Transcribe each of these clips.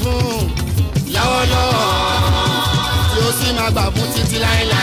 fún lọ́wọ́lọ́wọ́ tí ó sì máa gbà fún títí láéláé.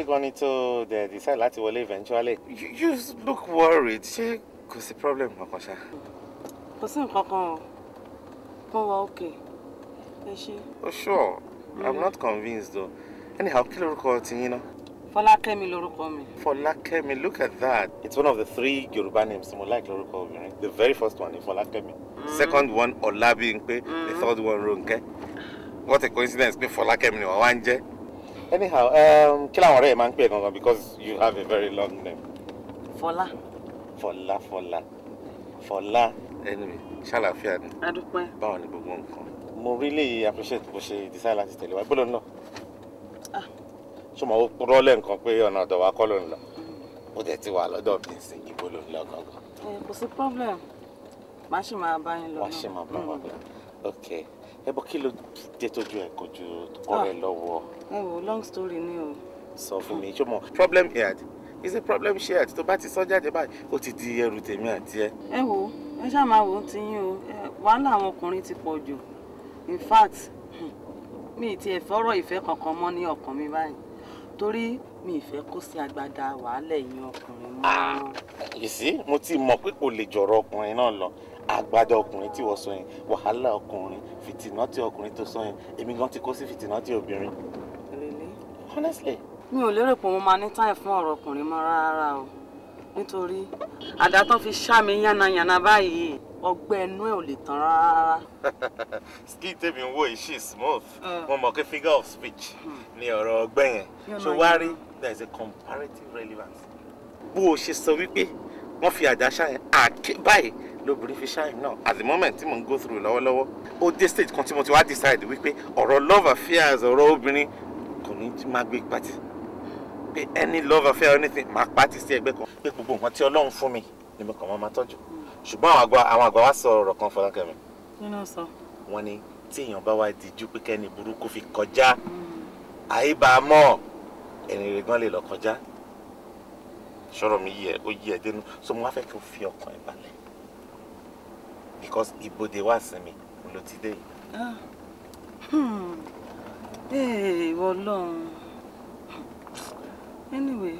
ṣé gan ni tó dẹ̀ decide láti wọlé eventually. you, you look worried ṣé kò sí problem kankan ṣá. kò sí nǹkan kan o wọn wà okay ẹ ṣe. oh sure mm -hmm. i'm mm-hmm. not convinced though anyhow kí lorúkọ ti yín náà. Fọlákẹ́mi lorúkọ mi. Fọlákẹ́mi look at that. It's one of the three Yoruba names mo like lorúkọ obìnrin. The very first one is Fọlákẹ́mi. Mm Second one Ọlábímpé. Mm The third one Ronke. What a coincidence pé Fọlákẹ́mi ni wọ́n wá ń jẹ́ anyhow um, kí làwọn ọ̀rẹ́ because you have a very long name. Fola, Fola, Fola, Fola. anyway ṣàlàfíà ni. adúpẹ́. báwo ni mo really appreciate bó ṣe decide láti tẹ̀lé wa gbọ́dọ̀ náà. ah. ṣé mo rọ́lẹ̀ nǹkan pé ọ̀nà ọ̀dọ̀ wa kọ́ ló ń lọ mm. ó dẹ̀ ti wà lọ́dọ̀ mi eh, sí ibo ló problem màá ṣì máa bá yín lọ. wàá ẹ bọ kí ló dé tójú ẹ kojú ah. ọ̀rẹ́ lọ́wọ́. n long story ni o. sọ fún mi ṣọmọ problem shared is a problem shared tó bá ti sọ jáde báyìí ó ti di ẹrù tèmi àti ẹ. ẹ wo ẹ ṣáà máa wò ó ti yín o wàhálà àwọn ọkùnrin ti pọ̀ jù in fact mi ì tiẹ̀ fọ́rọ̀ ìfẹ́ kankan mọ́ ní ọkàn mi báyìí torí mi ì fẹ́ kó sí agbada wàhálẹ̀ yín ọkùnrin mọ́. Ah, yìí sí mo ti mọ̀ pé kò lè jọ̀rọ̀ ọkùnrin náà lọ àgbájọ ọkùnrin tí wọ́n sọ yẹn wàhálà ọkùnrin fìtìnátì ọkùnrin tó sọ yẹn èmi gan ti kó sí fìtìnátì obìnrin. Honestly. mi ò lérò pé mo máa ní táyì fún ọ̀rọ̀ ọkùnrin mọ́ rárá o nítorí àdá tó fi ṣá mi yánnayànna báyìí ọgbẹ́ ẹnu ẹ̀ ò lè tán rárá. skin tèmi ń wò yìí ṣì smooth mm. mo mọ̀ pé figure of speech mm. ni ọ̀rọ̀ ọgbẹ́ yẹn ṣó wá there is a comparative relevance. bó o ṣe sọ wípé wọ́n fi àdá ṣá yẹn àké báyìí lóbìnrin fi ṣáìm náà at the moment tí mò ń go through lọ́wọ́lọ́wọ́ ó dé stage kan tí mo ti wá decide wípé ọ̀rọ̀ love affairs ọ̀rọ̀ obìnrin kò ní máa gbé party? pé any love affair anything máa party sí ẹgbẹ́ kan pé gbogbo nǹkan tí Ọlọ́run fún mi ni mo kàn máa máa tọ́jú ṣùgbọ́n àwọn àgbà àwọn àgbà wa sọ ọ̀rọ̀ kan Fọlákẹ́mi. nínú sọ. wọ́n ní tí èèyàn bá wá dijú pé kẹ́ni burúkú fi kọjá àyíbámọ́ ẹni rẹ̀ gan lè lọ kọjá sọ̀rọ̀ mi yẹ ó yẹ dénú so mo wá fẹ́ kí o fi ọkàn ẹ̀ balẹ̀ because Ibo wà wa mi ló ti dé. Hey, ah, hmm. eh, ọlọ́run anyway.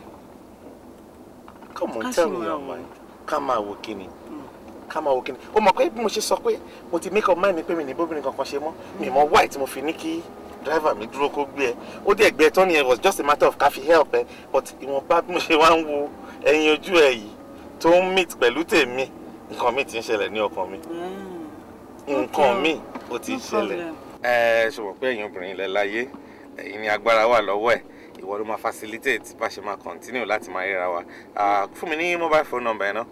come on tell me your mind Come out wo Come out máa hmm. o mọ̀ pé bí mo ṣe sọ pé mo ti make up mind mi pé mi ní bóbìnrin kankan ṣe mọ́ mi mo white mo fi ní driver mi dúró kó gbé ẹ ó dé ẹgbẹ́ was just a matter of ká fi help ẹ but ìwọ̀nba bí mo ṣe wá ń wo ẹyin ojú ẹ yìí meet pẹ̀lú tèmi nǹkan mi ti ń ṣẹlẹ̀ ní ọkàn mi mm. nǹkan mi ó ti ń ṣẹlẹ̀ ẹ ṣùgbọ́n pé ẹ̀yin obìnrin ilẹ̀ láyé ẹ̀yin ni agbára wà lọ́wọ́ ẹ̀ ìwọ ló máa facilitate bá ṣe máa continue láti máa ríra wa fún mi ní mobile phone number ẹ̀ náà.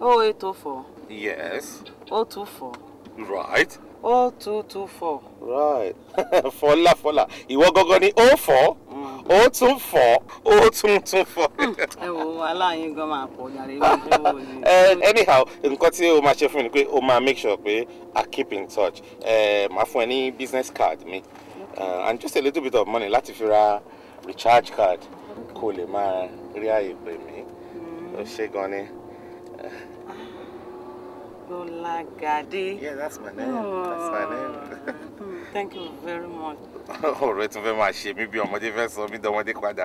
okay oh eight oh four. yes. oh two four. right. oh two two four. right fọlá fọlá ìwọ gọgọ ni oh four ó tún fọ́ ó tún tún fọ́. Hmm, ẹ wo aláàyín gan máa pọ̀ yàrá ibi tí anyhow nǹkan tí o máa ṣe fún mi ni pé o máa make sure pé i keep in touch eh, màá fún ẹ ní business card mi eh, and just a little bit of money láti fi ra recharge card kó o lè máa rí àyè pè mí hmm. ó ṣe gan ni. Golagade. Yeah, that's my name. Oh. That's my name. Hmm, thank you very much. ọ̀rẹ́ tún fẹ́ máa ṣe mí bí ọmọdé fẹ́ sọ mí dọmọdé padà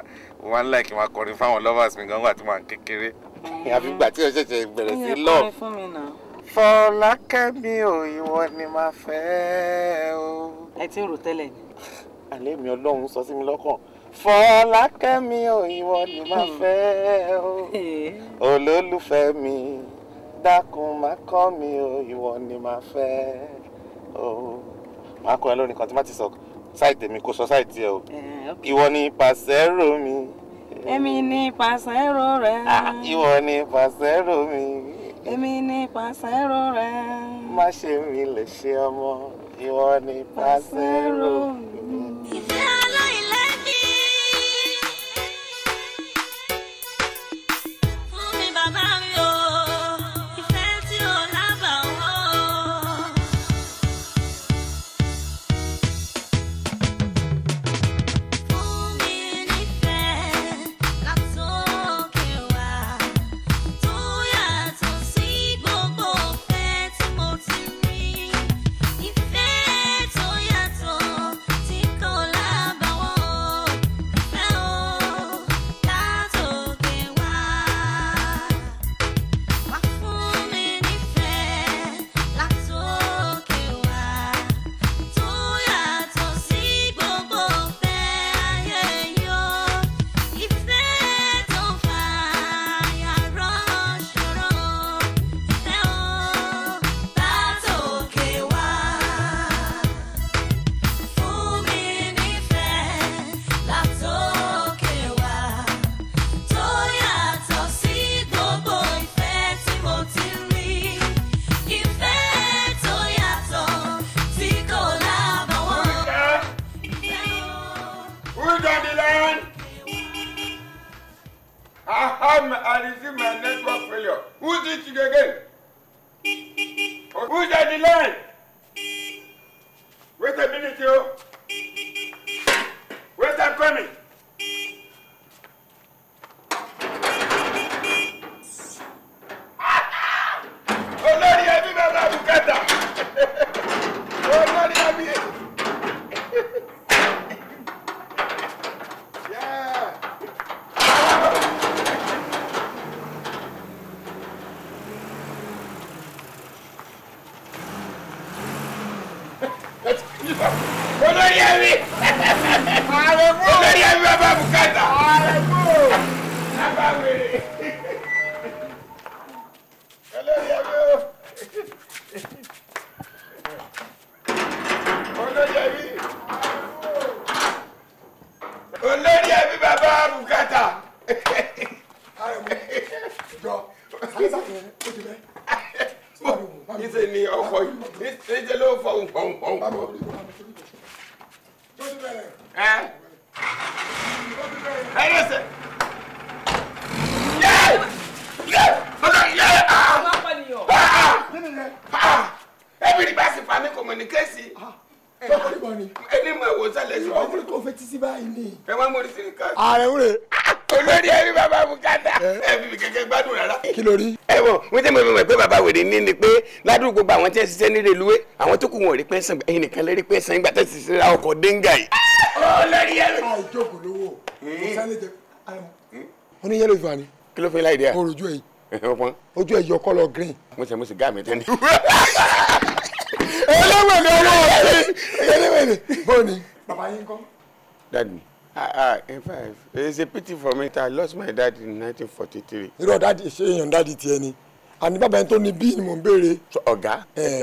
wọ́n ń láìkí máa kọrin fáwọn lovers mi gan wà tó máa ń kékeré hmm. àfi gbà tí o ṣẹ̀ṣẹ̀ bẹ̀rẹ̀ sí lọ. Fọlákẹ́mi ò ìwọ ni màá fẹ́ o. ẹ ti ń rò tẹ́lẹ̀ ni. àlẹ́ mi ọlọ́run sọ sí mi lọ́kàn Fọlákẹ́mi ò ìwọ ni màá hmm. fẹ́ o olólùfẹ́ mi dákun má kọ́ mi o ìwọ ni má fẹ́ o má kọ́ ẹ lónìí kan tí má ti sọ ṣáìtì mi kò sọ ṣáìtì ẹ o eh, ìwọ ni pàṣẹrò mi. èmi ni pàṣẹrò rẹ. ìwọ ni pàṣẹrò mi. èmi ni pàṣẹrò rẹ. má ṣe mi lè ṣe ọmọ ìwọ ni pàṣẹrò mi. ìfẹ́ alá. àwọn tí ń ṣiṣẹ́ ní reluwé àwọn tó kù wọn ò rí pẹ́sàn gbà ẹ̀yin nìkan lè rí pẹ́sàn gbà tẹ́ sì ra ọkọ̀ déńgà yìí. olórí ẹ̀rọ. a ìjókòó lówó hmm. o hmm. ní yẹ́lò ìfà ni. kí ló fẹ́ láì dé a. ojú ẹ̀ ojú ẹ̀ yọ kọ́lọ̀ green. mo ṣe mo ṣe gáàmì tẹ́ni. eléwèlé owó ọ̀sẹ̀ eléwèlé bóni. bàbá yín kọ́. dadi ah in fact it is a pity for me that I lost my dad in 1943. irọ́ dadi ṣé èèyàn dadi tiẹ̀ ni àní bàbá ẹni tó ní bí ni mò ń béèrè. ọ̀gá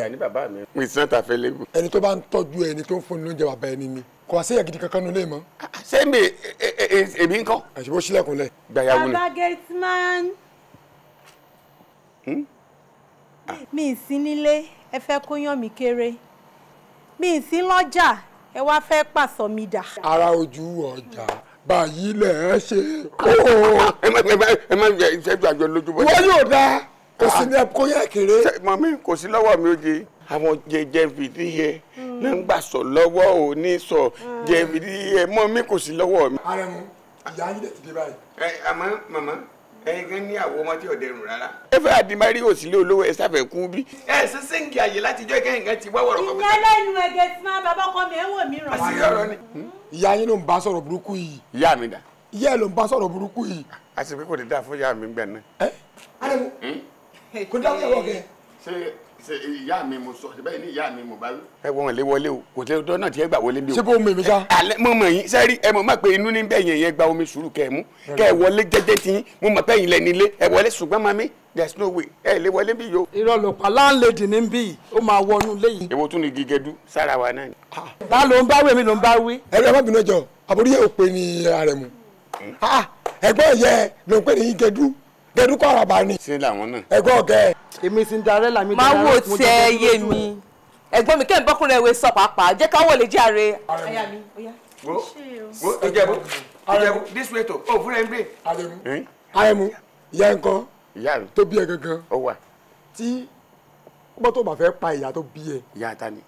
àní bàbá mi. with not available. ẹni tó bá ń tọ́jú ẹni tó ń fún ni lóúnjẹ bàbá ẹni ni kò wá séyà gidi kankan nílé mọ́. Ah, ah, ṣé mi e, e, e, èmi ń kọ́. àṣìbó sílẹ̀kùn lẹ̀. gbàyàwó ni. baba gateman. Hmm? Ah. mi ì sí nílé ẹ fẹ́ kó yàn mí kéré mi ì sí lọ́jà ẹ wá fẹ́ pàṣọ mi dà. ara ojú ọjà báyìí lẹ̀ ẹ́ ṣe. ẹ má ẹ má ẹ má ṣẹ́jú àjọ lójúmọ́. wọ́n yóò dáa kò sí ah. ní kó yẹ kéré. mọ̀mí kò sí lọ́wọ́ mi ó jẹ àwọn jẹjẹ fìdí yẹ ló hmm. ń gbà sọ lọ́wọ́ ò ní sọ hmm. jẹ fìdí yẹ mọ̀mí kò sí lọ́wọ́ mi. ara ìyá yín lè ti dé báyìí. ẹ àmọ́ màmá ẹyin kan ní àwọn ọmọ tí ò dẹrùn rárá. ẹ fẹ́ àdìmárí òsínlẹ̀ olówó ẹ sáfẹ́ kú bí. ẹ ṣe sẹ́ǹgì àyè látijọ́ ìkẹyìn kan ti wáwọ̀rọ̀ kọ́kọ́. ìyá lẹ́nu ẹ̀gẹ́ tí bàbá ọkọ mi ẹ̀ wò mí ràn. ìyá yín ló ń bá sọ̀rọ̀ burúkú yìí. ìyá mi dà. ìyá ẹ ló ń bá sọ̀rọ̀ burúkú yìí. àṣìbí kò ní dáa fún ìyá mi gbẹ̀ kò dáhùn ìyàwó ọ̀gẹ́. ṣé ṣe ìyá mi mo sọ bẹ́ẹ̀ ni ìyá mi mo bá wí. ẹ wọ́n lé wọlé o kò tẹ́ ọdọ́ náà tiẹ̀ gbà wọlé bí o. ṣé bó mi mi sá. alẹ́ mo mọ̀ yín sẹ́rí ẹ mọ̀ má pé inú ní bẹ́ẹ̀ yẹn yẹn gba omi sùúrù kẹ́ ẹ mú kẹ́ ẹ wọlé jẹ́jẹ́ ti yín mo mọ̀ pẹ́yìn lẹ́ni ilé ẹ wọlé ṣùgbọ́n mami there's no way ẹ lè wọlé bí yo. irọ́ ló pa láńlẹ́dì ní bí ó máa wọnú léyìí. èwo tún ni gígẹdú sára wa náà ni. bá ló ń bá wí èmi ló ń bá wí. ẹ̀rọ ẹ̀fọ́ bìnú ọjọ́ àbúrò yẹ òpè ní ara rẹ̀ mu. Hmm. ẹ̀gbọ́n yẹ ló ń pè ní gígẹdú dẹ̀dúkọ̀ àràbà ni. ṣé làwọn náà. ẹ̀gbọ́n ọ̀gẹ́. èmi Cinderella mi. máa wò tẹ yé mi ẹ̀gbọ́n mi kẹ́ ń bọ́kùnrin ẹ̀wẹ̀ sọ pàápàá jẹ́ káwọ́ lè jẹ́ ààrẹ. ọ̀yá mi Oya. wo wo ìjẹ̀bú this way to Oh, fúnra ẹ̀ ń bè. àrẹ̀mú àrẹ̀mú ìyá nǹkan tó bí ẹ gangan tí ọgbọ́n tó bá fẹ́ pa ìyá tó bí ẹ. ìyá ta ni.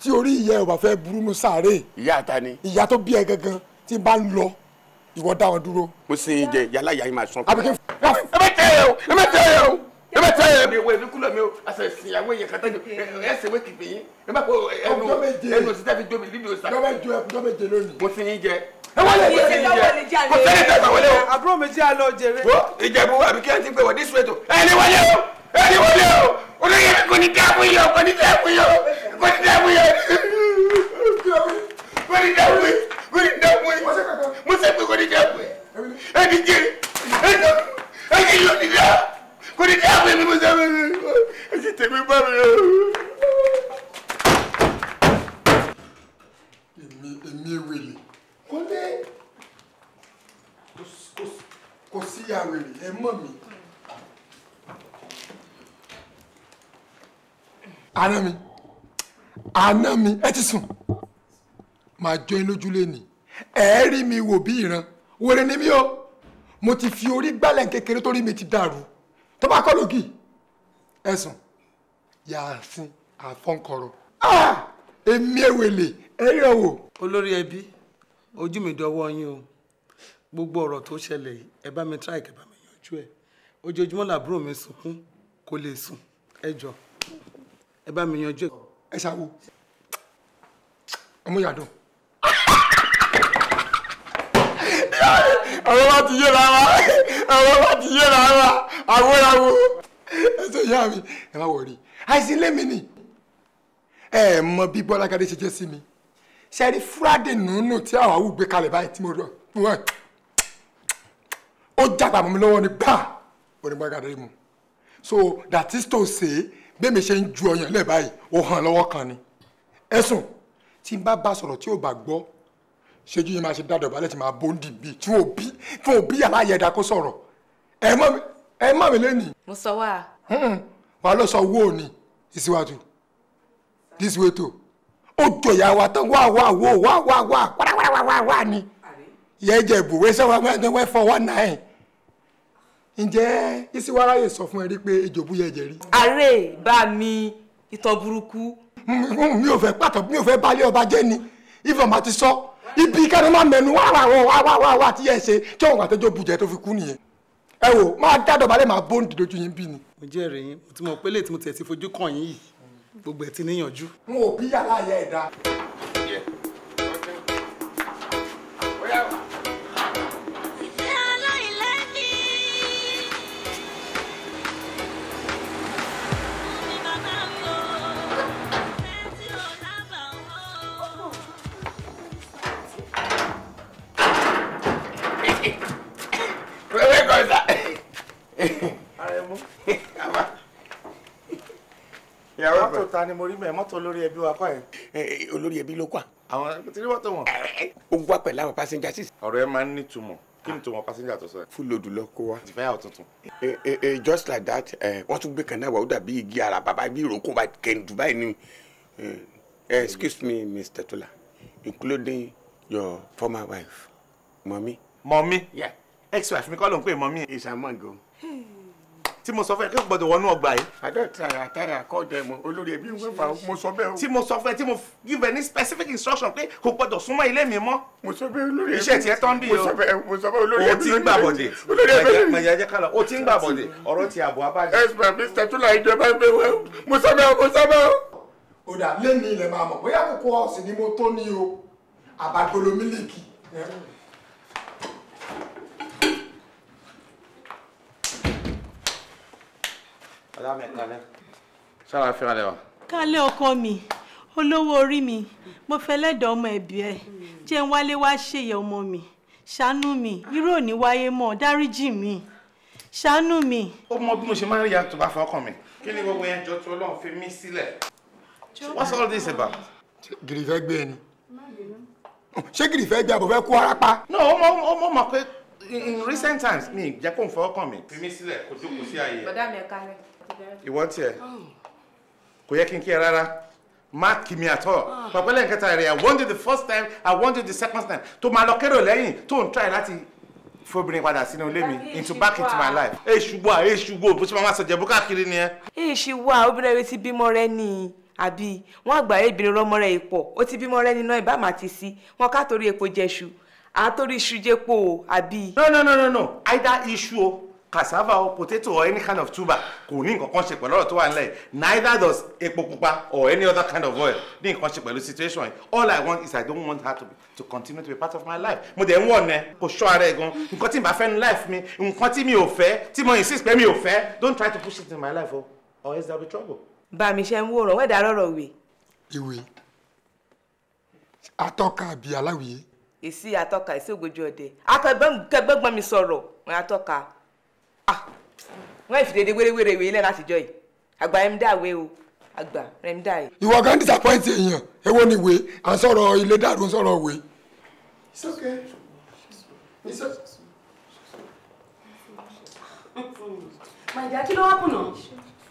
tí orí ìyá ẹ ò bá fẹ́ burú nù sáré. ìyá ta ni. ìyá tó bí ẹ gangan tí bá ń lọ ìwọ dá wọn dúró. mo sì ń jẹ yàrá yàrá yìí máa sàn. àbíkí ẹ bẹ tẹ ẹ o ẹ bẹ tẹ ẹ o ẹ bẹ tẹ ẹ. ẹ wo ẹbí kúlọ̀ mi o àṣà ìsìnyàwó yẹn kàtà jù ẹ ṣe wé kìpì yín ẹ bá kó ẹnu ẹnu òsì tẹ́fi jómi líbi òsà. dọ́bẹ̀ jọ ẹ dọ́bẹ̀ jẹ lónìí. mo sì ń jẹ. ẹ wọlé ìjẹ kò sẹ́ni tẹ̀ gbà wọlé o. àbúrò mi jẹ́ àlọ́ jèrè. ìjẹ̀bú àbíkí ẹ ti gbé wọ́n wọlé o ẹ ní wọlé o kò ní dẹ́kun yìí kò ní dẹ́kun yìí kò ní dẹ́kun yìí kò ní dẹ́kun yìí kò ní dààmú ẹ mo sẹ pé kò ní dààmú ẹ ẹni jẹ ẹni ẹni yóò ní dá kò ní dààmú ẹ mi mo sẹ pé ẹ ti tẹ̀mí bá mi. èmi èmi wèlé. kò ní kò sí àwèrè ẹ mọ̀ mi. àná mi máa jọ yín lójúlé ni ẹ rí mi wò bí ìran wèrè ni mí o mo ti fi orí gbálẹ̀ kékeré torí mi ti dàrú tó bá kọ́ lókì ẹ̀sùn yàásín àfọ́nkọ̀rọ̀ èmi èwèlè ẹ rí ọ wò. olórí ẹbí ojú mi dọwọ́ yín o gbogbo ọ̀rọ̀ tó ṣẹlẹ̀ ẹ bá mi tíráìkì bá mi yanjú ẹ̀ ojoojúmọ́ làbúrò mi sunkún kò lè sùn ẹ jọ ẹ bá mi yanjú ẹ. ẹ ṣàwo ọmọ yàdùn ọ̀rọ̀ wa ti yé ra wa ọ̀rọ̀ wa ti yé ra wa àwòránwò ẹsẹ̀ ìyá mi ẹ má wọrí àìsàn lèmi ni ẹ mọ bí Bọ́lá Gádé ṣe jẹ́ sí mi ṣe rí fúrádé nùnú tí àwọn àwùgbé kalẹ̀ báyìí tí mo rọ ó jàgbà mọ́ mi lọ́wọ́ ni gbà onígbà Gádé mu so that is to say bẹ́ẹ̀mi ṣe ń ju ọyàn lẹ́ẹ̀ báyìí ó hàn lọ́wọ́ kan ni ẹ̀sùn tí n bá bá sọ̀rọ̀ tí ò bá gbọ́ ṣéjú yìí máa ṣe dá dọ̀bálẹ̀ tí máa bóńdì bíi tí wọn ò bí tí wọn ò bí yàrá yẹ̀dá kó sọ̀rọ̀ ẹ mọ̀ mi lẹ́nìí. mo sọ wá. Hmm, wàá lọ sọ owó òní ìsíwájú this way to ó jọyà wa tán wá wá wó wá wá wá wárawárawá ni ìyẹn jẹ ìbòwé sẹwà mẹ́rin wẹ fọ wọn náà ẹ ǹjẹ́ ìsíwárá yìí sọ fún ẹ rí pé ìjòbú yẹ jẹ rí. ààrẹ bá mi ìtọ̀ burúkú. Hmm, hmm, mi ò fẹ́ pàtó mi ò fẹ́ balẹ̀ ọba jẹ́ ni ifeoma ti sọ. So ibi kẹ́ni máa mẹ́nu wá wá wá wá wá wá tí yẹ ṣe tí òun àtẹ́jọ́ bùjẹ́ tó fi kú nìyẹn ẹ wò máa dádọ̀bálẹ̀ máa bóńdì lójú yín bí ni. mo jẹ́rìí yín mo ti mọ̀ pé lè tí mo tiẹ̀ ti fojú kàn yín yìí gbogbo ẹ̀ ti níyànjú. n ò bí yàrá yẹ ẹ̀dá. mọ́tò ta ni mo rí mẹ́ mọ́tò olórí ẹbí wa kọ́ ẹ̀. olórí ẹbí ló kọ́ àwọn tí ní mọ́tò wọn. ó wá pẹ̀lú àwọn passenger six. ọ̀rọ̀ ẹ máa ń nítumọ̀ kí ni ah. tòun passenger tó sọ ẹ. lọ kó wa. ìfẹ́yàwó tuntun. just like that wọ́n tún gbé kan náà wà ó dàbí igi ara bàbá bí ìrókò bá kẹ́ndù báyìí ni excuse me Mr. Tola including your former wife mọ̀mí. mọ̀mí ex-wife mi kọ́ ló ń pè mọ̀mí. ìsàmọ́gò tí mo sọ fún ẹ kí n gbọ́dọ̀ wọnú ọgbà yìí. adé tààrà tààrà kọjá mọ olórí ẹbí ń wẹfà mo sọ bẹ́ẹ̀ o. tí mo sọ fún ẹ tí mo give ẹ ní specific instruction pé kò gbọ́dọ̀ súnmọ́ ilé mi mọ́. mo sọ bẹ́ẹ̀ olórí ẹbí iṣẹ́ tiẹ̀ tán bí o. mo sọ bẹ́ẹ̀ mo sọ bẹ́ẹ̀ olórí ẹbí o ti ń gbà bọ̀dẹ̀. olórí ẹbí mẹjẹ ẹjẹ kálọ o ti ń gbà bọ̀dẹ̀ ọ̀rọ̀ ti àbọ̀ abájẹ. ẹ sọ mi sẹtúlà ìjọba ẹgbẹ wẹ mo sọ bẹ́ẹ̀ mo sọ bẹ́ẹ̀ o. òdà lẹ́ni ilẹ̀ máa mọ̀ sára fi kalẹ̀ wa. kálẹ̀ ọkọ mi olówó orí mi mo fẹ́ lẹ́dọ̀ ọmọ ẹ̀bí ẹ̀ jẹ́ ń wálé wá ṣèyẹ ọmọ mi ṣàánú mi irú òní wáyé mọ́ dáríjì mi ṣàánú mi. ó mọ bí mo ṣe máa ń rí tó bá fọkàn mi kí ni gbogbo yẹn jọ tí ọlọ́run fi mí sílẹ̀ what's all this about. gìrì fẹ́ gbé ẹni ṣé gìrì fẹ́ gbé àbọ̀ fẹ́ kú ara pa. no ó mọ ó mọ pé in recent times mi jẹ́ kó n fọwọ́ kàn mí. fi mí sílẹ̀ kó jókòó sí ààyè. bọ̀dá mi ẹ̀ka rẹ̀. You want oh. kò yẹ kí n kí ẹ rárá má kì mí àtọ ah. pàpẹ́lẹ́ nkẹta i wanted the first time i wanted the second time tó máa lọ To lẹ́yìn lati ń try láti fobìnrin padà sínú ilé mi into back into my life. ẹ ṣubú à ẹ ṣubú mama ṣe máa sọ jẹ̀bú káàkiri ni ẹ. ẹ ṣubú à obìnrin rẹ ti bímọ rẹ ni àbí wọn àgbà rẹ ìbìnrin rọmọ rẹ ìpọ ó ti bímọ rẹ nínú ìbá máa ti sí wọn ká torí epo jẹṣu àá torí iṣu jẹpo àbí. no no no no no either iṣu cassava or potato or any kind of tuber kò ní nǹkan kan ṣe pẹ̀lú ọ̀rọ̀ tó wà nílẹ̀ neither does epo pupa or any other kind of oil ní nǹkan ṣe pẹ̀lú situation yìí all i want is i don't want her to, be, to continue to be part of my life mo dẹ̀ ń wọ̀ nẹ kò ṣọ́ ara ẹ̀ gan nǹkan tí n bá fẹ́ ní life mi nǹkan tí mi ò fẹ́ tí mo insist pé mi ò fẹ́ don't try to push it in my life o or else there be trouble. bàmí ṣe ń wòran wẹ́ẹ̀dà rọ̀rọ̀ wè. ìwé atọ́ka àbí aláwìyé. èsì atọ́ka èsì ògbójú ọdẹ akẹgbẹ́gbọ́n mi sọ̀rọ̀ wọn atọ́ka Ah, wọ́n fi dédé wérewére ìwé ilẹ̀ láti jọ yìí àgbà ẹ̀ ń dàwé o àgbà ẹ̀ ń dàwé. ìwọ gan disappoint èèyàn èwo ni ìwé à ń sọ̀rọ̀ ilé dàrú ń sọ̀rọ̀ ìwé. It's okay. It's okay. Màìdá kí ló wá kùnà?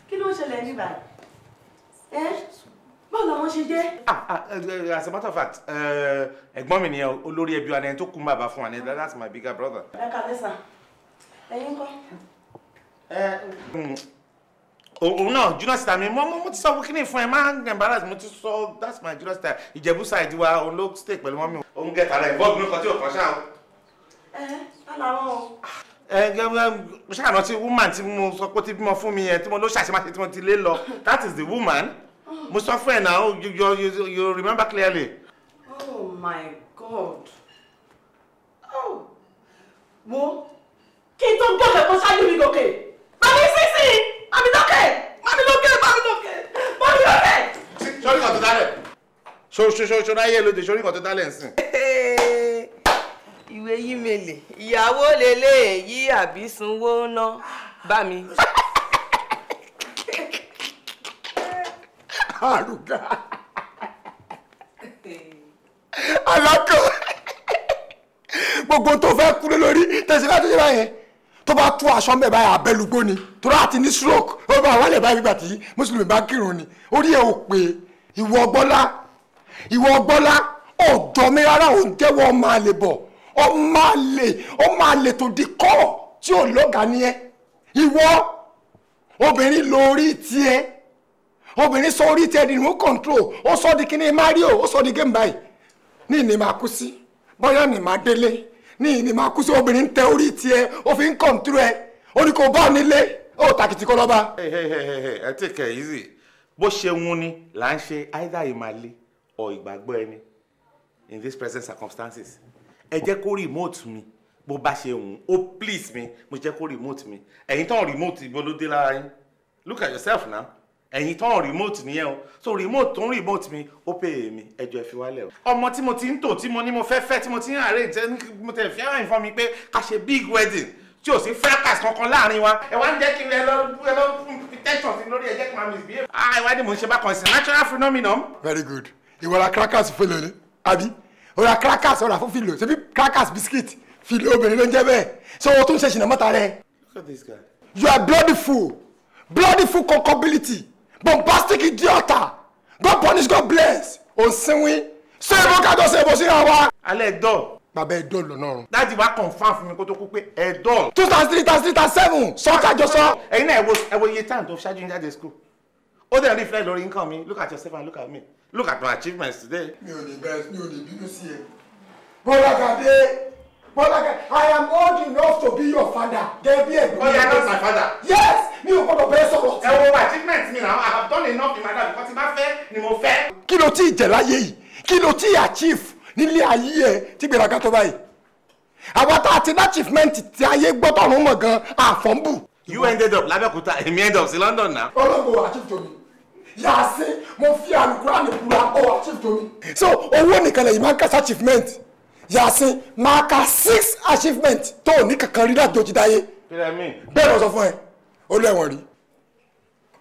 Kí ló ń ṣẹlẹ̀ ní báyìí? Ẹ́ báwo ṣe jẹ́? Ah, ah, eh, eh, as a matter of fact, eh, ẹ̀gbọ́n mi nìyẹn olórí ẹbí wa ni ẹni tó kú bàbá fún wa ni that's my bigger brother. Ẹ kàlẹ́ sàn ẹ̀yin kọ́. Um, òun náà junior star mi mo mo ti sọ wíkíní fún ẹ máa ń embarrass mo ti sọ that's my junior star ìjẹ̀bú side wa òun ló stay pẹ̀lú mọ́mí. òun gẹ̀ tààrà ìbọ́ọ̀gù ní kan tí ò kàn ṣáà. ẹ ẹ aláwọ̀ o. ẹ gẹ́gẹ́ ṣáà woman tí mo sọ pé ó ti bímọ fún mi yẹn tí mo ló ṣàṣemáṣe tí mo ti lé lọ that is the woman mo sọ fún ẹ náà you you you remember clearly. oh my god. oh wo kí n tó gòkè kó ṣáájú mi gòkè mami sísì mami lókè mami lókè mami lókè mami lókè. sórí kan tó dálẹ̀ ṣoṣoṣoṣo ráyè lóde sórí kan tó dálẹ̀ ń sìn. ìwé yìí mele ìyàwó lélẹ̀ yí àbí sanwó ná bá mi. àrùgá alákọ̀ọ́ gbogbo tó fẹ́ kúrò lórí tẹ̀síwájú yẹn báyẹn tó bá tú aṣọ mẹ́ẹ̀ báyìí abẹ́lugbó ni torí àti ní stroke ó bá wálé báyìí gbà tí mùsùlùmí bá kírun ni orí ẹ̀ ò pé ìwọ ọgbọ́lá ìwọ ọgbọ́lá ọ̀dọ́ mi rárá ò ń jẹ́wọ́ ọmọ àlè bọ̀ ọmọ àlè ọmọ àlè tó di kọ́ tí ò lọ́gà ni ẹ ìwọ obìnrin lórí tiẹ̀ obìnrin sọ orí tiẹ̀ di remote control ó sọ di kíní Mario ó sọ di game báyìí ní ìní máa kú sí bóyá ní máa délé ní ìní máa kú sí obìnrin tẹ orí tiẹ̀ ó fi ń kọ̀ǹtúrú ẹ ó ní kó bá ọ nílé ó tàkìtì kọ́ lọ́ba. ẹ tí kẹ easy bó ṣe wun ni là ń ṣe either ìmàle or ìgbàgbọ́ ẹni in these present circumstances ẹ jẹ́ kó remote mi bó bá ṣe wùn ó oh, please mi mo jẹ́ kó remote mi ẹ̀yin tán remote ìbọn ló dé lára yín look at yourself now ẹ̀yin tán remote nìyẹn o so remote tó ń remote mi ó pè é mi ẹjọ́ ẹ fi wálẹ̀ o. ọmọ tí mo ti ń tò tí mo ní mo fẹ́ fẹ́ tí mo ti ń arrange tẹ́ mo tẹ̀ fi hàn fún mi pé ká ṣe big wedding tí ò sí fracas kankan láàrin wa. ẹ wá ń jẹ́ kí ẹ lọ ẹ lọ fi tension sí lórí ẹ jẹ́ kí màá ah ìwádìí mò ń ṣe bákan sí natural phenomenon. very good ìwọ ra crackers fèlè ni àbí o ra crackers o ra fún fìlò ṣebí crackers biscuit fìlò obìnrin ló ń jẹ bẹ́ẹ̀ so o tún ṣe ṣìnà mọ́ta rẹ. look at this guy. you are bloody full. bloody full concability bombastic idiota god punish god bless òsínwín ṣé ìbò kájọ ṣe ìbò síra wa. alẹ́ dọ̀. bàbá ẹ̀dọ́ lọ́nà ọ̀run. dájú wa confam fún mi kó tó kú pé ẹ̀dọ́. two thousand three thousand three thousand seven sọ kájọ sọ. ẹ̀yin náà ẹ wo iye time tó ṣáájú ní jáde school ó dẹ̀ reflect lórí income mi look at yourself and look at me look at my achievements today. mi ò lè bẹ̀rẹ̀ mi ò lè bínú sí ẹ. bọ́lá kàdé. Bọ́lá I am old enough to be your father. Gẹ́gẹ́ bí ẹ̀gbọ́n. Bọ́lá that's my father. Yes! Mi ò gbọ́dọ̀ bẹ́ẹ̀ sọ̀rọ̀. Ẹ wo achievement me now. I have done enough in my life because tí bá fẹ́ ni mo fẹ́. Kí ló tí ì jẹ láyé yìí? Kí ló tí ì achieve nílé ayé ẹ tí gbèrágá tó báyìí? Àwa tá a ti ní achievement tí ayé gbọ́dọ̀ ọ̀run mọ̀ gan-an àfọ̀nbù. You ended up Lábẹ́òkúta, èmi end up sí London náà. Ọlọ́gbọ̀n achieve to me yàá sí mo fi àlùkùránì kura ọ achieve to me. so owó nìkan lè yìí máa ń kásá achievement. Yasin máa ka six achievement tó o ní kankan rí láti ojú dáyé bẹ́ẹ̀ lọ sọ fún ẹ ó lọ ẹ̀wọ̀n rí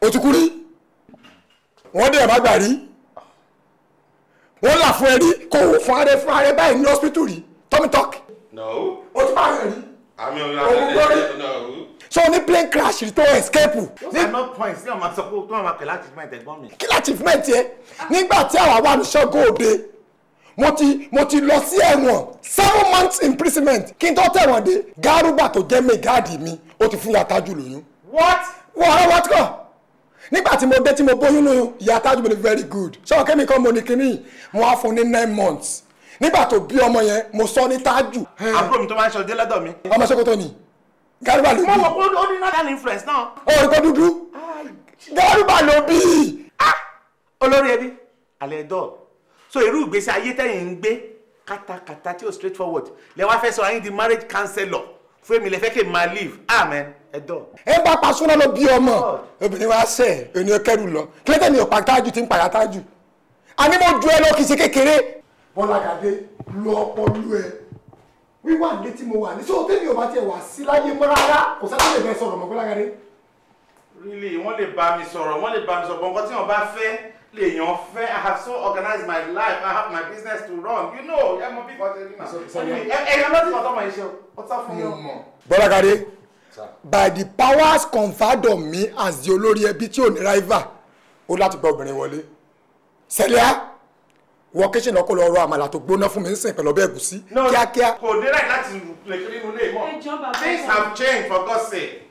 òtúkú rí wọ́n dẹ̀ bá gbà rí wọ́n là fún ẹ rí kò wò fún ààrẹ fún ààrẹ báyìí ní hospital rí tommy talk ó ti bá rẹ̀ rí òun gbọ́ rí so ní plane crash rí tó escape. not points ní àwọn àti sọ pé tó àwọn akẹ́lẹ́ achievement ẹ̀gbọ́n mi. kí ni achievement yẹ nígbà tí àwa wà ní ṣọ́gọ́ òde mo ti mo ti lọ sí ẹ̀wọ̀n seven months imprisonment kí n tó tẹ̀wọ̀n dé gárúbà tó jẹ́ mẹ́gáàdì mi ó ti fún ìyá tájù lóyún. what. wọ́n ọ̀rọ̀ wọ́n ti nígbà tí mo dé tí mo bóyún lóyún ìyá tájù mi ni very good ṣé ọ̀kẹ́ mi kan mo ní kinní mo á fún ní nine months nígbà tó bí ọmọ yẹn mo sọ ní tájù. àbúrò mi tó máa ń ṣọdẹ lọ́dọ̀ mi. ọmọ ṣòkòtò ni gárúbà ló bí. mo mọ̀ pé ó ní náírà influence náà. ó rí pé dúdú gárúbà ló bí. Ah! olórí ẹbí àlẹ́ dọ́ọ̀ so irú ìgbésí ayé tẹ́yìn ń gbé kátàkátà tí ó straight forward lẹ wá fẹ́ sọ ayé di marriage counselor fún èmi lẹ fẹ́ kí n máa leave amen ẹ̀dọ́. ẹ bá pasúnà lọ bí ọmọ obìnrin wa ṣe ènìyàn kẹrù lọ kílẹ̀tẹ̀ mi ò pa tájù tí ń pàyà tájù àní mo ju ẹ lọ kì í ṣe kékeré. bọ́lágàdé lu ọpọlọ ẹ wíwà ní tí mo wà ní sọ tẹ́lẹ̀ ò bá tiẹ̀ wá sí láyé mọ́ rárá kò sáré lè bẹ sọ̀rọ̀ mọ́ bọ́lágàdé. really wọ́n lè bá mi sọ̀rọ̀ wọ́n lè bá mi sọ̀rọ̀ bọ́ńkọ́ tí wọ́n bá fẹ́ lèèyàn fẹ́ I have so organized my life I have my business to run you know ẹ mọ bí kò ṣe rí ma ẹ̀yàn lọ́sí ọ̀tọ́ mọ̀ iṣẹ́ o ọ̀tọ́ fún mi. Bọ́lágadé by the powers conferred on me as the olórí ẹbí tí ò ní rival ó láti gba obìnrin wọlé Sẹlẹ̀ wọ kíṣìnà kó lọ rọ àmàlà tó gbóná fún mi ń sìn pẹ̀lú ọbẹ̀ ẹ̀gúsí kíákíá. kò dé láì láti lè kiri inú ilé mọ́ things have changed for God's sake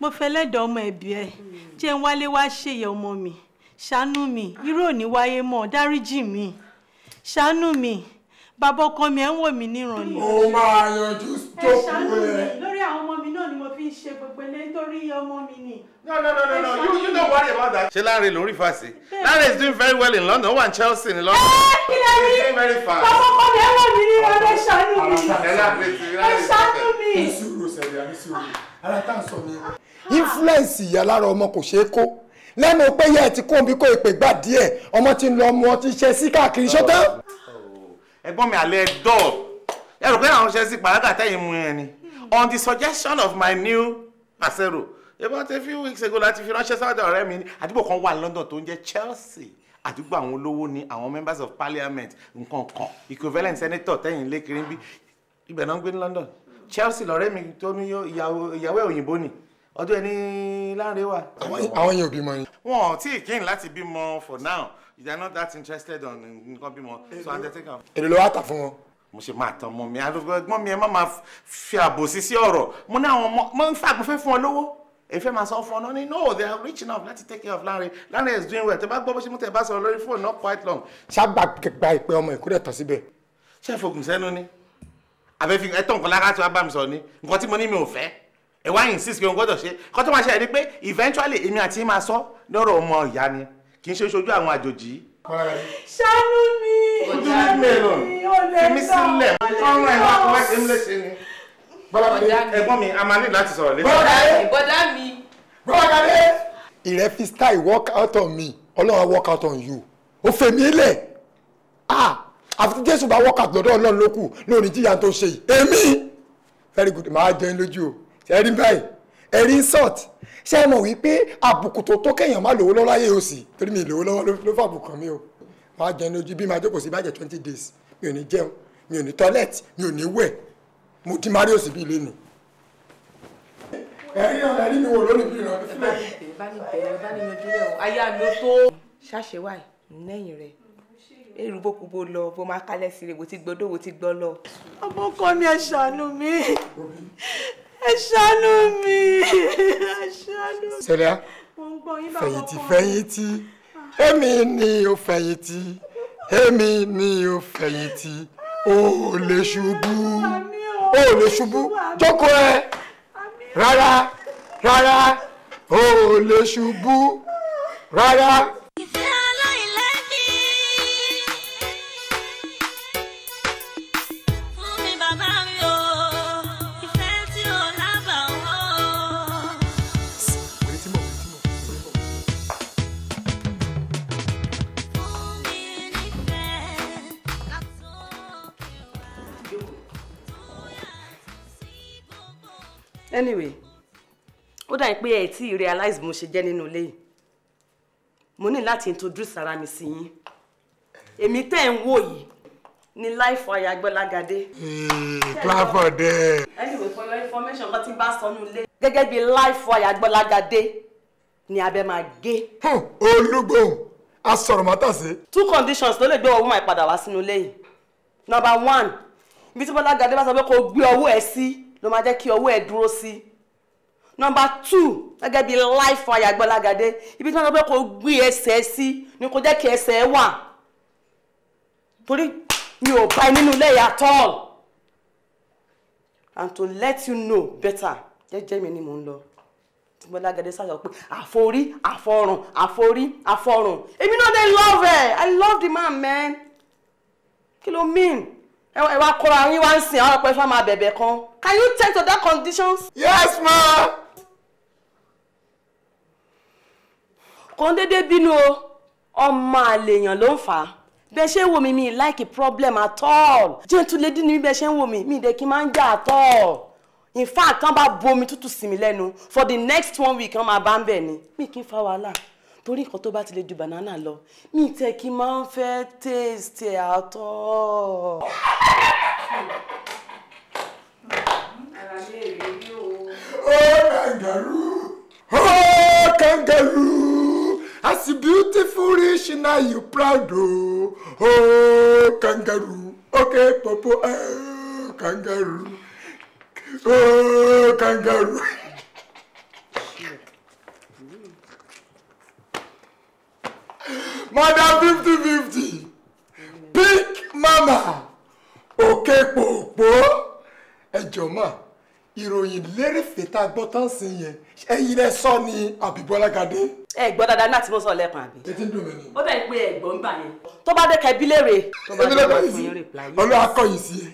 mo fẹ́ lẹ́dọ̀ ọmọ ẹ̀bí ẹ̀ hmm. jẹ́ ń wálé wá ṣèyẹ ọmọ mi ṣàánú mi irú òní wáyé mọ́ dáríjì mi ṣàánú mi bàbá ọkọ mi ẹ̀ ń wò mí níran ni. ó máa yanjú tó kú rẹ. lórí àwọn ọmọ mi náà ni mo fi ń ṣe gbogbo ilé nítorí ọmọ mi ni. no no no no no you you don't worry about that. ṣé Lanre lórí fàṣẹ Lanre is doing very well in London ó wà ní Chelsea ní London. ẹ kí lè rí bàbá ọkọ mi ẹ̀ wò mí níran ẹ ṣàánú mi ẹ ṣàánú mi influence ìyá lára ọmọ kò ṣeé kó lẹ́nu pé yẹ́ ẹ ti kó omi kó èpè gbà díẹ̀ ọmọ ti ń lọ ọmọ ti ṣe sí káàkiri ṣọ́tán. ẹ̀gbọ́n mi àlẹ́ dọ́ọ̀ ẹ pé àwọn ṣe sí pàrọ́gà tẹ́yìn mu yẹn ni on the suggestion of my new pasero about a few weeks ago láti fi ránṣẹ́ sáwọ́dọ̀ ọ̀rẹ́ mi ní àdúgbò kan wà London tó ń jẹ́ Chelsea àdúgbò àwọn olówó ni àwọn members of parliament nǹkan kan equivalent senator tẹ́yìn lé kiri ń bí ibẹ̀ náà ń gbé ní London. Chelsea lọ̀rẹ́ mi tó ní ìyàwó òyìnbó ni ọdún ẹni láàrin wa. àwọn yẹn ò bímọ ni. wọn ò tí ì kí n láti bímọ for now they are not that interested on nǹkan bímọ so undertaker. èrè ló wá tà fún wọn. mo ṣe máa tán ọmọ mi ẹ̀gbọ́n mi ẹ má máa fi àbòsí sí ọ̀rọ̀ mo ní àwọn ọmọ mo ń fà mo fẹ́ fún ọ lówó èfẹ́ máa sọ fún ọ náà no they are rich enough láti take care of Lanre Lanre is doing well tó bá gbọ́ bó ṣe mú tẹ̀ bá sọ̀rọ̀ lórí fóònù not quite long. ṣá gba ìpè ọmọ ìkúrẹ̀ tán síbẹ̀. ṣé ìfògùn sẹ́nu ni àbẹ́fin ẹ tán nǹkan lára tí wàá bá mi sọ ni nǹkan tí mo ní mi ò fẹ́ ẹ wá insist pé n gbọ́dọ̀ ṣe kọ́ tó máa ṣe ẹni pé eventually èmi àti máa sọ lọ́rọ̀ ọmọ ìyá ni kì í ṣe ṣojú àwọn àjòjì. ṣàánú mi ṣàánú mi ò lè tọ́ fi mí sílẹ̀ ọ̀rọ̀ ẹ̀ wá kọ́ wá ṣe ń léṣe ni. bọ́lákadé ẹ̀gbọ́n mi a máa ní láti sọ̀rọ̀ lẹ́sìn. bọ́lákadé bọ́dá mi. bọ́lákadé. ìrẹ́fí style work out on me ọlọ́run work out on you ó fèmí lẹ̀ ah àfi tí jésù bá wọ́kà lọ́dọ̀ ọlọ́run ló kù lórí jíjà tó ṣe yìí èmi very good màá jẹun lójú o ṣe rí báyìí ẹ̀rí ń sọ̀t ṣé ẹ mọ̀ wípé àbùkù tó tó kéèyàn má lówó lọ́wọ́ láyé òsì torí mi lówó lọ́wọ́ ló fà bùkù mi o màá jẹun lójú bí màá jókòó sí bàjẹ́ twenty days mi ò ní jẹun mi ò ní toilet mi ò ní wẹ̀ mo ti má rí òsì bí ilé ni ẹ̀rí náà ẹ̀rí mi wò lórí bí ìrọ̀lẹ́ sílẹ̀. bá ní bẹ̀rẹ̀ bá ní yanjú èrú bókúbó lọ bó máa kálẹ̀ sí rẹ̀ wò ti gbọ́dọ̀ wò ti gbọ́ lọ. ọmọ ọkọ mi ẹ ṣàánú mi ẹ ṣàánú mi ẹ ṣàánú mi. sẹ́lẹ̀ fẹ̀yìntì fẹ̀yìntì èmi ni ó fẹ̀yìntì èmi ni ó fẹ̀yìntì ó lè ṣubú ó lè ṣubú jókòó ẹ rárá rárá ó lè ṣubú rárá. anyway ó dà pé ẹ tí ì realize mo ṣe jẹ́ nínú ilé yìí mo ní láti introduce ara mi sí yín èmi tẹ́ ń wò yìí ni láìfọ ayagbọ́lágadé. clap for them. anyway for your information bá ti bá sọnù ilé. gẹ́gẹ́ bí láìfọ ayagbọ́lágadé ni abẹ máa gé. olúgbòhùn a sọ̀rọ̀ two conditions ló lè gbé ọwọ́ máa padà wá sínú ilé yìí number one ibi tí bọ́lágadé bá sọ pé kó gbé ọwọ́ ẹ sí ló máa jẹ́ kí ọwọ́ ẹ̀ dúró sí nọmba two gẹ́gẹ́ bíi life fire gbọ́lágadé ibi tí wọ́n sọ pé kò gbé ẹsẹ̀ sí ni kò jẹ́ kí ẹsẹ̀ wà torí mi ò bá ẹ nínú ilé yàtọ̀ and to let you know better jẹ́jẹ́ mi ni mò ń lọ tí gbọ́lágadé sàṣọ pé àforí àfọrùn àforí àfọrùn èmi náà dey love ẹ i love the man man kí ló mean ẹ wá kóra yín wá ń sìn àwọn ọpẹ fún àmà bẹ̀bẹ̀ kan can you take to that conditions. yes ma. kò ń dédé bínú o ọmọ àlèyàn ló ń fà á bẹ ṣe ń wò mí mi like a problem at all gentle lady ni mi bẹ ṣe ń wò mí mi dẹ kí n máa ń jà at all in fact kàn bá bu omi tútù sí mi lẹ́nu for the next one week kàn máa bá ń bẹ̀ ni mi kì í fa wàhálà torí nǹkan tó bá ti lè ju banana lọ mi tẹ kí n máa ń fẹ́ taste àtọ. oh kangaroo oh kangaroo as you beautiful rich na you proud oh oh kangaroo okay popo oh kangaroo oh kangaroo. Mother fifty fifty big mama òkè pòpò ẹjọ mà ìròyìn lérèfé tá a gbọ́ tán sí yẹn ẹ̀yin lẹ sọ ni àbíbọ́lá gadé. ẹ gbọ́ dáadáa náà tí mo sọ lẹ́ẹ̀kan àbí. etí ń dùn mí ni. ó dẹ̀ pé ẹ̀gbọ́n ń bà yẹn. tó bá dé kẹbí léèrè. tó bá dé wà fún yín sí ẹ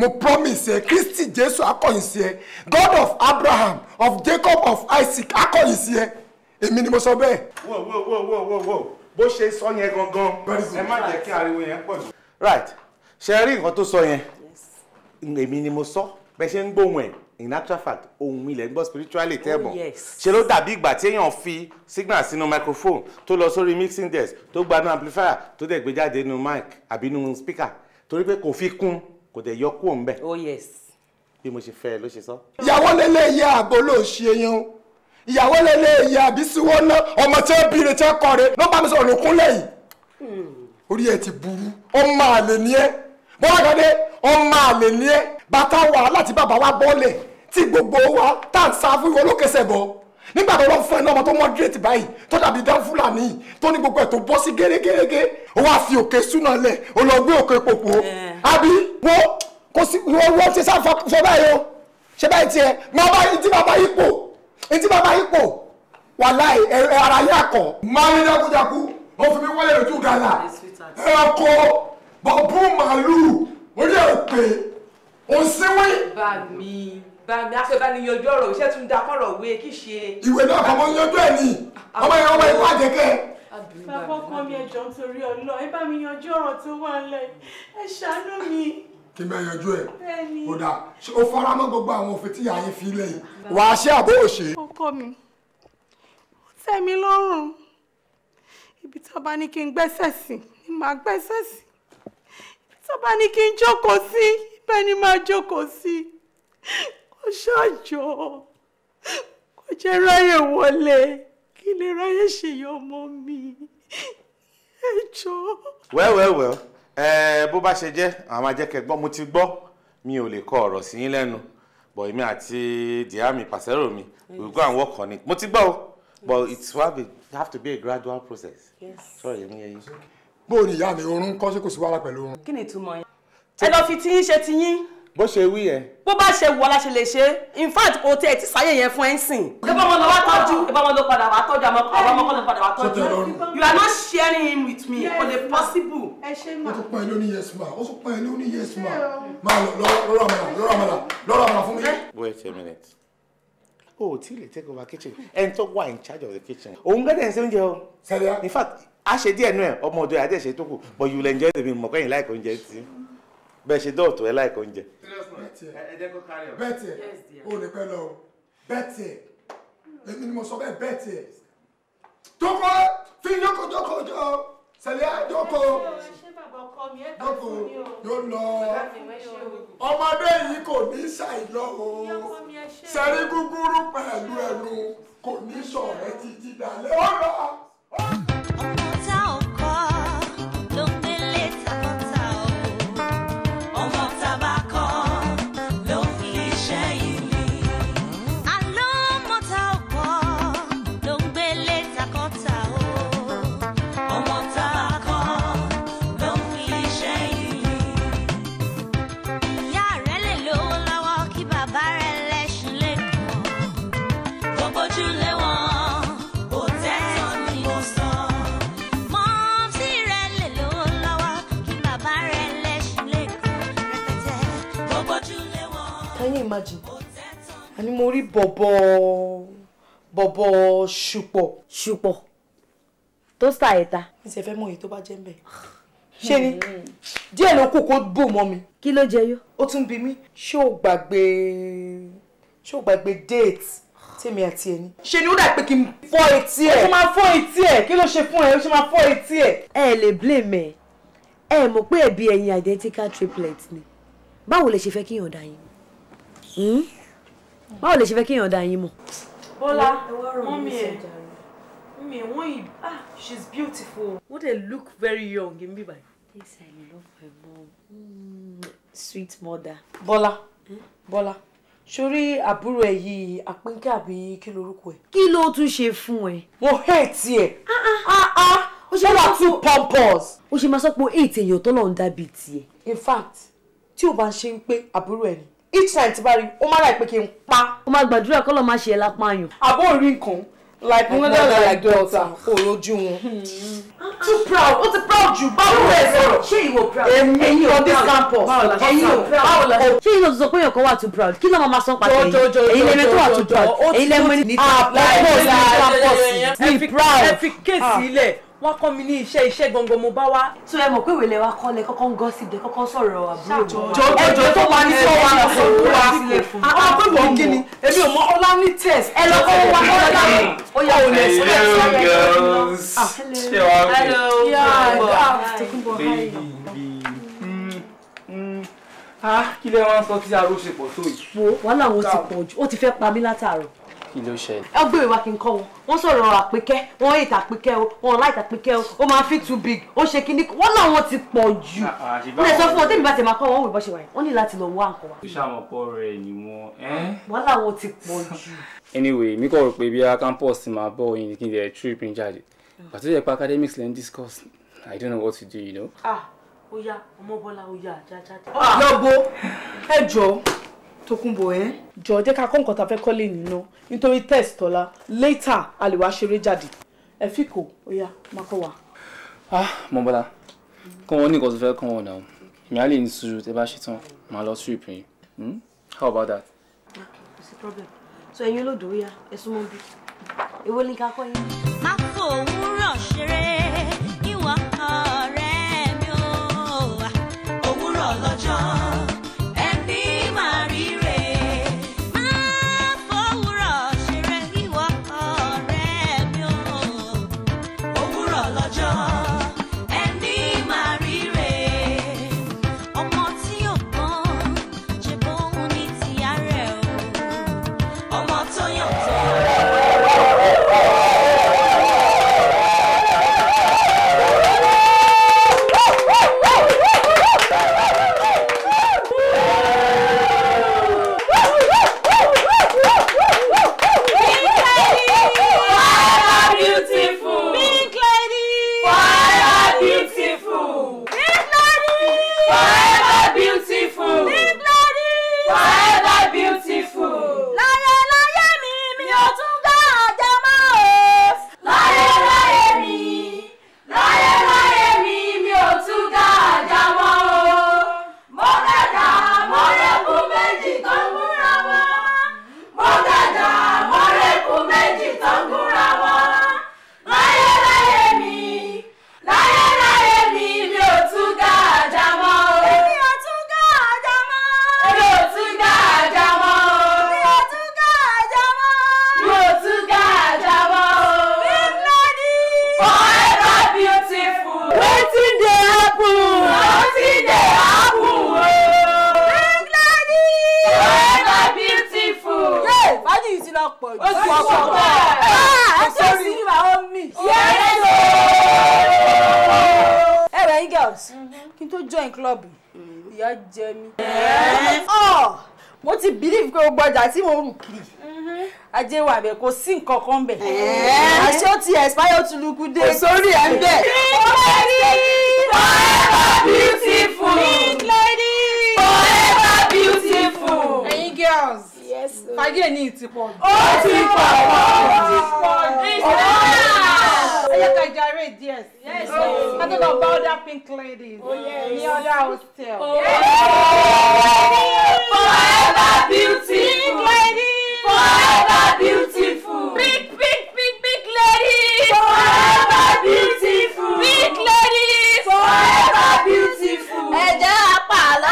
mo promise ẹ kristi jésù akọ̀yìn sí ẹ god of abraham of jacob of isaac akọ̀yìn sí ẹ èmi ni mo sọ bẹ́ẹ̀. wọ́ọ̀ wọ́ọ̀ wọ́ọ̀ wọ́ọ̀ wọ́ọ̀ bó ṣe sọ yẹn gangan ẹ má jẹ́ kí ariwo yẹn pọ̀ jù. right ṣe rí nǹkan tó sọ yẹn èmi ni mo sọ bẹ́ẹ̀ ṣe ń gbóhùn ẹ̀ in actual fact ohun ilẹ̀ ń gbọ́ spirituality. tẹ́ẹ̀mọ̀ oh, ṣe ló dàbí ìgbà tí èèyàn fi signal sínú microphone tó lọ sórí mixing desk tó gbanú amplifier tó dẹ̀ gbé jáde nínú mic àbí nínú speaker torí pé kò fi kún kò dẹ̀ yọ kúrò ńbẹ̀. oh yes. bí mo ṣe fẹ́ ló ṣe sọ. ìyàwó lélẹ̀ yẹ ló ṣe yan ìyàwó lélẹ̀ ìyá àbí síwọ́ ná ọmọ tí ó bìrè tí ó kọ̀rẹ́ ló bá mi sọ̀rọ̀ lókun lẹ́yìn orí ẹ̀ ti burú ọmọ àlè ni ẹ́ bọ́lá kan dé ọmọ àlè ni ẹ́ bàtà wà láti bàbá wa bọ́ọ̀lẹ̀ tí gbogbo wa tá à ń sá fún ìwọ lókèsè bọ́ nígbà tó lọ fún ẹ lọ́mọ tó mọ́dírètì báyìí tó dàbí dán fúlàní tó ní gbogbo ẹ̀ tó bọ́ sí gérégérégé ó wá fi òkè súná lẹ̀ ó lọ gbé òkè pòpò àbí wo kò sí wọ́n wọ́n ti sá fọ́ báyìí o ṣe báyìí tiẹ̀ máa bá yín tí máa bá yín pò etí bàbá yìí pò wàláì ara yà kọ. máa ní jákujáku ó fi mi wọlé lójú gàlà ẹranko bàbú màálù orí ẹ̀ pé òsínwé. bá mi bá mi afẹ́bániyànjú ọ̀rọ̀ iṣẹ́ tún da kọ́rọ̀ wé kí ṣe. ìwé náà kọ́ mọ́ yanjú ẹ̀ ni ọmọ yẹn ọmọ ìwà jẹ́kẹ́. bàbá ọkọ mi ẹ̀jọ̀ ń torí ọlọ́ ẹ bá mi yanjú ọ̀rọ̀ tó wà ń lẹ̀ ẹ ṣàánú mi kí n bẹ yanjú ẹ kò dà o fara mọ́ gbogbo àwọn òfin tí yàá yín fi lẹ́yìn wàá ṣe àbó òṣè. ọkọ mi ó tẹ́ lọ́rùn ibi tó bá ní kí n gbẹ́sẹ̀ sí ni màá gbẹ́sẹ̀ sí ibi tó bá ní kí n jókòó sí bẹ́ẹ̀ ni màá jókòó sí kò ṣàjọ kò jẹ́ ráyè wọlé kí lè ráyè ṣèyí ọmọ mi ẹ jọ. wẹ́wẹ́wẹ́. Well, well, well ẹ bó bá ṣe jẹ́ àwọn ajẹ́kẹ́ gbọ́ mo ti gbọ́ mi ò lè kọ ọ̀rọ̀ sí yín lẹ́nu but èmi àti diami pàṣẹrò mi we go and work on it mo ti gbọ́ o but it have to be a gradual process. sorry èmi yẹ yín. bó o ní ìyá mi oorun kọ́ sí kò sí wàhálà pẹ̀lú oorun. kí ni ìtumọ̀ yẹn. ẹ lọ fi tiyín ṣe tiyín bó ṣe wí yẹn. bó bá ṣe wù la ṣe lè ṣe in fact o tẹ ẹ ti sáyé yẹn fún ẹ ń sìn. ìbá wọn lọ wá tọ́jú ìbá wọn lọ padà wá tọ́jú àwọn ọmọ kan lọ padà wá tọ́jú. you are not sharing him with me for the possible. ẹ tún pa ẹ lóní yes ma ó tún pa ẹ lóní yes ma máa lọ àmàlà lọ́rọ̀ àmàlà lọ́rọ̀ àmàlà fún mi. wait a minute o ti le take over kitchen ẹni tó wà in charge of the kitchen òun gẹ́gẹ́ ń ṣe oúnjẹ o in fact a ṣe díẹ̀ nú ẹ̀ ọmọ ọ̀dọ́ ẹ̀ adé ṣe tó kù but you will enjoy the meal mọ̀kẹ́yìn láìpẹ́ oúnjẹ tí bẹ́ẹ̀ ṣe dọ́ọ̀tọ̀ ẹ láìkọ́ oúnjẹ. bẹ́ẹ̀tì ẹ̀ o lè pẹ́ lọ o bẹ́ẹ̀tì ẹ̀ èmi ni mo sọ bẹ́ẹ̀ bẹ́ẹ̀tì ẹ̀ fi yọkọ̀ jọkọ̀ jọ sẹ̀lẹ̀ àjọkọ̀ jọkọ̀ yóò lọ ọmọdé yìí kò ní ṣàìlọ o sẹ́rí gúgúrú pẹ̀lú ẹnu kò ní sọ̀rẹ́ títí dalẹ́ ó lọ imagine àní mo rí bọ̀bọ̀ bọ̀bọ̀ ṣùpọ̀. ṣùpọ̀ tó sà ẹ̀ta. mi sì fẹ́ mọ èyí tó bá jẹ́ ń bẹ̀. ṣé ni hmm. díẹ̀ ló kù kó bò mọ́ mi. kí ló jẹ yó. ó tún bi mí ṣé o gbàgbé ṣé o gbàgbé déètì tèmi àti ẹni. ṣe ni ó dà pé kí n fọ́ etí ẹ ṣe máa fọ́ etí ẹ̀ kí ló ṣe fún ẹ ó ṣe máa fọ́ etí ẹ̀. ẹ lè blame ẹ ẹ mọ̀ pé ẹ̀bi ẹ̀yin identical triplet ni báwo lẹ ṣe fẹ́ kí yàn dá yín. Hmm? báwo lè ṣe fẹ́ kéèyàn dá yín mọ̀. Bola, mọ́mí ẹ̀ mọ́mí ẹ̀ yìí ah she's beautiful. wọ́n dey look very young in bíbá. yes i love my mom mm, sweet mother. Bola, hmm? Bola, sórí àbúrò ẹ yìí àpínkẹ́ àbí kí lorúkọ ẹ. kí ló tún ṣe fún ẹ. mo hate ẹ. ah ah ó ah, ah. ṣe máa tún pompous. ó ṣe máa sọ pé eight èèyàn tó lọ́ọ́ ń dábìí tiẹ̀. in fact tí o bá ń ṣe ń pé àbúrò ẹ ni each time tí bá rí ó má láì pé kí n pa. ó máa gbàdúrà kọ́ ló máa ṣe lápá yàn. àbó rí nǹkan like mother like daughter kò rojú wọn. too proud ó ti proud jù báwo lè sọ̀rọ̀. ṣé ìwọ proud ẹ̀yin ò this campus ẹ̀yin ò proud. ṣé ìwọ sọ pé èèyàn wà too proud kí ló máa sọ pàtó yìí èyí lẹ́mẹ̀ tó wà too proud èyí lẹ́mẹ̀ ní àpò ìlà campus ilẹ̀ wọ́n kọ́ mi ní iṣẹ́ iṣẹ́ gangan mo bá wá. tó ẹ mọ̀ pé ìwé lẹ́wà kọ́ lẹ kọ́kọ́ ń gọ́ sí ibẹ̀ kọ́kọ́ sọ̀rọ̀ àbúrò mi. jọjọ tó wà ní tó wà lọ fún wa àwọn pé wọ́n kí èmi ò mọ ọlá ní test. ẹ lọ kọ́ wa kọ́ lọ ó yà wọlé sí ẹ sí ẹ ṣe wá pé kí lẹ wá ń sọ tí aró ṣe pọ̀ tó yìí. wàhálà wọn ti pọ̀ jù ó ti fẹ́ pa mí látàárọ̀ kí ló ṣẹlẹ̀. ẹ gbé ìwà kí n kọ́ wọn wọ́n sọ̀rọ̀ àpékẹ́ wọ́n ètò àpékẹ́ o wọ́n láì àpékẹ́ o ó máa fi too big ó ṣe kíní wọ́n náà wọ́n ti pọ̀ jù. mo ah, ah, lè sọ fún wọn tẹ́mi bá ti máa kọ́ wọn wò bọ́ ṣe wà yẹn wọ́n ní láti lọ wá nǹkan wa. ìṣàmọ̀ pọ̀ rẹ̀ ni wọ́n. wọ́n làwọn ti pọ̀ jù. anyway mi kò rò pé bí a campus máa bọ̀ yìí kí n lè trip in jáde pàtó hmm. yẹ pé academics lè ń discuss I don't know what to do you know. ah ó yá ọmọ bọ́lá ó yá jájáde. Ah! lọ́gbó ẹ Tòkunbọ̀ ẹ́ eh? jọ jẹ́ ká kọ́ nǹkan tá a fẹ́ kọ́ lè nínú nítorí test tọ́lá later a lè wá ṣeré jáde ẹ fi kò ó yá má kọ́ wa. ah Mọ́bọ́lá kọ́ wọn ní nǹkan tó fẹ́ kọ́ wọn náà ìyá lè ní sùúrù tẹ́ bá ṣe tán màá lọ trip yín hmm? how about that. kò sí problem so ẹ̀yin olódò ó yá ẹ súnmọ́ bí èwo ni ká kọ́ yín. má fòwúrọ̀ ṣeré ìwọ ọ̀rẹ́ mi ò òwúrọ̀ lọ́jọ́. wà bẹ́ẹ̀ kò sí nǹkan kan bẹ̀. àṣé ó ti expire ó ti lukú dé. sórí ẹ̀ ń bẹ̀. forever beautiful. Pink ladies forever beautiful. ẹ̀yin girls. yes o. fagé ní ìtì pọ̀. ó ti pọ̀ ó ti pọ̀ jù. ẹyẹ ká jàre díẹ̀ sí. yes o. adọ́lọ́ bá other pink ladies. Oh, ní other hostel. Oh, forever beautiful. Forever beautiful. Big, big, big, big ladies. Forever beautiful. Big ladies. Forever beautiful. Ẹ̀jẹ̀ apàlà.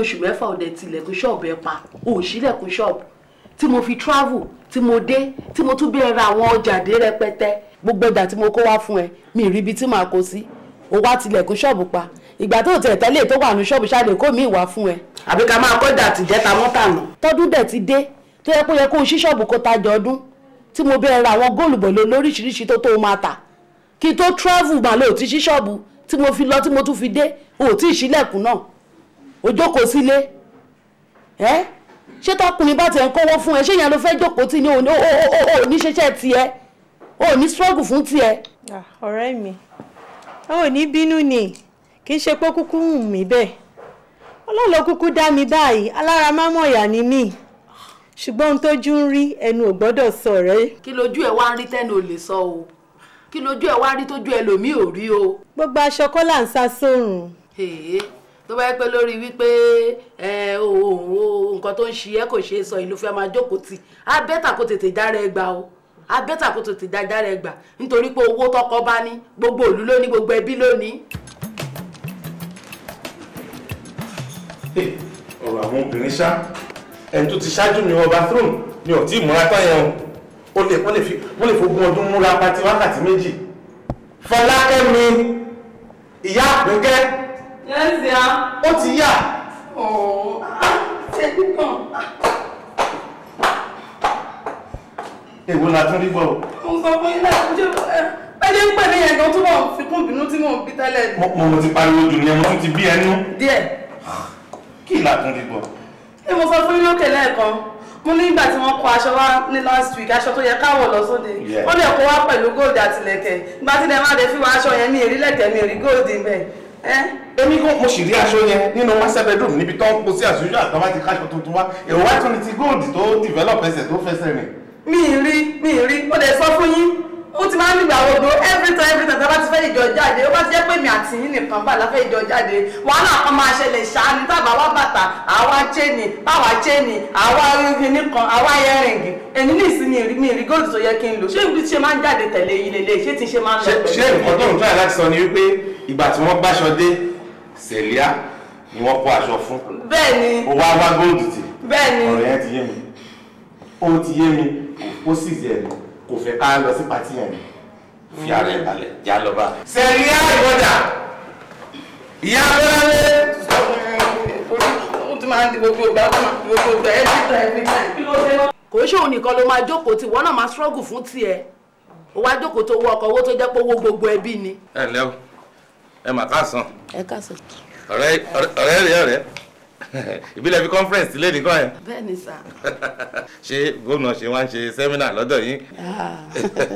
oṣù mẹ́fà ọ̀dẹ tilẹ̀kùn ṣọ́ọ̀bù ẹ̀ pa òṣìlẹ̀kùn ṣọ́ọ̀bù tí mo fi travel tí mo dé tí mo tún bẹ̀rẹ̀ ra àwọn ọjà dé rẹpẹtẹ gbogbo ọjà tí mo kó wá fún ẹ mi rí ibi tí màá kó sí o wá tilẹ̀kùn ṣọ́ọ̀bù pa ìgbà tó tẹ̀ tẹ́lẹ̀ tó wà ní ṣọ́ọ̀bù ṣáde kó mi ìwà fún ẹ. àbí ká máa kọ́ dàtí jẹ́ta mọ́tànà. tọ́dún dẹ̀ ti dé tó yẹ kó yẹ kó o ṣí ṣọ́ọ̀bù kó tajà ọdún tí mo bẹ̀rẹ̀ ra àwọn góòlù bọ̀lọ́ lóríṣiríṣi tó tó máa tà kí tó travel mà lóò ti ṣí ṣọ́ọ̀bù tí mo fi lọ tí mo tún fi dé òòtí ìṣílẹ̀kùn náà ó jókòó sílé ẹ́ ṣé tọkùnrin bá tiẹ̀ ń kówó fún ẹ ṣé ìyẹn ló fẹ́ jókòó tì ní òní ṣiṣẹ́ tiẹ̀ òní struggle fún tiẹ̀. Ah, ọ̀rẹ́ mi ò ní bínú ni kì í ṣe pé kúkú wù mí bẹ́ẹ̀ ọlọ́lọ́ kúkú dá mi báyìí alára má mọ̀ ìyá ni mí ṣùgbọ́n ohun tójú ń rí ẹnu ò gbọ́dọ̀ sọ rẹ́. kí lójú ẹ wá ń rí tẹ́nu ò lè sọ o kí lójú ẹ wá rí tójú ẹlòmíì ò rí o. gbogbo aṣọ kọ́là ń sá sórùn tó bá yẹ pé lórí wípé nǹkan tó ń ṣe ẹ kò ṣe é sọ ìlú fẹ́ máa jókòó tì á bẹ́tà kó tètè dára ẹ gbà o á bẹ́tà kó tètè dára ẹ gbà nítorí pé owó tọkọ bá ní gbogbo ìlú lónìí gbogbo ẹbí lónìí. ọ̀rọ̀ àwọn obìnrin ṣá ẹni tó ti ṣáájú mi ọba throne ni ọ̀tí ìmúra tán yẹn o wọ́n lè fi ogún ọdún múra pati wákàtí méjì fọlákẹ́mi ìyá àpínkẹ́ ó ti yá. Oh, ah, èwo la tún rí gbọ́ o. mo sọ fún yín láti jẹ́ eh, ẹjẹ́ ń pè ní ẹ̀gbọ́n tó mọ̀ fi kún tí mò bí tẹ́lẹ̀. mo mo ti pariwo jù nìyẹn mo tún ti bí ẹnu. díẹ̀. kí ìlà tún rí gbọ́. ẹ eh, mo sọ fún yín lókè lẹ́ẹ̀kan mo ní ìgbà tí wọ́n kọ aṣọ wá ní last week aṣọ tó yẹ káwọ̀ lọ sóde lè kó wá pẹ̀lú gold àtìlẹ̀kẹ̀ ìgbà tí lè má dé fi wá aṣọ yẹn ní èrí lẹ̀kẹ̀ mi èrí gold bẹ́ẹ̀ èmi gan mo sì rí aṣọ yẹn nínú master bedroom níbi tó ń po sí àṣojú àtàwọn àti káṣọ tuntun wá èrò wá tún ní ti gold tó develop ẹsẹ̀ tó fẹsẹ̀ rìn. mi ì rí mi ì rí ó lè sọ fún yín ó ti máa ń nígbà gbogbo every time every time tá a bá ti fẹ́ ìjọ jáde ó bá ti jẹ́ pé mi àti yín nìkan bá la fẹ́ ìjọ jáde wàhálà kan máa ṣẹlẹ̀ ṣáni tábà wá bàtà àwa chéènì báwa chéènì àwa rinrin kan àwa yẹrìngì èmi ní ìsinmi ìrí mi ìrí góòlù tó yẹ kí n lò ṣé ibi tí ṣe máa ń jáde tẹ̀lé yìí lélẹ̀ ṣé ti ṣe máa ń lọ ṣé nǹkan tó ń tọ́ láti sọ ni wípé ìgbà tí wọ́n gbàṣọ dé sẹ̀líà ni wọ́n kó aṣọ fún. bẹ́ẹ̀ni o wá wá góòlù tì. bẹ́ẹ̀ni ọ̀rọ̀ yẹn ti yé mi ó ti yé mi ó sì yé mi kò fẹ́ ká lọ sí pati yẹn fi ara ẹ̀ ya lọ bá. sẹ́ni á ìyá abẹ́rẹ́ ó máa ń di gbogbo ìgbà gbogbo ìgbà ẹ̀ títà ẹ̀ nígbà kí ló kò nìkan ló máa jókòó tí wọ́n náà máa fún tiẹ̀ wá jókòó tó wọ ọkọ̀ tó jẹ́ pé gbogbo ẹbí ni. ẹ ẹ mà ẹ ọ̀rẹ́ ọ̀rẹ́ rẹ̀ ọ̀rẹ́. ìbílẹ̀ fi conference lé nìkan yẹn. bẹ́ẹ̀ni sá. ṣé gómìnà ṣe wá ń ṣe sẹ́mínà lọ́dọ̀ yín. Ah.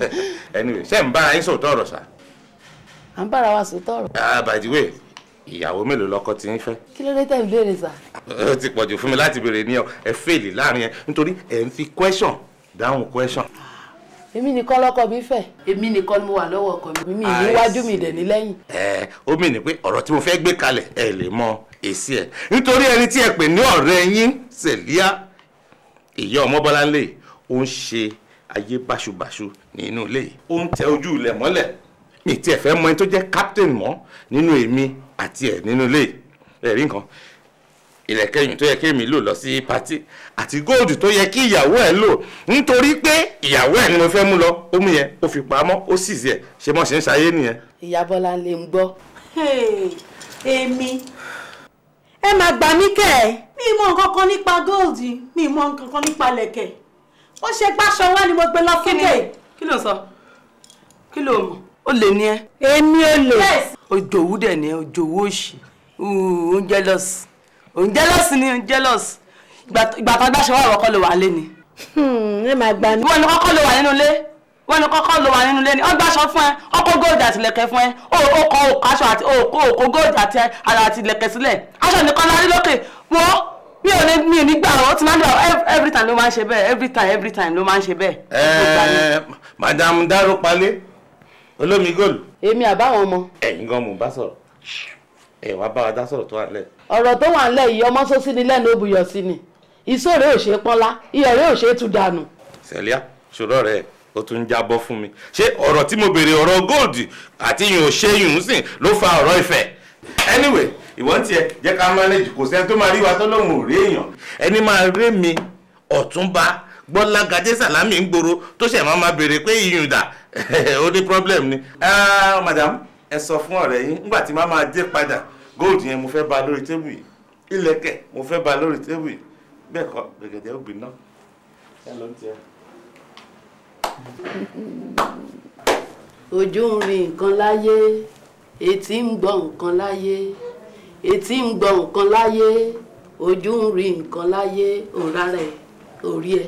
anyway ṣé ń bára yín sòótọ́ ọ̀rọ̀ sá. à ń bára wa sòótọ́ ọ̀rọ̀. Ah, by the way ìyàwó mélòó lọkọ tí ń fẹ́. kí ló dé tẹ̀ ń béèrè sá. ó ti pọ̀jù fún mi láti béèrè ní ọ ẹ fèèlì láàrin ẹ nítorí ẹ ń fi question dáhùn question. Ah. èmi nìkan lọkọ mi fẹ́. èmi nìkan ni mo wà lọ́wọ́ ọkọ mi mi níwájú mi dẹ̀ ní lẹ́yìn. ẹ eh, ó mì ní pé ọ̀rọ̀ tí mo fẹ́ gbé kalẹ̀ ẹ lè mọ̀ èsì ẹ̀ nítorí ẹni tí ẹ pè ní ọ̀rẹ́ yín Sẹ̀líà ìyá ọmọ Bọ́láńlé ó ń ṣe ayé báṣubàṣu ní inú ilé yìí ó ń tẹ ojú ilẹ̀ mọ́lẹ̀ mi tiẹ̀ fẹ́ mọ ẹni tó jẹ́ captain mọ́ nínú èmi àti ẹ̀ nínú ilé yìí ẹ̀rí nǹkan ìlẹ̀kẹ̀yìn tó yẹ kí èmi lò lọ sí patí àti góòdù tó yẹ kí ìyàwó ẹ̀ lò nítorí pé ìyàwó ẹ̀ ni mo fẹ́ mú lọ ó mú yẹn ó fi pamọ́ ó sì sí ẹ̀ ṣe mọ́ ṣe ń ṣayé nìyẹn. ìyá Bọ́lá ń lè ń gbọ́. èmi ẹ máa gbà mí kẹ́ ẹ̀ mi mọ nǹkan kan nípa gold mi mọ nǹkan kan nípa lẹ̀kẹ̀ ó ṣe gbàṣọ wá ni mo gbé lọ fún kẹ́ kí ló sọ kí ló mọ̀ ó lè ní ẹ. èmi ò lè. òjòwú dẹ̀ ni òjòwú òṣì ó jealous ó jealous ni ó jealous ìgbà tó gbàṣọ wà wọ́kọ́ ló wà lé ni. Hmm, ẹ máa gbà mí. ìwọ ni kọ́kọ́ ló wà nínú ilé wọ́n ní kọ́kọ́ ló wà nínú ilé ni ó gbàṣọ fún ẹ ọkọ góòdì àtìlẹ̀kẹ̀ fún ẹ òkò òkò aṣọ àti òkò òkò góòdì àti àtìlẹ̀kẹ̀ sílẹ̀ aṣọ nìkan lárí lókè wọ mi ò ní mi ò ó ti máa ń dà every time ló máa ń ṣe bẹ́ẹ̀ every time every time ló máa ń ṣe bẹ́ẹ̀. ẹẹ madam dáró palẹ olómi góòlù. èmi àbáwọn ọmọ. ẹ̀yin gan mo bá sọ̀rọ̀ ẹ wàá bá wa dá sọ̀rọ̀ tó wà nílẹ̀. ọ̀rọ̀ tó wà nílẹ̀ yìí ọmọ sósì ni lẹ́nu òbúyọ̀ sí ni ìṣòro ò ṣe pọ́nlá iyọ̀ rẹ̀ ò ṣe tú dànù. sẹ́líà ṣòro rẹ̀ o tun ja bo fun mi se oro ti mo bere oro gold ati yin o se yun sin lo fa oro ife eniwe iwo ti je ka manage ko se to ma ri wa tolohun re eyan eni ma re mi otunba gbola gaje salami ngboro to se ma ma bere pe iyun da o ni problem ni ah madam e so fun ore yi ngba ti ma ma je pada gold yen mo fe ba lori table yi ileke mo ba lori table yi ko begede o bi ojú ń rí nǹkan láyé etí ń gbọ́ nǹkan láyé etí ń gbọ́ nǹkan láyé ojú ń rí nǹkan láyé òun rárẹ̀ orí ẹ̀.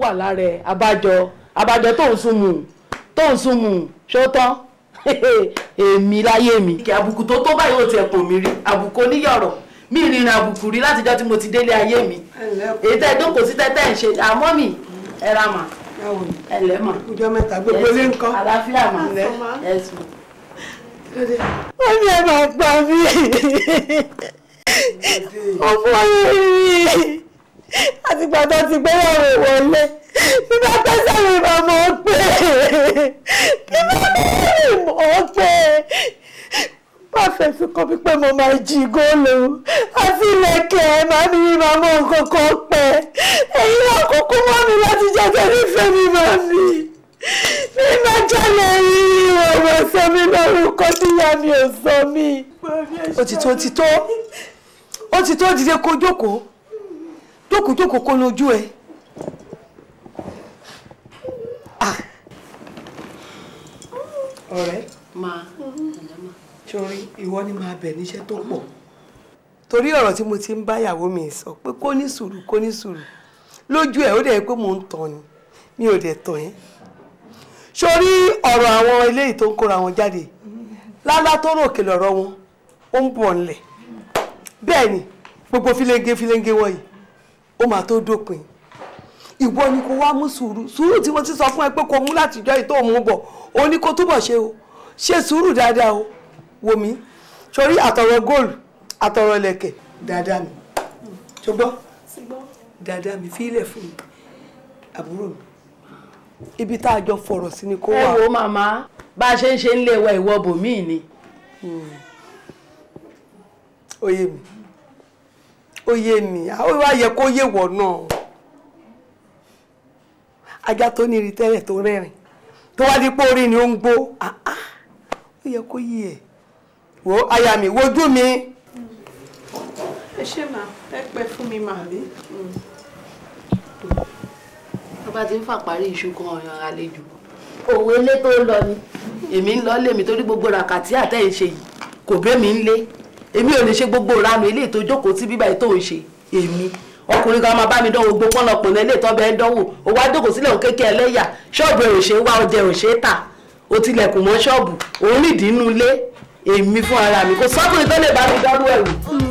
wà lára ẹ̀ abájọ abájọ tó ń sunmù tó ń sunmù ṣótán èmi láyé mi. ìkẹ́ àbùkù tó tó báyìí ó ti ẹ̀kọ́ mi rí àbùkù oníyọ̀rọ̀ mi ìrìnrìn àbùkù rí látijọ́ tí mo ti délé ayé mi èyí tẹ́ ẹ dókòó sí tẹ́tẹ́ ẹ̀ ṣe àmọ́ mi ẹ ra mà ẹ lẹ́ mà. ọjọ́ àlàáfíà mà ẹ wọ́n ní ẹ máa gbà mí ọmọ yẹn àtìgbà tó ti gbéyàwó wọlé bí bá tẹ́sẹ̀ mi máa mọ̀ ọ́ pé bí bá tẹ́sẹ̀ mi mọ̀ ọ́ pé má fẹ̀sùn kan pípẹ́ mo máa jí góòlù àti ilẹ̀kẹ̀ máa ní mi máa mọ nǹkan kan pẹ́ èyí wà kókó mọ́ mi láti jẹ́jẹ́ nífẹ̀ẹ́ mi máa mi mi máa jálẹ̀ yìí ọ̀rọ̀ sọ mi lórúkọ tíyá mi ò sọ mi. ó ti tó ó ti tó ó ti tó dìde kó jókòó-jókòó kó nojú ẹ. Ah. ọ̀rẹ́ máa sori ìwọ ni máa bẹ̀ níṣẹ́ tó pọ̀ torí ọ̀rọ̀ tí mo ti ń bá ìyàwó mi sọ pé kó ní sùúrù kó ní sùúrù lójú ẹ̀ ó dẹ̀ pé mò ń tàn ni mi ò dẹ̀ tàn yẹn sori ọ̀rọ̀ àwọn eléyìí tó ń kóra wọn jáde lálá tó rò òkè lọ̀rọ̀ wọn ó ń bọ̀ ńlẹ̀ bẹ́ẹ̀ ni gbogbo filenge filenge wọ̀nyí ó máa tó dópin ìwọ ni kò wá mú sùúrù sùúrù tí mo ti sọ fún ẹ pé kò mú látijọ́ yìí tó mú bọ̀ ó ní kó túbọ̀ ṣe o ṣe sùúrù dáadáa o wò mí sórí àtọ̀rọ̀ góòlù àtọ̀rọ̀ ẹlẹ́kẹ̀ dáadáa mi ṣùgbọ́n dáadáa mi fílẹ̀ fún mi àbúrò mi ibi tá a jọ fọ̀rọ̀ sí ni kó wà. ẹ wo màmá bá a ṣe ń ṣe ń lé wa ìwọ bòmíì ni. Hmm. oyè mi ó yé mi ó wá yẹ kó yé wọ̀ náà ajá tó ní irin tẹ́lẹ̀ tó rẹ́rìn tó wá dípò orí ni ó ń gbó ó yẹ kó yé ẹ̀ wò aya mi wojú mi. ẹ ṣe máa ẹ pẹ fún mi màálí hmm. tó bá ti ń fàparí iṣu kan ọ̀yàn àlejò. òwe ilé tó lọ ni. èmi ń lọ lèmi torí gbogbo ràkàtì àtẹ̀yìn ṣe yìí kò bẹ́ẹ̀ mi ń lé èmi ò lè ṣe gbogbo ìranù eléyìí tó jókòó tí bíbá ètò ń ṣe èmi ọkùnrin kan máa bá mi dánwò gbogbo ọ̀nàpọ̀nà eléyìí tó bẹ́ẹ̀ dánwò ó wá jókòó sílẹ̀ òun kékeré ẹlẹ́yà ṣọ́ọ̀bù ẹ̀ ò ṣe wá ọjà ò ṣe tà ó tilẹ̀kùn mọ́ ṣọ́ọ̀bù òun nìdí inú ilé èmi fún ara mi kò sọ́kùnrin tó lè bá mi dánwò ẹ̀rù.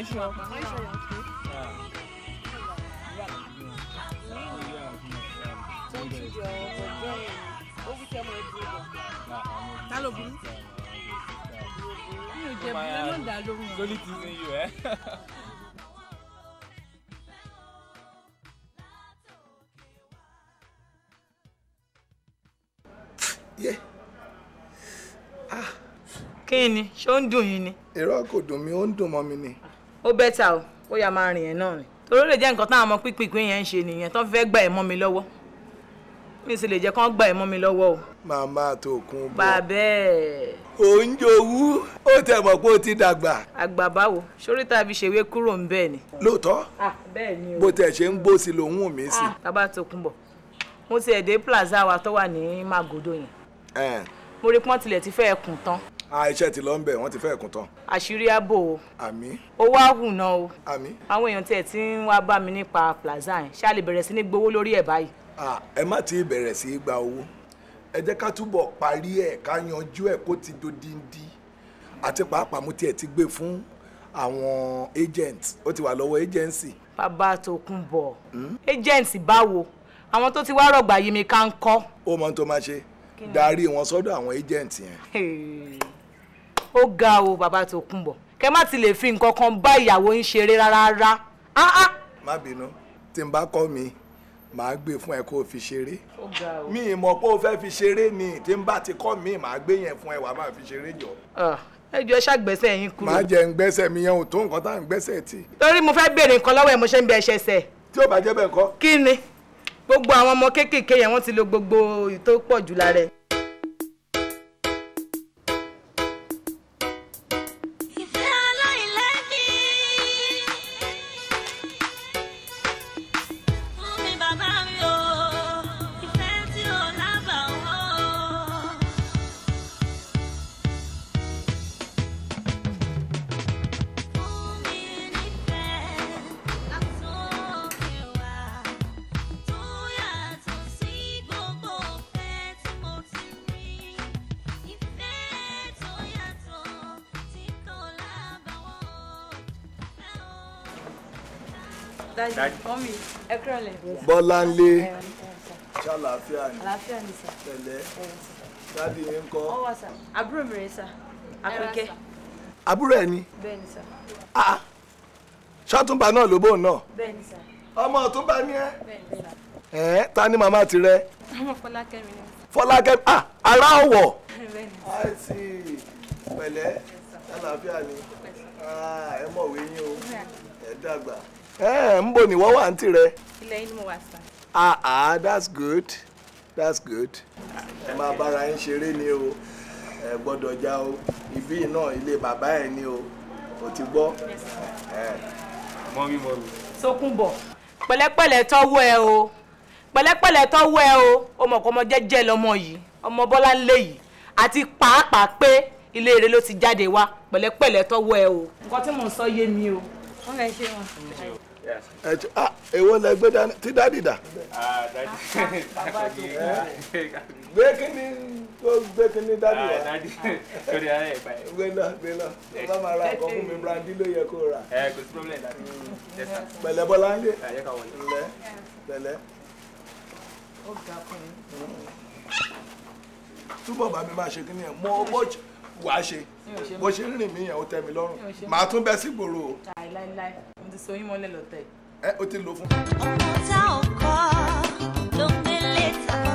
insha'Allah. Thank ah. you, Joe, for joining. Ó fi tẹ́ mọ ẹbí rẹ̀. Ta ló burú? Mi ò jẹ̀bi lọ́nà dá lóhùn. Sólì ti sin ni ó bẹ́tà o ó yà máa rìn yẹn náà ni torí ó lè jẹ́ nǹkan táwọn ọmọ pínpín yẹn ń ṣe nìyẹn tó fẹ́ gbà ẹ̀ mọ́ mi lọ́wọ́ mi sì lè jẹ́ kán gbà ẹ̀ mọ́ mi lọ́wọ́ o. màmá tó kún bọ bàbẹ́. ò ń jowú ó tẹ̀ mọ̀ pé ó ti dàgbà. àgbà báwo sórí tá a fi ṣèwé kúrò ń bẹ́ẹ̀ ni. lóòótọ́ bó tẹ̀ ṣe ń bó sí lòun mi sí. bàbá tó kún bọ̀ mo ti ẹ̀ dé plaza wa tó wà ní Magodo yẹn mo rí pọ́n tilẹ̀ ti fẹ́ ẹkùn tán Ah, iṣẹ́ ti lọ ń bẹ̀ wọ́n ti fẹ́ ẹ̀kún tán. àṣírí ààbò o. àmì. ó wá hùn náà o. àmì. àwọn èèyàn tiẹ̀ ti ń wá bá mi nípa plaza yẹn ṣáà lè bẹ̀rẹ̀ sí ní gbowó lórí ẹ̀ báyìí. ẹ má ti bẹ̀rẹ̀ sí í gba owó ẹ jẹ́ ká túbọ̀ parí ẹ̀ ká yanjú ẹ̀ kó ti dodindi àti pàápàá mo tiẹ̀ ti gbé fún àwọn agent ó ti wà lọ́wọ́ agency. bàbá tó kún bọ̀ hmm? agent báwo àwọn tó ti wá rọ̀gbà yìí mi ká ń kọ́. ó mọ ohun tó máa ṣe darí wọn sọ́dọ̀ àwọn agent yẹn ó ga o bàbá tó kún bọ̀ kẹ má ti lè fi nǹkan kan bá ìyàwó yín ṣeré rárá. Ah, ah. má bínú tí n bá kọ́ mi màá gbé fún ẹ kó o fi ṣeré mi ì mọ̀ pé o fẹ́ fi ṣeré ni tí n bá ti kọ́ mi màá gbé yẹn fún ẹ wàá máa fi ṣeré jọ ah, ẹjọ ẹ ṣàgbẹ́sẹ̀ yín kúrò. má jẹ ń gbẹ́sẹ̀ mi yẹn ò tó nǹkan tá à ń gbẹ́sẹ̀ tì. torí mo fẹ́ béèrè nǹkan lọ́wọ́ ẹ̀ mo ṣe ń bẹ ẹṣẹ sẹ̀. tí ò bá jẹ́ bẹ́ẹ̀ kọ́. kí ni gbogbo àwọn ọmọ kéékèèké yẹn wọ́n ti lo gbogbo ìtó lára ẹ̀. Bọ́láńlé ṣàlàáfíà ni tẹ̀lẹ́ dádì yín kọ́. àbúrò mi rẹ̀ sà àpèké. àbúrò ẹ̀ ni. bẹ́ẹ̀ni sà. Ah, ah. ṣátúnbà náà ló bóun náà. bẹ́ẹ̀ni sà. ọmọ ọ̀túnbà ni ẹ. bẹ́ẹ̀ni sà. ẹ ta ni màmá ti rẹ. ọmọ fọlákẹ́mi ni. fọlákẹ́mi ah ará ọ̀wọ̀. bẹ́ẹ̀ni sà. àìsí pẹ̀lẹ́ ṣàlàáfíà ni ah, ẹ mọ̀wé yín o ẹ dàgbà ẹ eh, ń bò ní wọ́n wà ń tirẹ̀. ni mo wà sá. ah ah that's good that's good ẹ máa bára yín ṣeré ni o ẹ gbọ́dọ̀ já o ibí náà ilé bàbá ẹ ni o o ti gbọ́. Eh. mọ́mí mọ́mí. Tókunbọ̀ pẹ̀lẹ́pẹ̀lẹ́ tọ́wọ́ ẹ o pẹ̀lẹ́pẹ̀lẹ́ tọ́wọ́ ẹ o ọmọ kọ́ ọmọ jẹ́jẹ́ lọ́mọ yìí ọmọ bọ́lá ń lé yìí àti pàápàá pé ilé rẹ ló ti jáde wá pẹ̀lẹ́pẹ̀lẹ́ tọ́wọ́ ẹ o. nǹkan tí mò ń sọ mi o. wọ́n fẹ́ ṣe wọn. Ah, èwo lẹ gbé dání tí dádì dà. gbé kíní tó gbé kíní dádì wá. torí ara ẹ̀ pa ẹ̀. gbé lọ gbé lọ bá máa ra ọkọ fún mi brandy ló yẹ kó ra. ẹ problem dadi. pẹ̀lẹ́ bọlá ń lé. pẹ̀lẹ́ pẹ̀lẹ́. túbọ̀ bá mi máa ṣe kíní ẹ̀ mọ́ ọgbọ́n wà á ṣe bó ṣe ń rìn mí yẹn ó tẹ́ mi lọ́rùn màá tún bẹ́ sí gbòòrò láìláìláì mo ti so yín mọ́lẹ̀ lọ́tẹ̀. ọ̀pọ̀ tá ọkọ ló ń gbélé ta.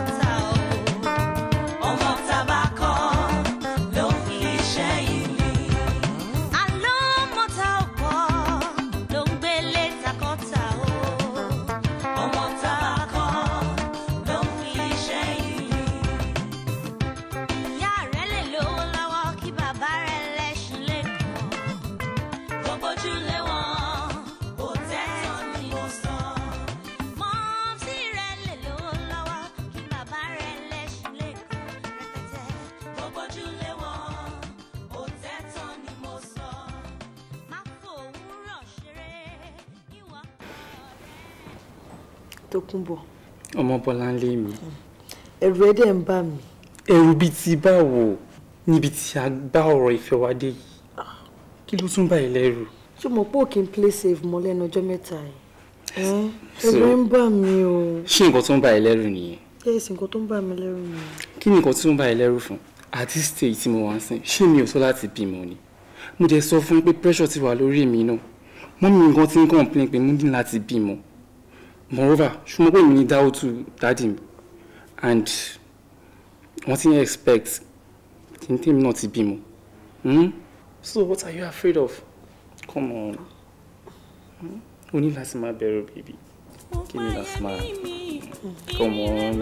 Tọ́kúnbọ̀. ọmọ Bọ́láńlé mi. ẹ̀rù ẹ̀ dẹ̀ ń bà mí. ẹ̀rù bíi ti báwo níbi tí a gbá ọ̀rọ̀ ìfẹ́ wa dé yìí kí ló tún bá ẹ lẹ́rù. ṣé mo pò kí n play safe mọ́ lẹ́nu ọjọ́ mẹ́ta yìí. ẹ̀rù ń bà mí o. ṣé nǹkan tó ń bá ẹ lẹ́rù nìyẹn. yẹ́sì nǹkan tó ń bà mí lẹ́rù nìyẹn. kí ni nǹkan tó ń bá ẹ lẹ́rù fún àti stage tí mo wá ń sìn ṣé mi ò tó láti bímọ ni mo dẹ̀ sọ fún pé pressure ti wà lórí mi náà mọ́mí nǹkan tí ń complain pé mo ní láti bímọ moreover ṣùgbọ́n pé need ní to dadim, and what ti ń expect tí n tèmi be ti bímọ hmm? so what are you afraid of come on hmm? o ní láti máa bẹ̀rù baby. Give me that smile. come on.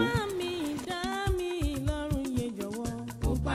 ó bá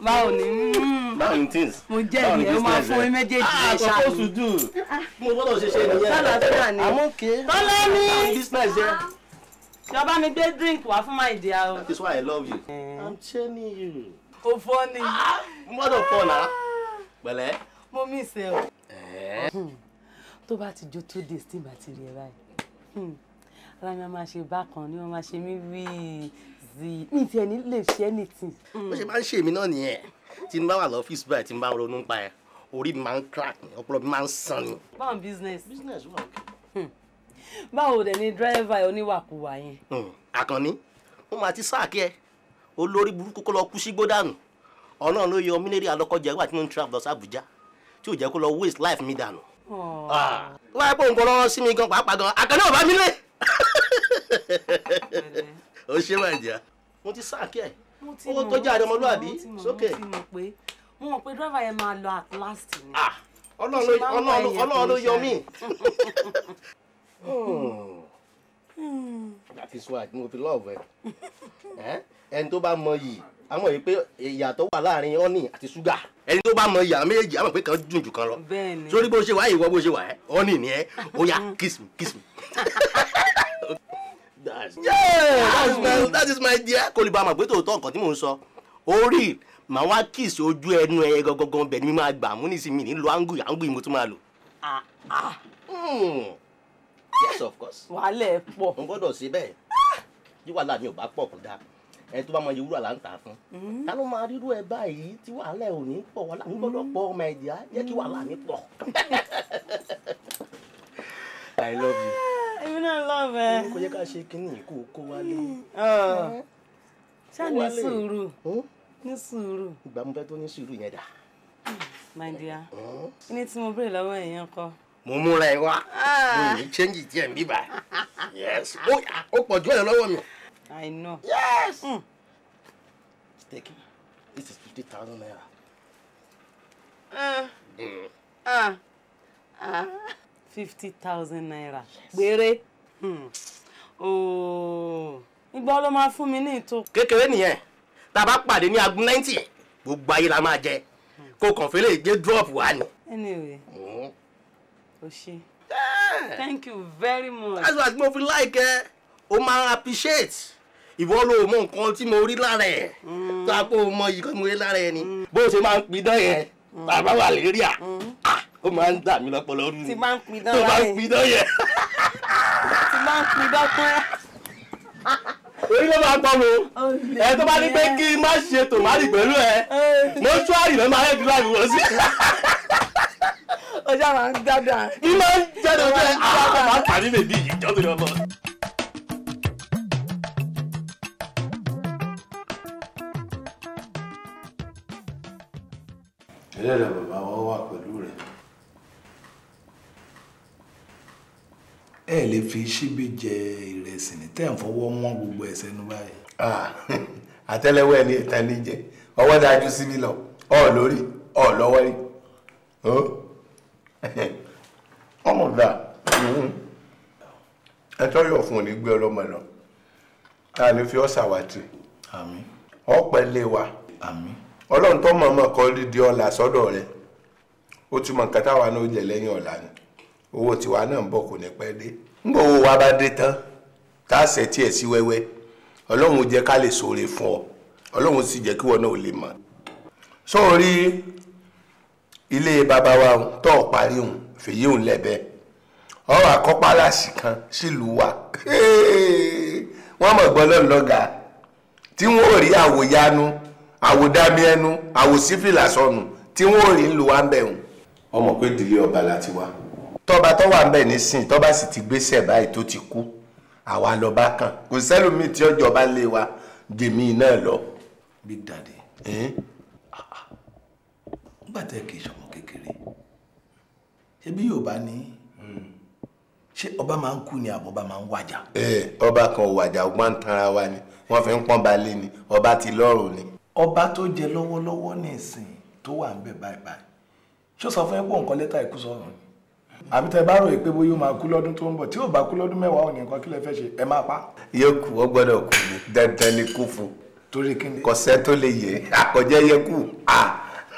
báwo ni mm. báwo ni things mo jẹ ìyẹn ah, ah. mo máa fún mi méjèèjì ẹ ṣáà àkókò sùdù mo gbọ́dọ̀ ṣiṣẹ́ nìyẹn sálàáfíà ni àmókè tọ́lẹ́mí business yẹn. yọba ah. mi gbé drink wá fún my dear that is why i love you. Eh. i'm telling you. o fọ́ ni. mo gbọ́dọ̀ fọ́ náà pẹ̀lẹ́. mo mí ìṣe o. Eh. Hmm. tó bá ti jó two days tí màá ti rí ẹ báyìí hmm. ara mi máa ṣe bákan ni wọ́n máa ṣe mí wíì easy mi tiẹ̀ ní lè ṣe anything. bó ṣe máa ń ṣèmi náà nìyẹn tí n bá wà lọ́fíìsì báyìí tí n bá ronú pa ẹ orí mi máa ń crack ni ọpọlọ mi máa ń sàn ni. báwo business. business wà ok. Hmm. báwo dẹ̀ ni dírẹ́fà oníwàkuwà yẹn. Hmm. àkànní mo máa ti sáàkì ẹ olórí burúkú kó lọ kú sígbó dànù ọ̀nà ló yọ mílíọ̀nù alọ́kọ̀jẹ́ wà tí mo ń travel lọ sí Àbújá tí ò jẹ́ kó lọ waste life mi dànù. Ah. wáyé pé òun kò lọ sí mi gan pàápàá gan àkànní ò bá mi lé. ó ṣe máa jà. mo ti sáàkì ẹ owó tó jáde ọmọlúwàbí sókè. mo mọ̀ pé dráìvà yẹn máa lọ at last ni. Ah, ọlọ́run ló yọ mí. Hmm. Hmm. that is why mo fi love ẹ ẹni tó bá mọ yìí a mọ̀ yìí pé ìyàtọ̀ wà láàrin honey àti ṣúgà ẹni tó bá mọ ìyà méjèèjì a mọ̀ pé kan dùn jù kan lọ sórí bó ṣe wà ìwọ bó ṣe wà honey ni ẹ ó yá kiss me kiss me. that's well that is my dear kò lè ba àmọ̀ pé tòótọ́ nǹkan tí mò ń sọ orí màá wá kiss ojú ẹnu ẹyẹ gangan bẹ̀ ni mi máa gbà mú ní sinmi nílò angu angu yìí mo tún máa lò. Ah, ah. Hmm. yes of course. wàhálà ẹ pọ̀. n gbọ́dọ̀ ṣe bẹ́ẹ̀ tí wàhálà mi ò bá pọ̀ kó dáa ẹ tó bá mọ ewúrọ là ń tà fún hmm. ta ló máa rírú ẹ báyìí tí wàhálà ò ní pọ̀ wàhálà mi gbọ́dọ̀ hmm. pọ̀ ọmọ ẹ̀dìá jẹ́ kí wàhálà mi pọ̀. I love you èmi náà love ẹ. kò yẹ ká ṣe kínní kó kó wálé. ṣá ní sùúrù ní sùúrù. ìgbà mo fẹ́ tó ní sùúrù yẹn dà. my dear ní tí mo béèrè lọ́wọ́ èèyàn kọ́. mo múra ẹ wá ah. mo ní chẹ́ǹgì díẹ̀ ń bíbà yes ó pọ̀ jù ẹ̀ lọ́wọ́ mi. i know. yes. Mm. take this is fifty thousand naira. Uh, mm. uh, fifty thousand naira péré ìgbà hmm. ló máa fún mi ní ìtò. kékeré nìyẹn tá a bá pàdé ní agun ninety gbogbo ayé la máa jẹ kó kàn fẹ́lẹ́ gbé drop wá ni. anyway hmm. o ṣe eh. thank you very much. that's why mo fi like ẹ o máa appreciate ìwọ ló mọ nǹkan tí mo rí lára ẹ hmm. tó a kó o mọ yìí kó mo rí lára ẹ ni bó o ṣe máa ń pidán yẹn bàbá wà lérí à. Ah ó máa ń dà mí lọ́pọlọ ó nù tí máa ń pidán láyé tó máa ń pidán yẹ. tí máa ń pidán pẹ́. orí ló máa gbọ́ mo ẹ tó bá ní pé kí n má ṣe tòmárì pẹ̀lú ẹ mọ́ṣúárì ló máa ń dúró àmì sí. ọjà máa ń dáadáa. kí ló ń jáde ọjọ́ ẹ àwọn máa kà ní bèbí ìjọ mi lọ́mọ. ẹlẹ́dàá bọ̀. ẹ lè fi ṣíbí jẹ ìrẹsì ní tẹ́ ń fọwọ́ wọ́n gbogbo ẹ̀ sẹ́nu báyìí. àtẹ́lẹwọ́ ẹni ìtàn ní jẹ daju dájú sí mi lọ ọ lórí ọ lọwọ rí ọmọ ẹ tọ́yọ̀ fún òní gbé ọlọ́mọ lọ a fi ọ́ ṣàwátì ọ̀pẹ lé wa ọlọ́run tó mọ̀ọ́mọ̀ kọ́ lídìí ọ̀la sọ́dọ̀ ó ti mọ̀ nǹkan táwa náà jẹ lẹ́yìn ni. owó tiwa náà ń bọ̀ kò ní pẹ́ dé ńgbà owó wa bá dé tán tá a ṣe tiẹ̀ sí wẹ́wẹ́ ọlọ́run jẹ́ ká lè ṣoore fún ọ ọlọ́run sì jẹ́ kí wọn náà lè mọ̀ sórí ilé bàbá wa tó o parí òun fèyí òun lẹ́bẹ̀ ọ̀rọ̀ àkọ́pálàsì kan sílùú wa wọ́n mọ̀ gbọ́ lọ́nà lọ́gàá tí wọ́n ò rí àwòyanu àwòdámi ẹnu àwòsífìlà sọnù tí wọ́n ò rí ń lu ń bẹ̀ wọ́n. ọmọ pé ìdílé ọba láti wá tọ́ba tó wà ńbẹ̀ nísìn tọ́ba sì ti gbéṣẹ̀ báyìí tó ti kú àwa lọ́ba kan kò sẹ́lòmíì tí ọjọ́ba lé wa jèmi náà lọ. big daddy nígbà tẹ́ kì í ṣọmọ kékeré ṣé bí yorùbá ní hmm. ṣé ọba máa ń kú ni àbọ̀ ọba máa ń wàjà. ọba kan ò wàjà ọgbọ́n ń tanra wa ni wọ́n fi ń pọ́n ba ni ọba ti lọ́rùn ni. ọba tó jẹ lọ́wọ́lọ́wọ́ ní ìsìn tó wà ń bẹ̀ báyìí báyìí ṣó sọ fún ẹ pé òǹkọ́ lẹ́tà ìkú sọ̀rọ̀ ni àbí tẹ bá rò pé bóyá ó máa kú lọ́dún tó ń bọ̀ tí ò bá kú lọ́dún mẹ́wàá ò ní nǹkan kí lẹ fẹ́ ṣe ẹ máa pa. yóò kú ó gbọ́dọ̀ kú ni dandan ni kú fún. torí kí ni. kọ̀sẹ́ tó lè yẹ àkọ́jẹ́ yẹ kú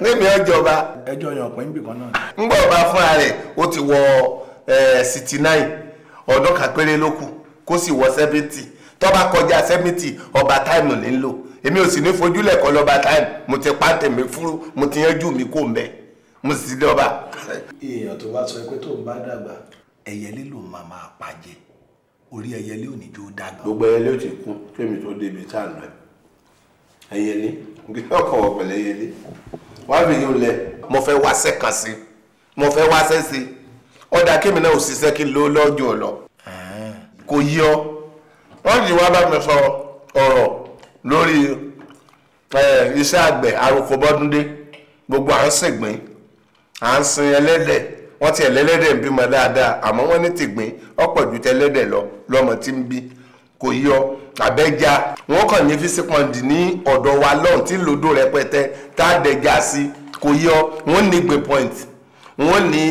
níbi ọjọba. ẹjọ yan pín bìkan náà. ń bọ̀ bá fúnra rẹ̀ ó ti wọ sixty nine ọdún kan péré ló kù kó sì wọ seventy tó bá kọjá seventy ọba táìmù ní lò èmi ò sì ní fojúlẹ̀ kọ́ lọ́ba táìmù mo ti pa tèmi fúrú mo ti yanjú mi kó mbẹ́ mo sì ti dọ́ba fẹ́. èèyàn tó bá sọ pé tó ń bá dàgbà. ẹyẹlé ló máa máa pàjẹ orí ẹyẹlé ò ní jó dàgbà. gbogbo ẹyẹlé ò ti kú kémi tó débi tá à ń lọ ẹyẹlé ngbé ọkọ ọpẹlẹ ẹyẹlé wá fi yín lẹ. mo fẹ́ wá sẹ́kàn sí mo fẹ́ wá sẹ́sì ọ̀dà kémi náà ò ṣiṣẹ́ kí n lọ lọ́jọ́ lọ kò yí ọ wọ́n ti wá bá mi sọ ọ̀rọ̀ lórí iṣẹ́ àgbẹ̀ àròkọ bọ́dúndé gbogbo à ń ṣègbín à ń sin ẹlẹ́dẹ̀ wọ́n ti ẹlẹ́lẹ́dẹ̀ ń bímọ dáadáa àmọ́ wọ́n ní tìgbín ọ̀pọ̀ ju tẹlẹ́dẹ̀ lọ lọ́mọ tí ń bí kò yọ àbẹ́já wọ́n kàn ní físípọ̀ndì ní ọ̀dọ̀ wa lọ́hùn tí lòdò rẹpẹtẹ tá a dẹja sí kò yọ wọ́n ní gbé point wọ́n ní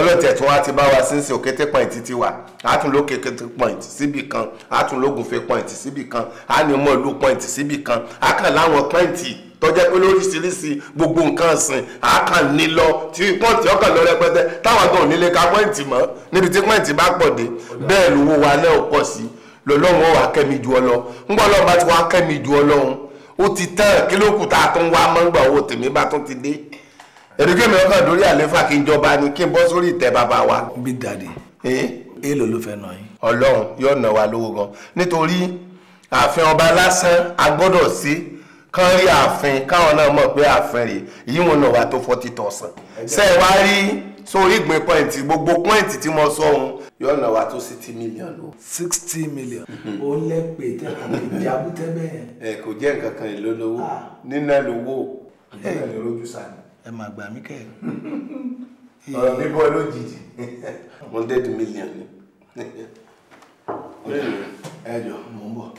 ọlọ́tẹ̀ tí wọ́n á ti bá wa sí ń sin òkété point ti wà àtúnlò kékeré point síbì kan àtúnlò gùnfẹ́ point síbì kan ànímọ̀lú point síbì kan àkànláwọn point tọ́jẹ́ pé lóríṣiríṣi gbogbo nǹkan ọ̀sìn àákàn ní lọ tí pọ́ǹtì ọkàn lọ rẹpẹtẹ táwọn gan nílé ka pọ́ǹtì mọ́ níbi tí pọ́ǹtì bá pọ̀ dé bẹ́ẹ̀ lówó wa náà pọ̀ sí lọ́lọ́run wà kẹ́mi ju ọlọ ńgbọ́ ọlọ́run bá ti wá kẹ́mi ju ọlọ́run ó ti tán kí ló kù tá a tún wá mọ́ ńgbà owó tèmi bá tún ti dé èrèké mi ọkàn lórí àléfà kí n jọba ni kí n bọ́ sórí ìtẹ́ bàbá wa. big daddy èèlò ló fẹ́ nà yín. ọlọ́run yóò nà wá lówó gan nítorí ààfin ọba lásán a sí kán rí ààfin káwọn náà mọ̀ pé ààfin rè èyí wọn náà wà tó forty thousand ṣe é wá rí sórí ìgbín pọ́ìntì gbogbo pọ́ìntì tí mo sọ ohun yóò náà wà tó sixty million o. sixty million mm-hmm. ó lẹ pé tẹ́lẹ̀ kò jẹ́ abúté bẹ́ẹ̀. ẹ kò jẹ́ nǹkan kan èlò lówó nínà ah. lówó nínà lè rojú sani. ẹ máa gbà mí kẹ́ ẹ. ọ̀rọ̀ bíbọ́ lójijì one hundred million ni. ẹ jọ mò ń bọ̀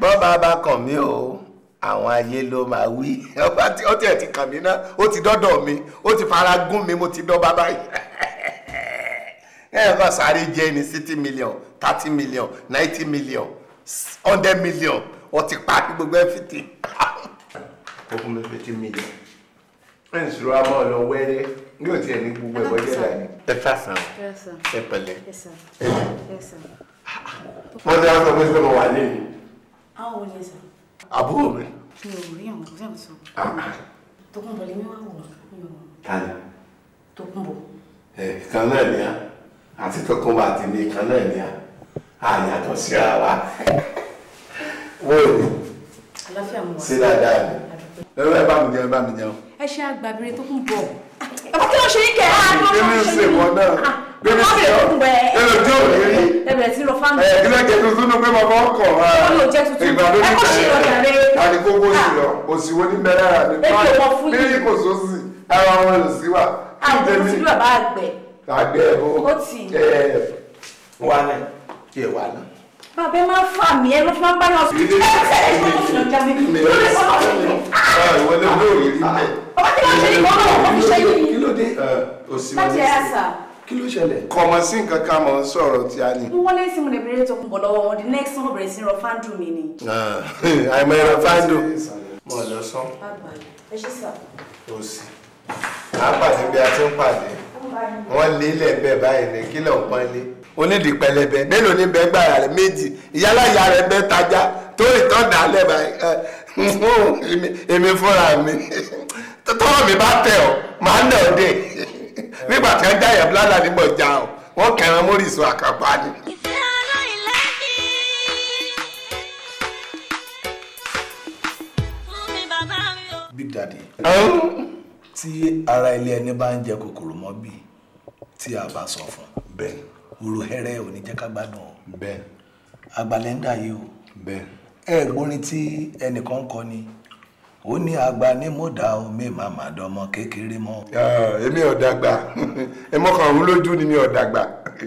bọ́ba bá kàn mí o àwọn ayé ló máa wí ọba tí ọtí ẹ̀ ti kàn mí náà ó ti dọ́dọ̀ mi ó ti fara gún mi mo ti dọ́ba báyìí ẹ̀ẹ́dọ̀ sáré jẹ́ ní sixty million thirty million ninety million hundred million ọtí pa gbogbo ẹ̀ fìtì. ọkùnrin fifty million ẹ̀ ń sọ̀rọ̀ àmọ́ ọ̀lọ́wẹ́rẹ́ yóò tiẹ̀ ní gbogbo ẹ̀bọ jẹ́ dání. ẹ fàṣàn ẹ pẹ̀lẹ́ ẹ jù. mo ti wá sọ pé sọ ma wà lé mi. àwọn ò ní sọ. àbúrò mi. mi ò rí àwọn kò sẹ́wọ̀n sọ. Ah. Tókunbọ̀ lèmi wá wò ó. tani. Tókunbọ̀. ẹ eh, kan náà ni a àti Tókunbọ̀ àti mi kan náà ni a a yàtọ̀ sí ara wa. wọ́n ò ní. aláfíà mo wà. sí dáadáa mi. ẹ bá mi jẹun ẹ bá mi jẹun. ẹ ṣe àgbàbìnrin Tókunbọ̀ bàbá kí ló ṣe yín kẹ́ ẹ́ ah, àgbọ̀n ṣe yín. bíbí ìsìnkú náà bíbí ìsìnkú ẹ̀rọ tí ò ní rí. ẹ bẹ̀rẹ̀ sí lọ fáńdà. ẹ kílẹ̀ jẹ tuntun ní pé bàbá ọkọ̀ wa ìgbàlódé bẹ̀rẹ̀ àti gbogbo ìlọ òsìwò ní bẹ̀rẹ̀ rà ní fáńdà bí kò sósì ara wọn ò sí wà. àwọn òsìlú àbá àgbẹ̀. àgbẹ̀ o ẹ wà náà kí ẹ wà náà. bàbá ẹ máa fà mí ẹ ló fi bá bàbá tí wọ́n ṣe ìbọn náà wọ́n fi ṣe yìí. kí ló dé láti ẹ̀yà sà. kí ló ṣẹlẹ̀. kọmọ sí nǹkan ká mọ sọ̀rọ̀ tí a ní. mo wọlé sí mo lè bèrè tó kún bọ̀ lọ́wọ́ wọn the next one bẹ̀rẹ̀ sí rọ fáńdù mi ni. Ah, àìmọ̀ ẹ̀rọ fáńdù. mo lọ sán. ẹ ṣe sà. o sì à ń pàdé bí a ti ń pàdé wọ́n lé ilẹ̀ bẹ́ẹ̀ báyìí ní kílẹ̀ ọ̀pọ̀ ilé onídìí pẹlẹbẹ mélòó ní bẹ́ẹ̀ gbàrà rẹ méjì ìyálàyà rẹ bẹ́ẹ̀ tajà tó ìtọ́ dà lẹ́bàá èmi fúnra mi tọ́wọ́ mi bá tẹ̀ ọ́ màá nà ọ́ dé nígbà tí wọ́n jáyẹ̀ bláda nígbà já ọ́ wọ́n kẹran mórí ìsun àkàbà ni. Big Daddy tí ara ilé ẹni bá ń jẹ kòkòrò mọ́ bí tí a bá sọ fún bẹ́ẹ̀ òru hẹrẹ ò ní jẹ́ ká gbádùn bẹ́ẹ̀ agbalẹ̀ ń dà yìí o bẹ́ẹ̀ ẹ gbórin tí ẹnìkan kọ ni ó ní àgbà ní mọ́dà omi màmá dọmọ kékeré mọ́. Ah, èmi ọ̀dàgbà ẹmọkàn ọ̀hún lójú ni mi ọ̀dàgbà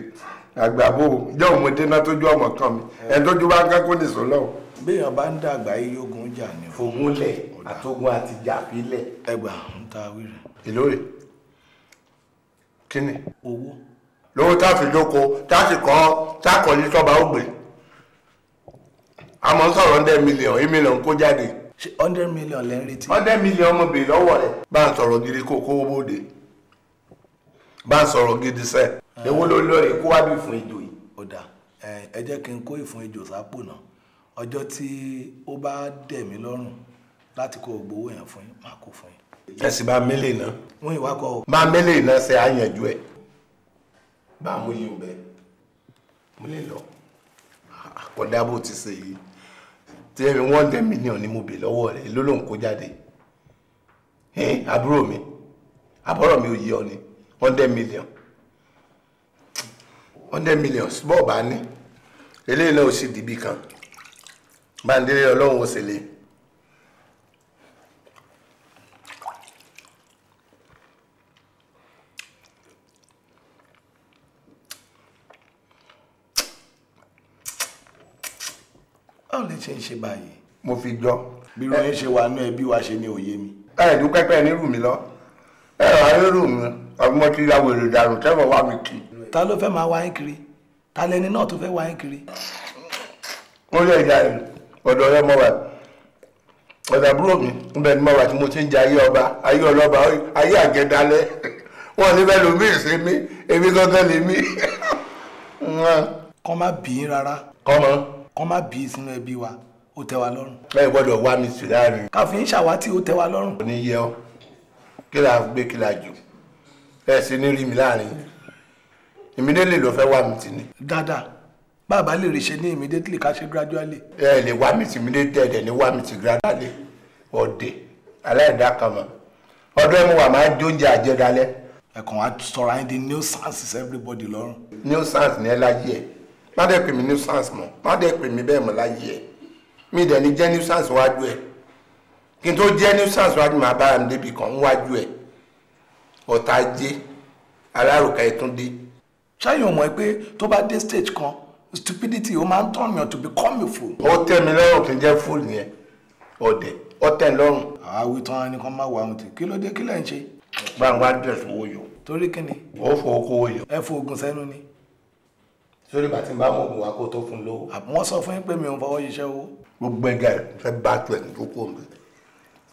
àgbà bò jẹ́ òmùdé náà tójú ọmọ kan mi eh. ẹni tójú bá ń kákó nìṣó lọ. béèyàn bá ń dàgbà iyogun jà ni. fogun lẹ àtogun àti jàfilẹ. ẹgbà ń ta wíìrì. èlò kí ni. owó. lówó tá a fi lóko tá a sì kọ́ tá a kọ́ yìí sọ́ba ó gbé àmọ́ sọ̀rọ̀ ń dẹ́ mílíọ̀n mílíọ̀n kó jáde ṣe hundred million lẹ́ ń retí. hundred million ọmọ bèrè lọ́wọ́ rẹ̀. bá a sọ̀rọ̀ gidi kó kówó bóde bá a sọ̀rọ̀ gidi sẹ́ ewo lórí lórí kó wá bí fún ejò yìí. ó dà ẹ jẹ́ kí n kó ìfún ejò sápò náà ọjọ́ tí ó bá dẹ̀ mí lọ́rùn láti kó gbowó yẹn fún yín máa kó fún yín. ẹ sì bá mélèé náà. wọ́n ìwà kọ́ ọ. bá mélèé náà ṣe àyànjú ẹ̀ bá a mú yín bẹ́ẹ̀ mo lè lọ kọ́ dábò ti ṣe yìí tí ẹ fi one ten million ni mo bè lọ́wọ́ rẹ̀ ló lóun kó jáde àbúrò mi àbọ̀rọ̀ mi ò yí ọ ni one ten million one ten million bọ́ọ̀ bá ní eléyìí náà ò sì dìbì kan bá ń délé ọlọ́run ó sì lè. báwo lè ṣe ń ṣe báyìí. mo fi jọ. bí ròyìn ṣe wà ní ẹbí wa ṣe ní òye mi. ẹ dún pẹpẹ mi lọ ẹ wà nírú mi ọmọ tí ya wèrè dànù tẹ́wọ̀ wá mi kì. ta ló fẹ́ máa wá yín kiri ta lẹni náà fẹ́ wá ọ̀dà búrò mi ń bẹ ní mọ wa mo ti ń ayé ọba ayé ọlọ́ba ayé wọn ìsinmi èmi gángan kọ́ má bì í kọ́ má bí sínú ẹbí wa ó tẹ́ wa lọ́rùn. ẹ gbọ́dọ̀ wá mi sí láàrin. káfíń ṣàwátì ó tẹ́ wa lọ́rùn. kò ní yẹ ọ kí la gbé kí la jù ẹ sì ní rí mi láàrin ìmídélè ló fẹ́ wá mi tì ní. dáadáa bàbá lè rí ṣe ní immediately ká ṣe gradually. ẹ lè wá mi tì immediately ẹ̀dẹ̀ ní wá mi tì gradually ọ̀dẹ̀ aláìdá kan mọ̀ ọdún ẹ̀mú wa máa ń jóúnjẹ àjẹdálẹ́. ẹ̀kan wa sọ̀rọ̀ ayé di nuisance everybody lọ́rùn. nuisance ni ẹ láyé ẹ̀ má dẹ̀ pè mí nuisance mọ́ má dẹ̀ pè mí bẹ́ẹ̀ mọ́ láyé ẹ̀ mi dẹ̀ ní jẹ́ nuisance wájú ẹ̀ kí n tó jẹ́ nuisance wájú màá bára mi débi kan wájú ẹ̀ ọ̀tá ajé alárùkà ẹ̀túndé. ṣáyọ̀ mọ̀ pé tó bá dé stage kan stupidity ó máa ń turn me to become a fool. ó tẹ́ mi lọ́rùn kí n jẹ́ fool yẹn ọ̀dẹ̀ ó tẹ́ mi lọ́rùn. àwí tán ẹni kan máa wà ohun tí kí ló dé kí lẹ́ ń ṣe. gbàngbà dẹ̀ fowó yọ. torí kí ni. ó fowó kówó yọ. ẹ fo oògùn sẹ́nu ni sórí bàtí bá mú ògùn wa kó tó fún lówó. àmọ́ sọ fún yín pé mi ò fọwọ́ yíṣẹ́ o. gbogbo ẹ̀gá ẹ̀ fẹ́ bá tu ẹ̀ tó kó mi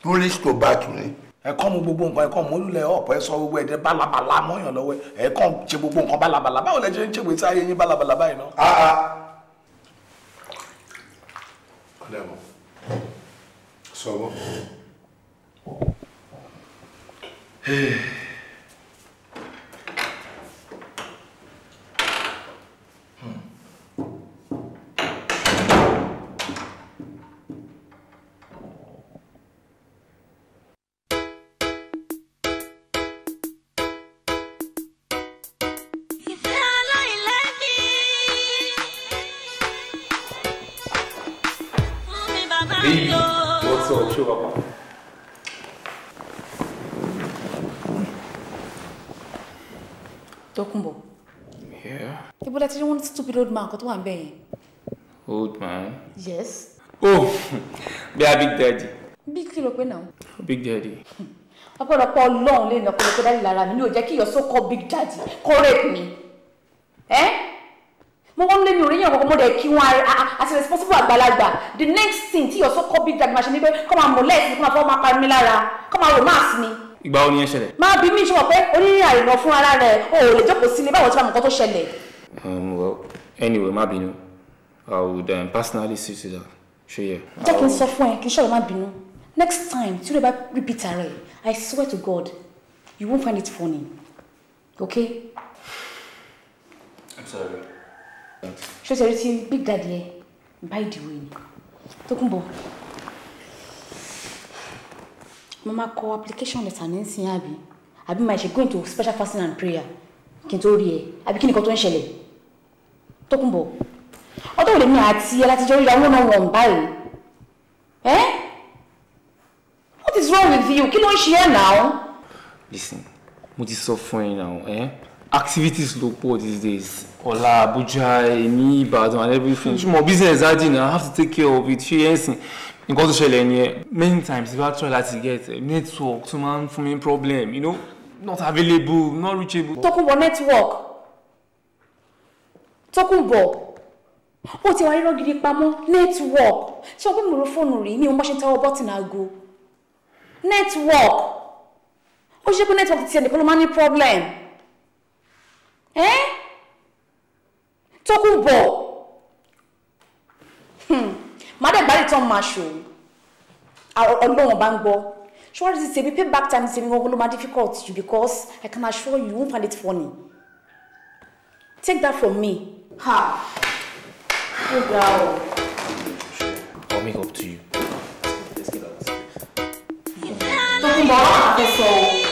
tourist tó bá tu ni. ẹ̀kọ́ mu gbogbo nǹkan ẹ̀kọ́ mu olùlẹ̀ ọ̀pọ̀ ẹ̀ sọ gbogbo ẹ̀dẹ̀ bálabàlà mọ́yàn lọ́wọ́ ẹ̀kọ́ ṣe gbogbo nǹkan bálabàlà báwo lẹ ṣe ń ṣègbè sí ayé yín bálabàlà báyìí ná. Ah, ah. sọ̀rọ̀ stupid old man kan tó wà ń old man. yes. oh bí a big daddy. Big kí ló now. big daddy. ọ̀pọ̀lọpọ̀ Ọlọ́run lè nà ọ̀pọ̀lọpọ̀ dádì lára mi ní ò jẹ́ kí your so called big daddy correct me. Eh? mo wọ́n lé mi ò rí yàn kankan mo dẹ̀ kí wọn as a responsible àgbàlagbà the next thing tí your so called big daddy máa ṣe ni pé kọ́ máa molest mi kọ́ máa fọwọ́ máa pa mi lára kọ́ máa romance mi ìgbà wo ni ẹ ṣẹlẹ̀. máa bí mi ṣe mọ̀ pé onírìnà ìlọ fún ara rẹ̀ o ò lè jókòó sílé báwo ti máa mọ̀ nǹkan tó ṣẹlẹ̀. Um, well, anyway, má bínú. I would um, personally see to that. Sure, yeah. Jẹ́ kí n sọ fún ẹ, kí n ṣọ̀rọ̀ Next time, tí o repeat it. I swear to God, you won't find it funny. Okay? I'm sorry. Ṣé o ṣe rí Big Daddy By the way ni. Mama, Mo application letter ní ìsìn àbí? Àbí máa ṣe going to special fasting and prayer kí n tó rí ẹ? Tókunbọ̀ ọdún òde mi àti ẹ láti jọ rí àwọn ọmọ wọn báyìí ẹ what is wrong with you kí ló ń ṣe ẹ náà. listen mo ti sọ fún ẹ náà ẹ activities ló pọ̀ these days ọ̀la Abuja èmi Ìbàdàn and everything ṣùgbọ́n business dájú na I have to take care of it ṣé yẹn sìn nǹkan tó ṣẹlẹ̀ ni ẹ many times if I try láti get eh, network tó máa ń fún mi problem you know not available not reachable. Tókunbọ̀ network. Tókunbọ̀ ó ti wá rírọ́ gidi pamọ́ network ṣé o pé mo ro fóònù rí mi ò mọ́ ṣe tẹ́wọ́ bọ́tìn aago network ó ṣe pé network ti ẹnìkan ló máa ní problem Tókunbọ̀ hmm. màdàgbà lè tán máa ṣòwò ọlọ́wọ́n bá ń gbọ́ ṣọ́ọ́rì ti pay back time tèmi gbogbo ló máa difficult you because I can assure you, you won't find it funny take that from me. Ha! Good girl. I'll make up to you. Let's get out. Talking about what?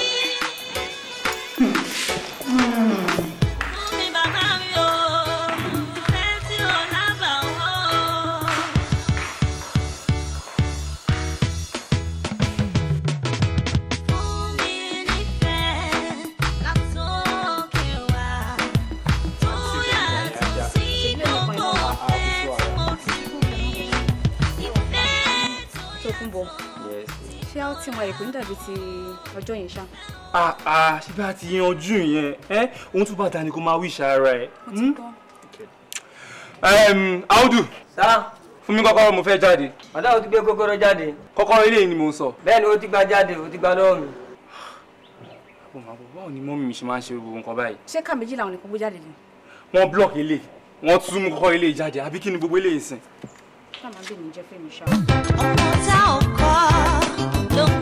dàbí ti ọjọ́ yẹn ṣá. ah ah ṣé bá ti yanjú yẹn ẹ ohun tó bá dání kó máa wíṣà ara ẹ. mo ti tán. Hmm? audu. sá. fún mi kọ́kọ́rọ́ mo fẹ́ jáde. ọ̀dà o ti gbé kọ́kọ́rọ́ jáde. kọ́kọ́rọ́ ilé ni mo sọ. bẹ́ẹ̀ni o ti gba jáde o ti gba lọ́wọ́ mi. báwo ni mọ́mí mi ṣe máa ń ṣe gbogbo nǹkan báyìí. ṣé ká méjì làwọn nìkan gbé jáde ni. wọ́n blọọkì ilé wọ́n tún mú kọ́kọ́rọ́ ilé jáde àbí kí ni gbogbo ilé yìí sìn. ọmọ tá ò kọ́ ló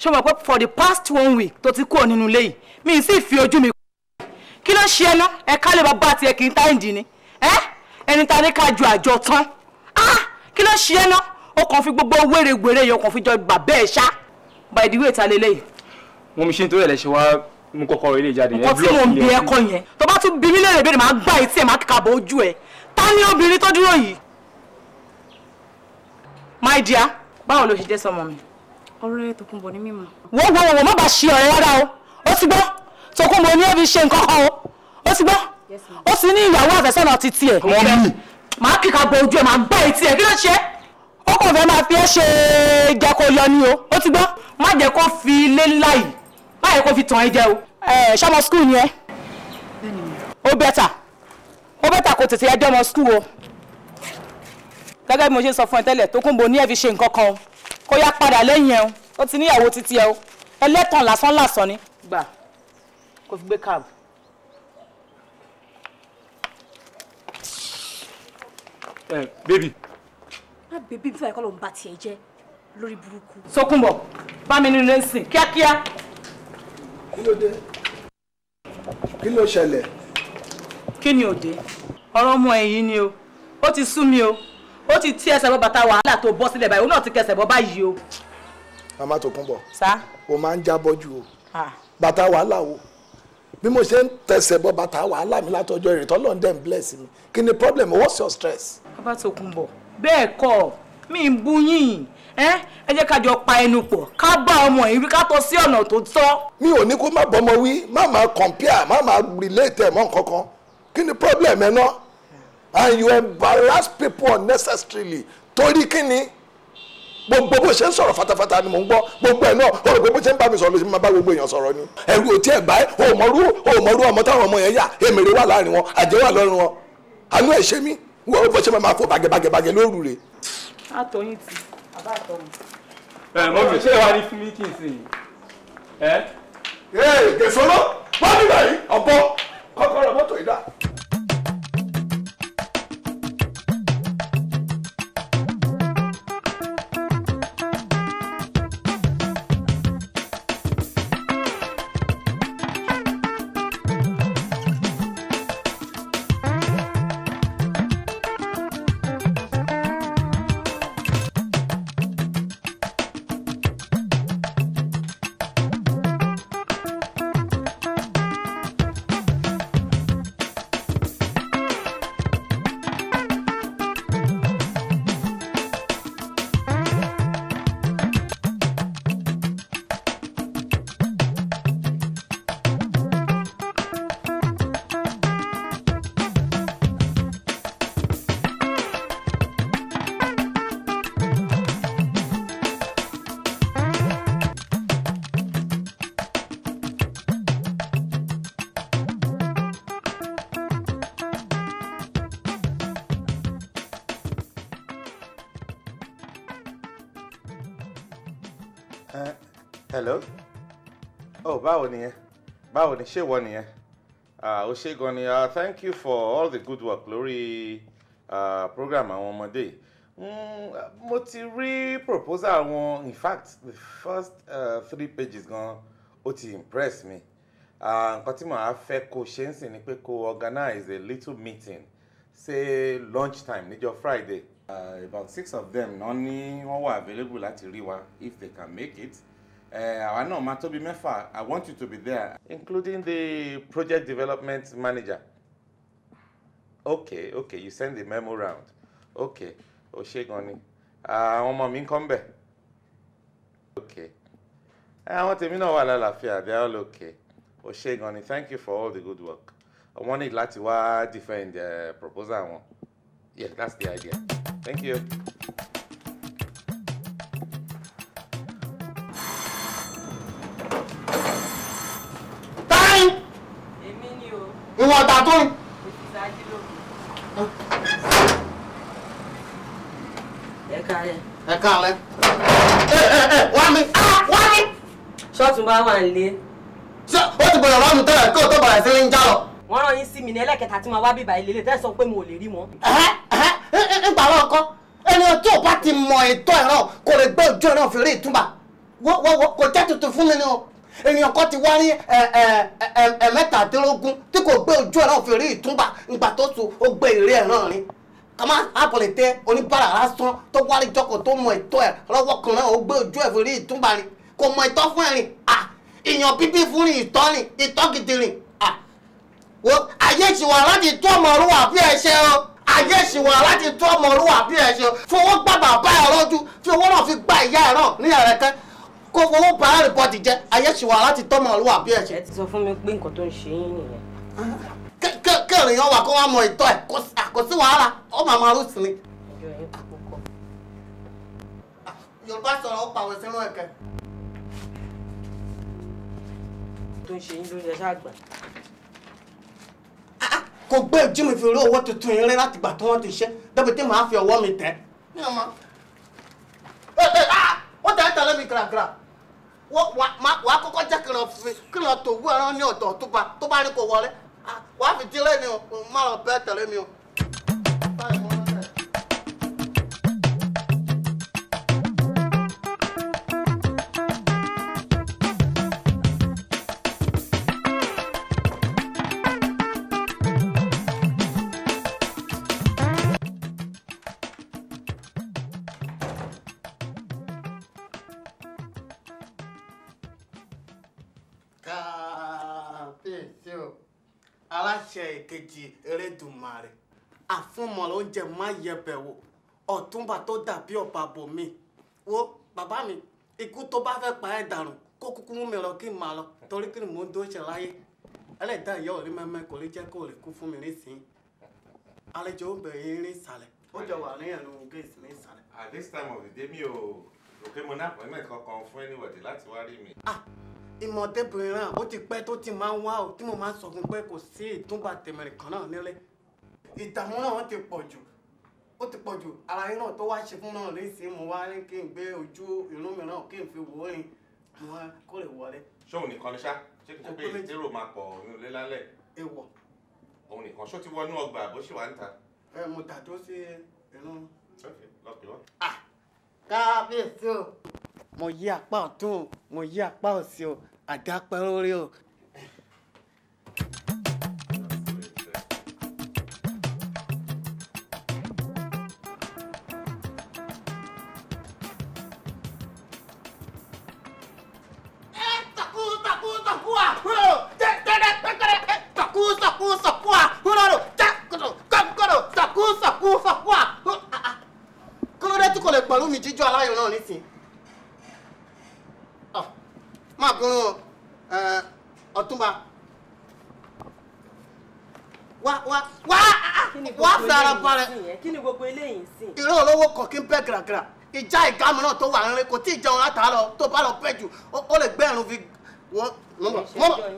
ṣé mo pé for the past one week tó ti kúrò nínú ilé yìí mi sì fi ojú mi kú kí ló ṣe ẹná ẹ ká lè bàbá tiẹ̀ kì í tá ìdí ni ẹ ẹni ta ní ká ju àjọ tán ah kí ló ṣe ẹná o kàn fi gbogbo wérégbèrè yìí o kàn fi jọ bàbá ẹ ṣá by the way ta lélẹ́yìí. mo mi ṣe nítorí ẹ̀ wá mú kọ́kọ́rọ́ ilé jáde nǹkan tí mò ń bí ẹ̀kọ́ yẹn tó bá tún bí mí lè rèébèrè máa gbá etí ẹ máa kíkà bọ ojú ẹ ta ni obìnrin tó dúró yìí. my dear báwo ló ṣe jẹ́ sọmọ mi ọ̀rẹ́ tòkunbọ̀ ní mímọ̀. wọ́n gbọ́ wọ́n má bàa ṣe ọ̀rẹ́ rárá o ó ti gbọ́ tòkunbọ̀ ní ẹbí ṣe nǹkan kan o ó ti gbọ́ ó ti ní ìyàwó àfẹ́sọ́nà ti tiẹ̀. màá kíka gbọ ojú ẹ màá gbá etí ẹ kí ló ṣe. ó kàn fẹ́ máa fi ẹ́ ṣe jẹ́ kó yọ ni o ó ti gbọ́ má jẹ́ kó fi ilé ńlá yìí má jẹ́ kó fi tàn ẹ́ jẹ o. ẹ ṣọmọ skul ni ẹ ó bẹ́tà ó bẹ́tà kó tètè ẹjọ́ ọmọ skul o gẹ́gẹ́ bí mo ṣe sọ fún ẹ tẹ́lẹ̀ Tòkunbọ̀ ní ẹ fi ṣe nǹkan kan o kó yá padà lẹ́yìn ẹ̀ o ti níyàwó títí ẹ̀ o ẹlẹ́tàn lásán lásán ni. gbà kó fi gbé káàbù. ẹ bébì. má bèbí fún ẹ̀kọ́ ló ń ba tiẹ̀ jẹ́ lórí burúkú. Sókúnbọ̀ bá mi nínú ẹ̀sìn kíákíá. kí ló dé kí ló ṣẹlẹ̀. kí ni òde ọ̀rọ̀ ọmọ ẹ̀yìn ni o ó ti sú mi o ó ti tí ẹsẹ̀ bọ́ bàtà wàhálà tó bọ́ sílẹ̀ báyìí òun náà ti kẹsẹ̀ bọ́ báyìí o. màmá Tòkunbọ̀ o máa ń jábọ́ ju o bàtà wàhálà wo bí mo ṣe ń tẹsẹ̀ bọ́ bàtà wàhálà mi látọjọ́ ìrètọ́ lọ́n dẹ̀ ń bless mi kí ni problem what's your stress. bàbá Tòkunbọ̀ bẹ́ẹ̀ kọ́ mi ń bú yín ẹ jẹ́ ká jọ pa ẹnu pọ̀ ká bá ọmọ yìí ká tọ́ sí ọ̀nà tó tọ́. mi ò ní kó má bọ́mọ wí má máa compare má máa relate ẹ̀ mọ́ nǹkan kan kí ni problem ẹ náà and you embarrass people unnecessarily torí kíni gbogbo bó ṣe ń sọ̀rọ̀ fatafata ni mò ń gbọ́ gbogbo ẹ̀ náà ó rò pé bó ṣe ń bá mi sọ̀rọ̀ ló ṣe máa bá gbogbo èèyàn sọ̀rọ̀ ni. ẹ̀rù ò tiẹ̀ báyìí òmọ̀rú òmọ̀rú ọmọ táwọn ọmọ yẹn yà èmèrè wà láàrin wọn àjẹ́ wà lọ́rùn wọn àánú ẹ̀ ṣe mí wọ́n bó ṣe máa fò bàgẹ́bàgẹ́bàgẹ́ lóru rẹ̀. àtọyìn ti àbá àtọhún. ẹ mọ mi ṣé wàá rí fún mi kì í sìn ẹ. ẹ gèsòló wọ́n nígbà yìí ọ̀bọ báwo nìyẹn báwo ni ṣé wọ nìyẹn ó ṣe gan ni thank you for all the good work lórí uh, program àwọn ọmọdé hmm, mo ti rí proposal wọn in fact the first uh, three pages gan ó ti impress me nǹkan tí màá fẹ́ kó ṣe ń sìn ni pé kó organize a little meeting say lunch time níjọ́ Friday. Uh, about six of them náà ni wọ́n wà available láti rí wa if they can make it. Eh, àwa náà máa tóbi mẹ́fà I want you to be there. including the project development manager. okay okay you send the memo round okay o ṣe Uh, ni àwọn ọmọ mi ń kọ́ ń bẹ̀ okay eh, àwọn tèmi náà wà lálàáfíà they are all okay o ṣe thank you for all the good work wọ́n ní láti wá defend the eh, proposal yeah that's the idea thank you. kalẹ̀. ẹ ẹ ẹ wá mi ah, wá mi. ṣọ́ọ̀tún bá wà nílé. ṣé ó ti bọ̀rọ̀ rọ́ọ̀mù tẹ́lẹ̀ kí o tó bọ̀rẹ̀ sí ní já lọ. wọ́n rán yín sí mi ní ẹlẹ́kẹta tí wọ́n wá bíbá ilé lè tẹ́ sọ pé mo ò lè rí mọ́. ẹ̀hẹ́ ẹ̀hẹ́ ń pàrọ̀ ọkọ ẹni tí ò bá ti mọ ètò ẹ̀rọ kò lè gbé ojú ẹ̀rọ fèrè ìtumba kò jẹ́ tuntun fún mi ni o èèyàn kan ti wá ní ẹ̀ẹ́dẹ́gbẹ̀ta tí kò gbé ojú ẹ̀rọ fèrè ìtumba ìgbà tó so ó gbé ìrẹ́ ẹ̀rọ rin kàmá àpọ̀lẹ̀tẹ oníbàrà lásán tó wálé jọkọ̀ tó mọ ẹ̀tọ́ ẹ̀ lọ́wọ́ kan náà ó gbé ojú ẹ̀ fún ìtúmbà ni kò mọ ìtọ́ fún ẹ̀rìn à ìyàn pípín fún rìn ìtọ́ rìn ìtọ́ gidi rìn à wo ayé ìṣìwà láti tó ọmọ ọrùn wà bí ẹṣẹ o ayé ìṣìwà láti tó ọmọ ọrùn wà bí ẹṣẹ o fi owó gbà bàbá ẹ rọjú fi owó náà fi gbà ìyá ẹ náà ní ẹ̀rẹ̀kẹ́ kó fowó bàárẹ̀ bọ́ọ̀dì jẹ ayé ìṣìwà láti tó ọmọ ọrùn kẹrin sọ̀rọ̀ ó pàwọ̀ sínú ẹ̀kẹ́. tó ń ṣe yín lórí ẹ̀ṣá àgbà. kò gbé ojú mi fi rí owó tuntun yín rí láti gbà tí wọ́n ti ṣe débi tí màá fi ọwọ́ mi tẹ̀. wọ́n tẹ̀ ẹ́ tẹ̀lé mi gíragíra wàá kọ́kọ́ jẹ́ kí lọ́ọ́ ẹran ní ọ̀dọ̀ tó bá rí kò wọlé Ah, wàá fi dílé mi o má lọ bẹ́ẹ̀ tẹ̀lé mi o. mọ̀ ló ń jẹ má yẹbẹ̀ wò ọ̀túnba tó dàbí ọ̀pá bòmí wo bàbá mi ikú tó bá fẹ́ pa ẹ̀ dànù kó kúkú mú mi lọ kí n máa lọ torí kí ni mò ń dó ṣe láyé ẹlẹ́dàá ìyá òrí mẹ́mẹ́ kò lè jẹ́ kó lè kú fún mi nísìnyí àlejò ó bẹ̀rẹ̀ ní ìsàlẹ̀ ó jọ wà ní ẹnu gate ní ìsàlẹ̀. at this time of the day mi ò rò pé mo ní appointment kankan fún anybody láti wá rí mi. ah ìmọ̀débìnrin náà ó ti pẹ́ tó ti máa ń wá o tí mo máa ń sọ fún pé kò sí ìtúbà tèmẹ̀rẹ̀ kan náà nílé ìdààmú náà ti pọ̀ jù ó ti pọ̀ jù ara yín náà tó wá ṣe fún náà lẹ́sìn mo wá ní kí n gbé ojú ìlú mìíràn kí n fi wò ó rìn mo wá kó lè wọlé. ṣóun nìkan ni ṣá ṣé kí n pé ìdérò máa pọ̀ nínú ilé lálẹ́. ewọ. òun nìkan ṣó ti wọnú ọgbà bó ṣì wà ń ta. ẹ mo dà tó sí inú. lọ pè wá. kábíyèsí o mo yí apá ọ̀tún o mo yí apá òsì o àdápẹ́ lórí o ìró olówó kò kí ń bẹ́ gíragíra ìjà ìgámu náà tó wà nílé kò tí ì jẹun látàárọ̀ tó bá lọ pẹ́ jù ó lè gbé ẹ̀rùn fi wọ́n mọ́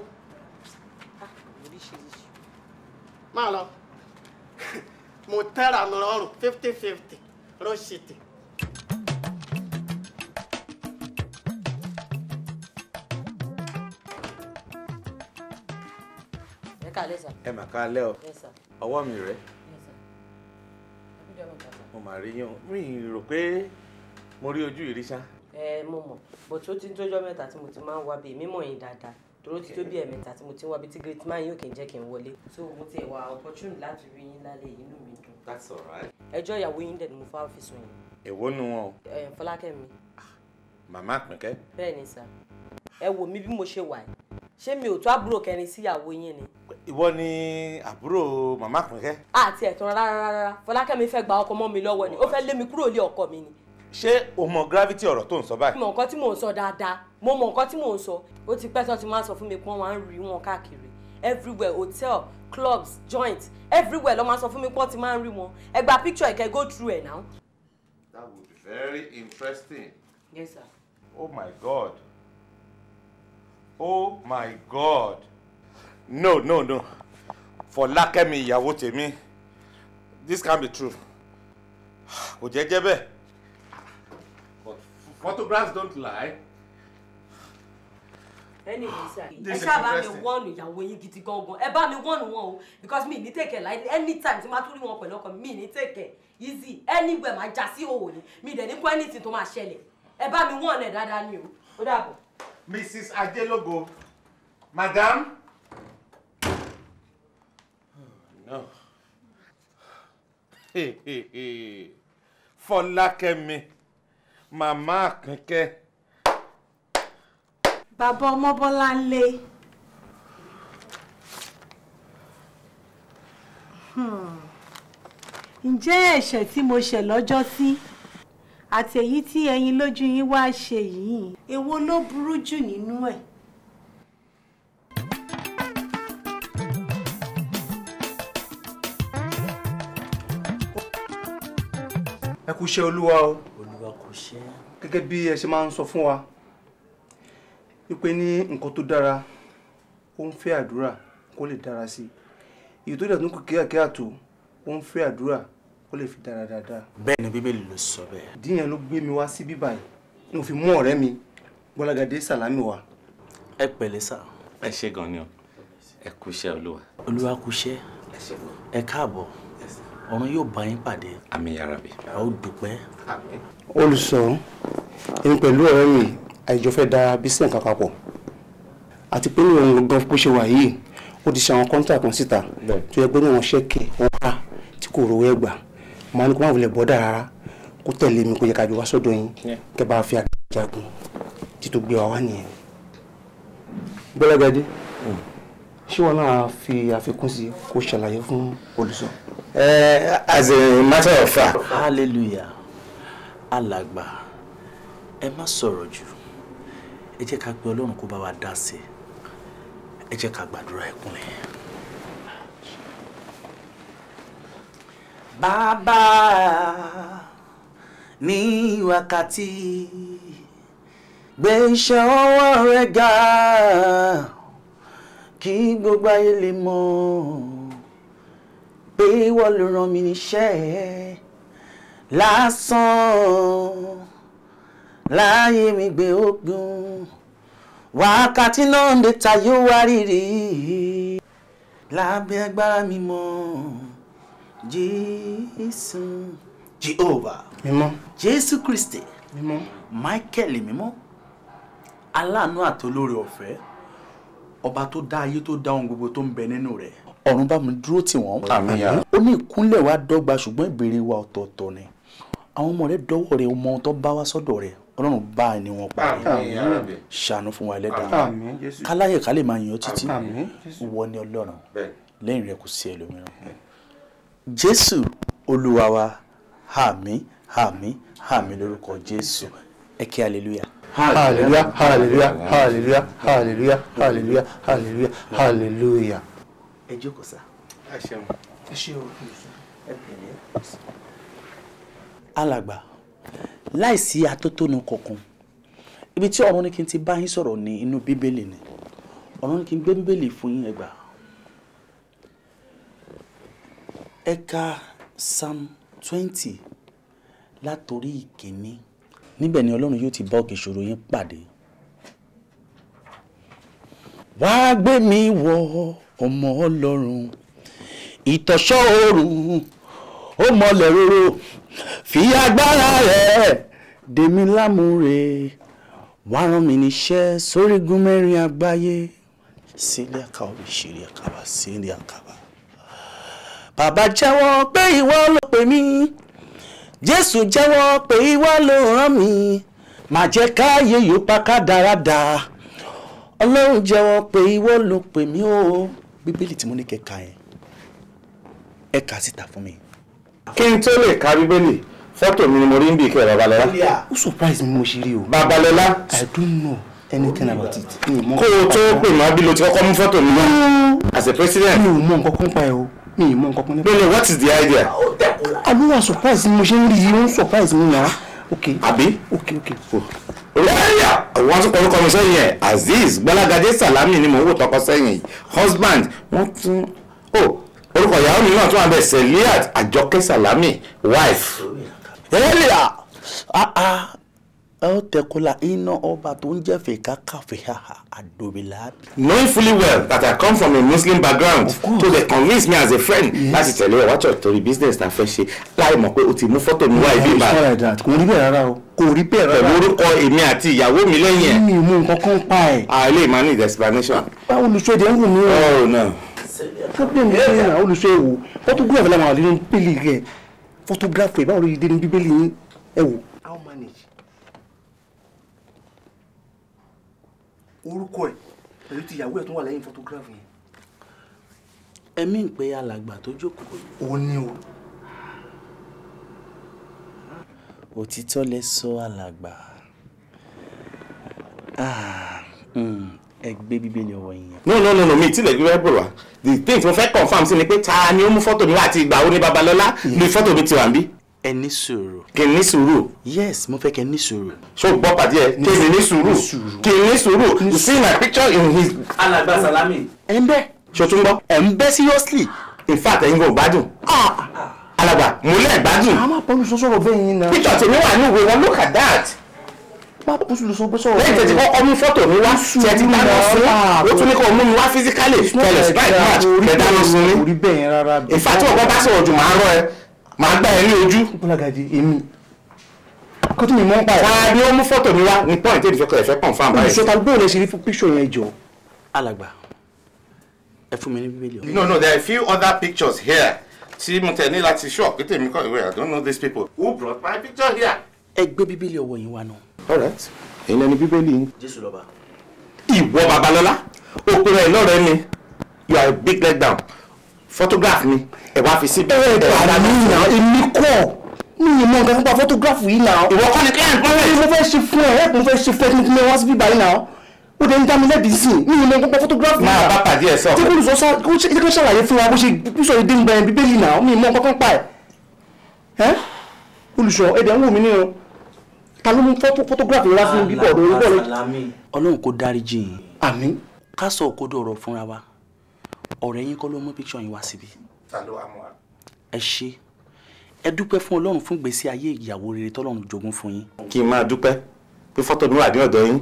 máa lọ mo tẹ́ra mi lọ́rùn fifty fifty rọ́ṣìtì. ẹ kà lẹ́sà. ẹ mà ká lẹ́ o ọwọ́ mi rẹ̀ mo mà rí yín mi rò pé mo rí ojú ìrísá. ẹ mo mọ bó tó ti ń tọjọ mẹ́ta tí mo ti máa ń wá bíi mímọ yín dáadáa dúró ti tó bí ẹ̀mẹ́ta tí mo ti ń wá bíi tí great man yóò kì í jẹ́ kí n wọlé. so mo ti wà opportunity láti rí yín lálẹ́ inú mi dùn. that's alright. ẹjọ́ ìyàwó yín dẹ̀ ni mo fa ọ́fíìsì yín. èwo nu wọn. ẹ Fọlákẹ́mi. Ah, màmá Àpínkẹ́. bẹ́ẹ̀ ni sà ẹ wò mí bí mo ṣe wà ṣé mi ò tó àbúrò kẹrin síyàwó yín ni ìwọ ni àbúrò màmá Àpínkẹ́. àti ẹ̀tàn rárá rárá Fọlákẹ́mi fẹ́ gba ọkọ mọ́ mi lọ́wọ́ ni ó fẹ́ lé mi kúrò lé ọkọ mi ni. ṣé o mọ gravity ọ̀rọ̀ tó ń sọ báyìí. mo mọ nǹkan tí mò ń sọ dáadáa mo mọ nǹkan tí mò ń sọ ó ti pẹ́ tó ti máa sọ fún mi pé wọ́n máa ń rí wọn káàkiri everywhere hotel clubs joints everywhere ló máa sọ fún mi pé wọ́n ti máa ń rí wọn ẹ gba picture ẹ kẹ́ go through ẹ̀ now. that would be very interesting. yes sir. oh my god oh my god no no no For Fọlákẹ́mi ìyàwó tèmi this can't be true kò jẹ́ jẹ́ bẹ́ẹ̀. but photographs don't lie. anyway sir ẹ ṣáà bá mi wọ́ọ̀nù ìyàwó yín gidi gangan ẹ bá mi wọ́ọ̀nù wọn o because mi ní tẹ̀kẹ̀ láì anytime tí máa tún rí wọn pẹ̀lú ọkọ mi ní tẹ̀kẹ̀ easy anywhere máa já sí òwò ni mi dẹ̀ ní kó anything tó máa ṣẹlẹ̀ ẹ bá mi wọ́ọ̀nù ẹ̀ dáadáa ni o ó dàbọ̀. mrs ajelogo madam. Fọlákẹ́mi màmá àkànkẹ́. bàbá ọmọbọ́lá ń lé. Hmm. ǹjẹ́ ẹ̀ṣẹ̀ tí mo ṣẹ̀ lọ́jọ́ sí àti èyí tí ẹ̀yin lójú yín wá ṣe yìí èwo ló burú jù nínú ẹ̀. ẹ kú iṣẹ́ olúwa o. olúwa kò ṣe. gẹ́gẹ́ bí ẹ ṣe máa ń sọ fún wa wípé ní nǹkan tó dára ó ń fẹ́ àdúrà kó lè dára sí i èyí tó dẹ̀ tún kò kíákí àtò ó ń fẹ́ àdúrà kó lè fi dára dáadáa. bẹ́ẹ̀ ni bíbélì ló sọ bẹ́ẹ̀. díyẹn ló gbé mi wá sí bíbá yìí mo fi mú ọ̀rẹ́ mi gbọ́lágadé sàlámì wá. ẹ pẹ̀lẹ́ sà. ẹ ṣé gan ni o ẹ kú iṣẹ́ olúwa. olúwa kú iṣẹ́ ẹ káàbọ̀ ọ̀run yóò bá yín pàdé. àmín ya Rabbi. a ó dúpẹ́. olùsọ èmi pẹ̀lú ọ̀rẹ́ mi àìjọ fẹ́ da bísí nǹkan papọ̀ àti pé ní òun gan bó ṣe wà yìí ó ti ṣe àwọn kọ́ńtà kan síta tó yẹ pé ní wọn ṣẹ́kẹ̀ ọ̀ka tí kò rówó ẹ̀gbà màá ní kó má wulẹ̀ bọ́dà rárá kó tẹ̀lé mi kó yẹ ká jọ wá sọ́dọ̀ yín kẹ́ bá fi àgbàjagun títí gbé wa wá nìyẹn. Bọ́lágadé hmm. ṣé wọn náà fi àfikún sí kó ṣàlàyé fún olùsọ. Eh, as a matter of fact. hallelujah alagba, ẹ má sọ̀rọ̀ jù ẹ jẹ́ ká pe ọlọ́run kó bá wa dá sí ẹ jẹ́ ká gbàdúrà ẹ̀kúnlẹ̀. bàbá ní wákàtí gbé iṣẹ́ ọwọ́ rẹ̀ ga kí gbogbo ayé lè mọ̀ ọ́ pé ìwọ ló ràn mí níṣẹ́ lásán láyé mi gbé ogun wákàtí náà ń dẹ́ta yóò wá rírì lábẹ́ agbára mímọ́ jésù jehovah mímọ́ jésù kristi mímọ́ michael mímọ́ aláàánú àtolóore ọ̀fẹ́ ọba tó dá ayé tó dá ohun gbogbo tó ń bẹ nínú rẹ̀ ọ̀run bá mi dúró tì wọ́n. ó ní ìkúnlẹ̀ wa dọ́gba ṣùgbọ́n ìbéèrè wa ọ̀tọ̀ọ̀tọ̀ ni àwọn ọmọ rẹ dọ́wọ́ rẹ ọmọ tó bá wá sọ́dọ̀ rẹ ọlọ́run bá ẹni wọn pa ni ṣàánú fún wa ẹlẹ́dàá káláyè ká lè máa yan títí wọ ni ọlọ́run lẹ́yìn rẹ kò sí ẹlòmíràn jésù olúwa wa àmín àmín àmín lórúkọ jésù ẹ kí hallelujah. hallelujah hallelujah hallelujah hallelujah hallelujah hallelujah hallelujah ẹ jókòó sá. ẹ ṣeun. ẹ ṣe o. ẹ pẹ̀lẹ́. alàgbà láìsí atótónu kankan ibi tí ọ̀run ní kí n ti bá yín sọ̀rọ̀ ní inú bíbélì ni ọ̀run ní kí n gbé bíbélì fún yín ẹgbà ẹ̀ka psalm twenty látòrí ìkíní níbẹ̀ ni ọlọ́run yóò ti bá òkè ìṣòro yín pàdé wàá gbé mi wọ̀ ọmọ ọlọ́run ìtọ̀sọ́ oòrùn ó mọlẹ̀ roro fi agbára rẹ̀ dèmi lámúre wá rán mi níṣẹ́ sórígun mẹ́rin àgbáyé sílẹ̀ àkàwé ṣeré àkàbà sílẹ̀ àkàbà. bàbá jẹ́wọ́ pé ìwọ ló pè mí jésù jẹ́wọ́ pé ìwọ ló rán mi má jẹ́ káyé yóò pa ká dáradà ọlọ́run jẹ́wọ́ pé ìwọ ló pè mí o. Oh bíbélì tí mo ní kẹka yẹn ẹ kà síta fún mi. kí n tó lè ka bíbélì fọ́tò mi ni mo rí ń bì kẹ́ babalọ́lá. ó surprise mi mo ṣe rí o. babalọ́lá. I don't know anything about it. kó o tó pè mọ́ bí lo ti kọ́kọ́ mú fọ́tò mi náà as a president. mi ò mọ nǹkan kan pa ẹ o mi ò mọ nǹkan kan nípa. bẹ́ẹ̀ ni what is the idea. àlùwà surprise mi mo ṣe ń rí i ó ń surprise mi yàrá àbí. wọ́n tún kọ́kọ́ mi sẹ́yìn ẹ̀ Azeez Gbọ́lágadé Salami ni mò ń wò tọkọ sẹ́yìn yìí husband wọ́n tún orúkọ ìyàwó mi náà tún wà bẹ́ẹ̀ Seliat Àjọkẹ́ Salami wife. earlier Knowing fully well that I come from a Muslim background, so they convince me as a friend yes. láti tẹ̀lé ọ̀wá church torí business na fẹ́ ṣe láì mọ̀ pé o ti mú fọ́tò mi wá ibi ìbá. kò rí bẹ́ẹ̀ rárá o kò rí bẹ́ẹ̀ rárá. pẹ̀lú orúkọ èmi àti ìyàwó mi lẹ́yìn ẹ̀. mi ò mú nǹkan kan pa ẹ̀. ah ilé ìmọ̀ need explanation. báwo olùṣèdè ń wù mí o. oh no. problem ni ṣe na olùṣèdè wò photograph làwọn àlejò ń pèlè rẹ photograph ẹ báwo ló yẹ dé ní bíbélì yín ẹ wò orúkọ ẹ̀ pẹ̀lú ti ìyàwó ẹ̀ tó wà lẹ́yìn photograph yẹn. ẹ̀mí ń pe alàgbà tó jókòó. ó ní o. òtítọ́ lẹ sọ alàgbà ah, hmm, ẹgbẹ́ bíbélì ọwọ́ yẹn. no no no no mi tilẹ̀ gbé bẹ̀rù wa the thing tí mo fẹ́ confam sí ni pé ta ni ó mú fọ́tò mi wá àti ìgbà wo ni babalọ́lá ni fọ́tò mi ti wà ń bí ẹ ní sùúrù. kì ní sùúrù. yes mo fẹ́ kẹ́ ní sùúrù. ṣó gbọ́ pàdé ẹ kì ní sùúrù kì ní sùúrù you see my picture in his. alàgbà salami. ẹ ń bẹ ṣòtún gbọ́ ẹ ń bẹ seriously in fact ẹ̀yin kò gbádùn. Ah! alàgbà mo lè gbádùn. a máa pọnú sọ́sọ́rọ̀ bẹ́ẹ̀ yín náà. picture tèmi wà ní ìwé wọn look at that. má bọ́ sùn lọ́sọ̀rọ̀ sọ̀rọ̀ bẹ́ẹ̀. lẹ́yìn tẹ̀sí kọ́kọ́ mú fọ́tò mi wá tiẹ̀ ti dáná sun ó tún ní kó mú mi wá physically tẹ̀lẹ̀ strike match tẹ̀ dáná sun ní. in fact ọ̀gbọ́n bá sọ̀rọ̀ jù máa rọ ẹ màá gbà ẹ ní ojú. Bọ́lágàjì èmi kó tún mi mọ́ ń pa ẹ̀. wàá ní ó mú fọ́tò mi wá ní pọ́ìntì ìdìfẹ́kọ̀ ẹ̀fẹ́ confirm báyìí. ìṣèta bóun lè fún píṣọ yẹn jọ. alàgbà ẹ fún mi ní bíbélì. no no there are a few other pictures here tí mo tẹ̀ ní láti ṣọ́ pété mi kọ́ ìwé I don't know these people who brought my picture here. ẹ gbé bíbélì ọwọ́ yín wá náà. all right èyí lẹni bíbélì yín. jésù lọ́ba. ìwọ babalọ́lá òpin ẹ̀ lọ́rẹ̀ẹ́ ni you are a big leg down photograph ni ẹ wá fi síbi. ẹ gbà mí nà èmi kọ mi ì mọ nǹkan nípa photograph yìí nà. ìwọ kọ́ ni client kọ́ rẹ̀. mo fẹ́ ṣe fún ẹ ẹ mo fẹ́ ṣe fún ẹ kí n wá síbí báyìí nà ó dé ń dá mi lẹ́bi sí i mi ì mọ nípa photograph yìí nà. máa bá pàdé ẹ sọ. tí kò sọ ṣe kí ṣàlàyé fún wa bó ṣe sọ èdè ń bẹ̀rẹ̀ bíbélì nà mi ì mọ nǹkan kan pa ẹ̀. olùṣọ́ ẹ̀dẹ̀ ń wò mí ní o ta ló mú photograph yẹn wá fún bíbọ̀ ọ̀dọ̀ orí bọ̀ lọ. ọlọ́run kò dáríjì yín. àmín. ká sọ òkodo ọ̀rọ̀ fúnra wa ọ̀rẹ́ yín kọ́ ló mú picture yín wá síbi. ta ló wá mú wa. ẹ ṣe ẹ dúpẹ́ fún ọlọ́run fún ìgbésí ayé ìyàwó rere tọ́lọ́run jogún fún yín. kí n máa dúpẹ́ pé fọ́tò mi wà ní ọ̀dọ̀ yín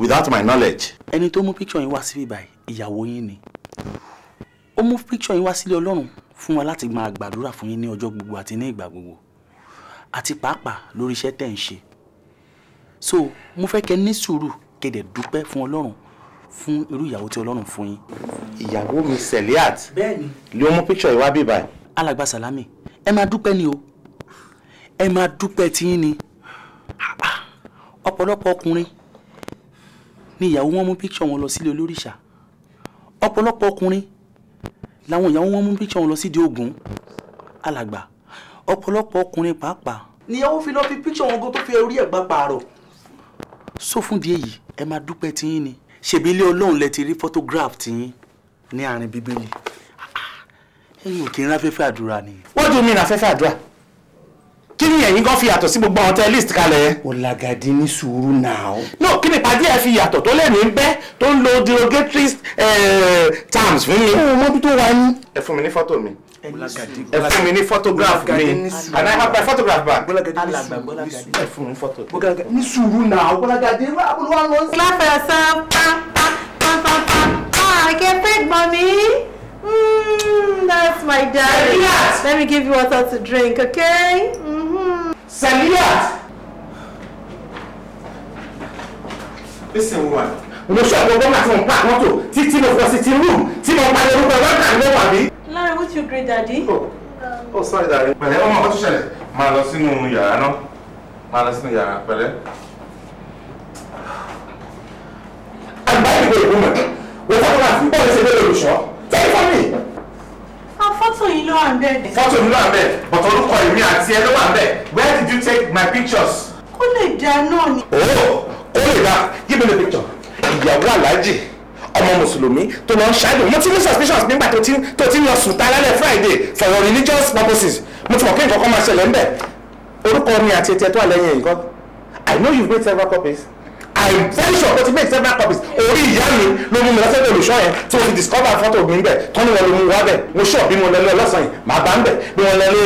without my knowledge. ẹni tó mú picture yín wá síbi báyìí ìyàwó yín ni ó mú picture yín wá sílé ọlọ́run fún wa láti máa gbàdúrà fún yín ní ọjọ́ gbogbo àti ní ìgbà gbogbo àti pàápàá lórí iṣẹ́ tẹ̀ ń ṣe so mo fẹ́ kẹ́ ní sùúrù kẹ́ dẹ̀ dúpẹ́ fún ọlọ́run fún irú ìyàwó tí ọlọ́run fún yín ìyàwó mi Seliat ló mú píkṣọ ìwá bí báyìí. alàgbà Salami ẹ máa dúpẹ́ ni o ẹ máa dúpẹ́ tiyín ni ọ̀pọ̀lọpọ̀ ọkùnrin ni ìyàwó wọn mú píkṣọ wọn lọ sílé olóríṣà ọ̀pọ̀lọpọ̀ ọkùnrin làwọn ìyàwó wọn mú píkṣọ wọn lọ sídìí Ògún alàgbà ọ̀pọ̀lọpọ̀ ọkùnrin pàápàá. níyàwó fi lọ fi píkṣọ wọn gan tó fi orí ẹ̀ gbá pààrọ̀. sọ fún di èyí ẹ máa dúpẹ́ tiyín ni ṣèbí ọlọ́run lẹ ti rí photograph tiyín ní àárín bíbélì ẹ̀yin ò kí ń ráfẹ́fẹ́ àdúrà ni. wọ́n dún mi ráfẹ́fẹ́ àdúrà kí ni ẹ̀yin gan fi yàtọ̀ sí gbogbo àwọn tẹ́ list kalẹ̀ yẹn. ọ̀làgàdì ní sùúrù náà. no kí ni pàdé ẹ fi yàtọ̀ tó lè ní bẹ́ tó ń lo derogatory eh, terms fún mi. ẹ mọ bí tó wà ní. ẹ fún mi ní fọ́tò mi ẹ fún mi ní photograph mi and I have my photograph back. ẹ fún mi ní fọ́tò. ní sùúrù náà ọ̀làgàdì wà ló wà lọ sí. láfẹ̀ẹ́ sá pápá. I get back, mommy. Mm, that's my daddy. Saliat. Let me give you water to drink, okay? Mm-hmm. Saliat. Listen, woman. Mo ṣe ọ̀pọ̀ gbọ́dọ̀ tí mo pa mọ́tò tí tí mo fọ sí ti room tí mo pa lórúkọ lọ́dà ló wà mí. Larry, what's your grade, daddy? Oh, oh sorry, daddy. Pẹ̀lẹ́, ọmọ ọkọ tó ṣẹlẹ̀. Máa lọ sínú yàrá náà. Máa lọ sínú yàrá, pẹ̀lẹ́. Àgbáyé ìwé ìwé mọ̀ wọ́n fọ́tò láti bọ́ọ̀lù ṣe bẹ́ẹ̀ olùṣọ́ tẹ́lẹ̀ fún mi. a ah, fọ́tò yìí ló wà ń bẹ̀. fọ́tò yìí ló wà ń bẹ̀ bọ̀tọ̀ orúkọ èmi àti ẹ ló wà ń bẹ̀ where did you take my pictures. kó lè dá náà ni. o oh, kó lè dá give me the picture. ìyàwó aláàjì ọmọ mùsùlùmí tó lọ ń ṣáájú mo ti ní suspicions nígbà tó ti ń lọ sùn tá lálẹ́ Friday for your religious purposes mo ti mọ̀ kí nǹkan kan máa ṣẹlẹ̀ ń bẹ̀ orúkọ mi àti ètò ẹ̀tọ́ àlẹ́yìn ẹ̀yìn kan I know you've made several copies i very sure but he make several copies orí ìyá mi ló mú mi lọ sẹ́gbẹ̀ẹ́ olùṣọ́ yẹn tí mo fi discover photo mi bẹ̀ tọ́ni wọn ló mú wá bẹ̀ mo sure bí mo lọ lé ọlọ́sàn yìí màá bá ń bẹ̀ bí mo lọ lé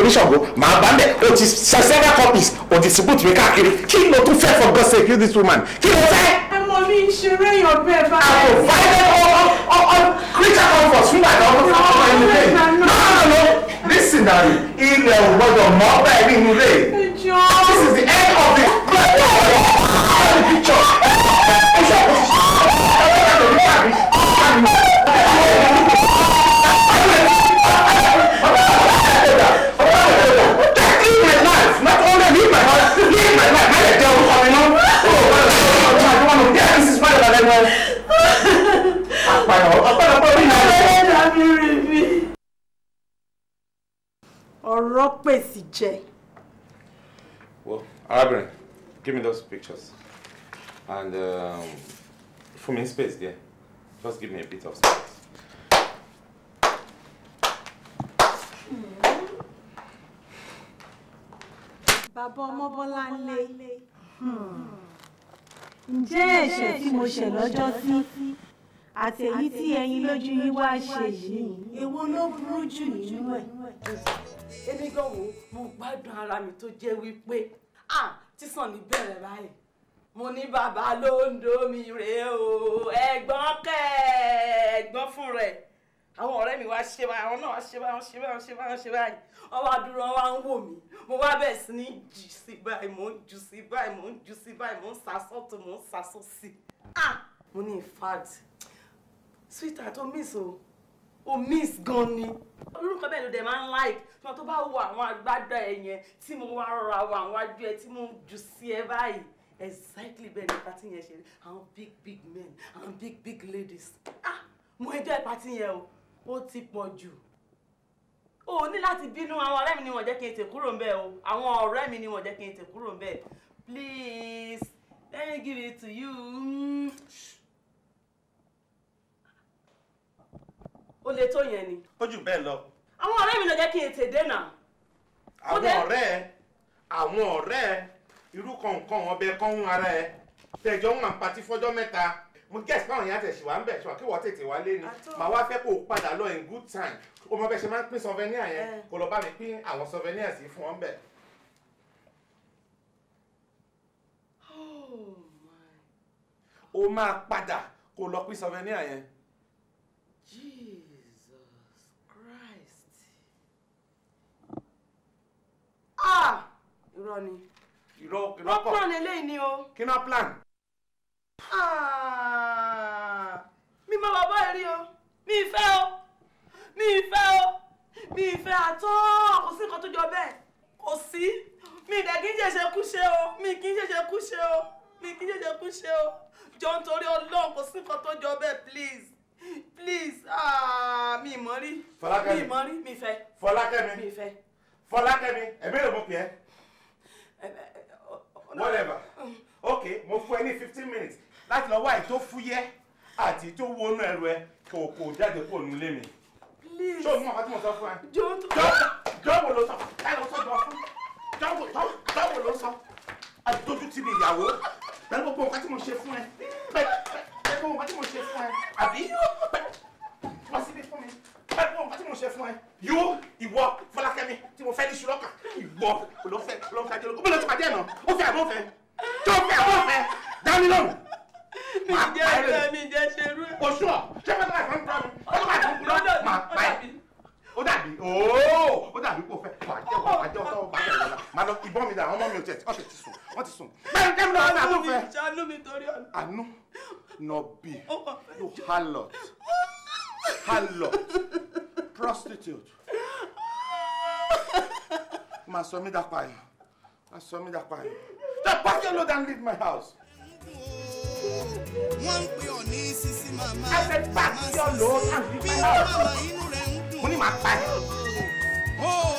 oríṣàgbó màá bá ń bẹ̀ o ti ṣe several copies o distribute mi káàkiri kí ló tún fẹ́ for God's sake you this woman kí ló fẹ́. ẹ mọ mi ìṣeré yan bẹ́ẹ̀ bá yẹn. àpò fáyẹ́ ọ ọ creature comfort fún bàtà ọmọ fún ọmọ ẹni bẹ́ẹ̀ no no no listen na ilẹ̀ ògbọ́dọ̀ mọ́ bẹ́ẹ̀ nínú rẹ̀ this is the end of the ọ̀rọ̀ pèsè jẹ. Well, arábìnrin, give me those pictures and um, for me space there. Just give me a bit of space. Hmm. Bàbá ọmọ Bọ́lá ń lé. Hmm. Ǹjẹ́ ẹ̀ṣẹ̀ tí mo ṣẹ̀ lọ́jọ́ sí àti èyí tí ẹyin lójú yín wá ṣe yìí èwo ló burú jù nínú ẹ̀. Èmi gan wo mo gbádùn ara mi tó jẹ́ wípé ah tísàn ní bẹ̀rẹ̀ báyìí mo ní bàbá ló ń domi rè o ẹ̀gbọ́n kẹ́ ẹ̀gbọ́n fún rẹ̀ àwọn ọ̀rẹ́ mi wá ṣe báyìí àwọn náà wá ṣe báyìí wọ́n ṣe báyìí wọ́n ṣe báyìí wọ́n ṣe báyìí wọ́n wá dúró wọ́n wá ń wò mí mo wá bẹ̀ sí ní jù sí báyìí mò ń jù sí báyìí mò ń jù sí báyìí mò ń sàsọ́tò mò ń sàsọ́sì ah mo ní in fact sweetheart o miss o o miss gan ni olùkọ́ bẹ́ẹ̀ ló dẹ̀ máa ń like tí wọ́n tó bá wo àwọn agbádá ẹ̀ tí mo wá rọra wo àwọn ajú ẹ tí mo jù sí ẹ báyìí exactly bẹ́ẹ̀ ni pati yẹn ṣe àwọn big big men àwọn big big ladies ah mo ẹjọ́ pati yẹn o ó ti pọ̀ jù o ní láti bínú àwọn ọ̀rẹ́ mi ni wọ́n jẹ́ kí n tè kúrò ń bẹ́ẹ̀ o àwọn ọ̀rẹ́ mi ni wọ́n jẹ́ kí n tè kúrò ń please let me give it to you. o lè tó yẹn ni. ó jù bẹ́ẹ̀ lọ. àwọn ọ̀rẹ́ mi ló jẹ́ kí n tè dé náà. àwọn ọ̀rẹ́ àwọn ọ̀rẹ́ irú kọ̀ọ̀kan ọbẹ̀ kọ́hún ara ẹ̀ tẹ̀jọ́ ń hàn pati fọ́jọ́ mẹ́ta mo guess báwọn yẹn àtẹ̀sí wa ń bẹ̀ ṣùgbọ́n kí wọ́n tètè wá lé ni màá wá fẹ́ kó o padà lọ in good time o mọ bẹ́ẹ̀ ṣe máa ń pín souvenir yẹn eh. kó lọ bá mi pín àwọn souvenir sí fún ọ́n bẹ̀. Oh o máa padà kó lọ pín souvenir yẹn. Jesus Christ. ah Ronnie irọ́ irọ́ kọ̀. wọ́n plan eléyìí ni o. kí náà plan. Ah, mi máa bàbá ẹ rí o mi ì fẹ́ o mi ì fẹ́ o mi ì fẹ́ àtọ́ kò sí nǹkan tó jọ bẹ́ẹ̀ kò sí mi ì dẹ̀ kí n ṣẹ̀ṣẹ̀ kú ṣe o mi kì í ṣẹ̀ṣẹ̀ kú ṣe o mi kì í ṣẹ̀ṣẹ̀ kú ṣe o jọ nítorí Ọlọ́run kò sí nǹkan tó jọ bẹ́ẹ̀ please please ah, mi ì mọ̀ rí mi ì mọ̀ rí mi ì fẹ́. Fọlákẹ́mi Fọlákẹ́mi ẹ̀mí ló mọ̀ pé ẹ́ whatever ok mo fún ẹ ní fifteen minutes láti lọ wá ètò fúyẹ́ àti tó wọnú ẹrù ẹ kò kò jáde kúrò nílé mi. please ṣé o mọ àti mo sọ fún ẹ. jọ jọ wo ló sọ ẹ lọ sọ jọ fún jọ wo jọ jọ wo ló sọ àdójú ti di ìyàwó pẹ̀lú gbogbo nǹkan tí mo ṣe fún ẹ pẹ̀lú gbogbo nǹkan tí mo ṣe fún ẹ àbí wọ́n síbi fún mi ẹ mọ nǹkan tí mo ṣe fún ẹ yóò ìwọ fọlákẹ́mi tí mo fẹ́ ní ṣùlọ́kà ìwọ olófẹ́ olófẹ́ ajé olóko bó ló ti pàdé ẹ̀ náà ó fẹ́ àbọ̀ fẹ́ tó fẹ́ àbọ̀ fẹ́ dání lọ́rùn. mi jẹ́ ẹ̀rọ mi jẹ́ ṣe rú ẹ̀. oṣù ọ̀ ṣé fẹ́ láì fẹ́ ń tọ́ mi ọdún máa tún kúrọ́ máa pa ẹ̀. ó dàbí ooo ó dàbí kò fẹ́ bàjẹ́ wà bàjẹ́ ọ̀tọ̀ bàjẹ́ ìrọ̀lá máa lọ ìbọn mi dà ọmọ mi ò tẹ̀ ọ́ tẹ̀ ti sùn wọ́n ti sùn. bẹ́ẹ̀ni kẹ́mi náà wọ́n ti àtúnfẹ́. àánú mi torí ọ̀nà. àánú nọ̀bì yóò hálọ̀t. Hallọ. Prostitute. Má sọ mí dàpàyàn. Má sọ mí dàpàyàn. Dàpàyàn ló dán leave my house. Wọ́n ń pè ọ́ ní sisi màmá. Ẹ fẹ́ gbà kí ọ leave my house. Mo ní màá pa ẹ̀. Oh.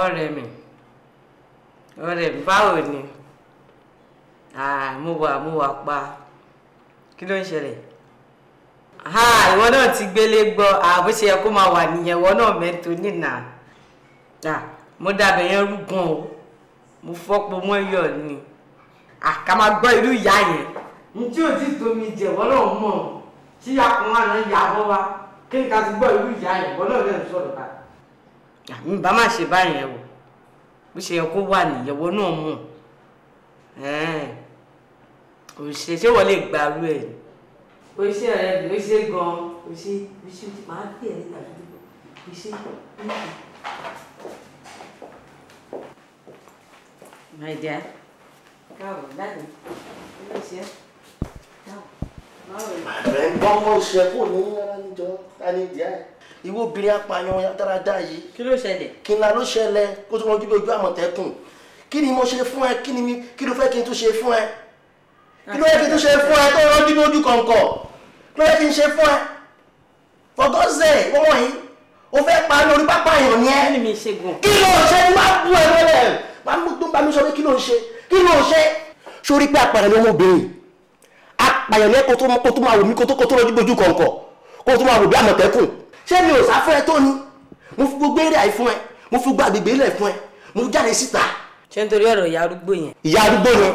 ọ̀rẹ́ mi ọ̀rẹ́ mi báwo ni mo wà mo wà pa kí ló ń ṣẹlẹ̀ ìwọ náà ti gbélé gbọ́ àbó ṣe yẹ kó máa wà nìyẹn ìwọ náà mẹ́tò nínà mo dàbẹ̀ yẹn rú gan o mo fọ́pọ̀ mọ́ iyọ̀ ni àká máa gbọ́ irú ìyá yẹn ntí ò ti tómi jẹ ìwọ náà mọ̀ tí akùnrin àná yà bọ́ wa kí n ká ti gbọ́ irú ìyá yẹn ìwọ náà lè sọ̀rọ̀ báyìí àwọn ìbá má ṣe báyẹn o bó ṣe yẹ kó wà nìyẹwò náà mọ̀ òṣìṣẹ́ ṣé wọ́n lè gbàrú ẹ̀ òṣìṣẹ́ ọ̀rẹ́ mi òṣìṣẹ́ gan-an o òṣìṣẹ́ màá pè é nígbà tó dé òṣìṣẹ́ My dear. Káàbọ̀ dáàdì. Ilé iṣẹ́. Káàbọ̀. Báwo ni? Àbẹ̀ ń gbọ́ mọ́ iṣẹ́ kò ní rárá níjọ́. Ta ni díẹ̀? ìwọ obìnrin apààyàn dáradára yìí. kí ló ṣẹlẹ̀. kí n la ló ṣẹlẹ̀ kó tó mọ ojú ojú àmọ̀tẹ́kùn kí ni mo ṣe fún ẹ kí ni kí ló fẹ́ kí n tún ṣe fún ẹ kí ló yẹ kí n tún ṣe fún ẹ tó rọ́jú lójú kọ̀ǹkọ̀ kí ló yẹ kí n ṣe fún ẹ fọgọ́sẹ̀ wọ́n wọ̀nyí o fẹ́ pa lórí pápá èèyàn ni ẹ kí ló ṣe ní wàá bú ẹ mọ́lẹ̀ máa mú tó ń bá mi sọ pé kí ló ń ṣe kí ló ń ṣe. sórí pé apààyàn ni ọmọbìnrin apààyàn ni ẹ kó tó máa wò mí kó tó rọ́jú lójú kọ̀ǹkọ̀ kó máa wò bí àmọ̀tẹ́kùn ṣé mi ò sáfẹ́ tó ni mo fi gbogbo eré àìfún ẹ mo fi gbogbo àgbègbè ilẹ̀ fún ẹ mo jáde síta. ṣé nítorí ọ̀rọ̀ ìyá arúgbó yẹn. ìyá arúgbó yẹn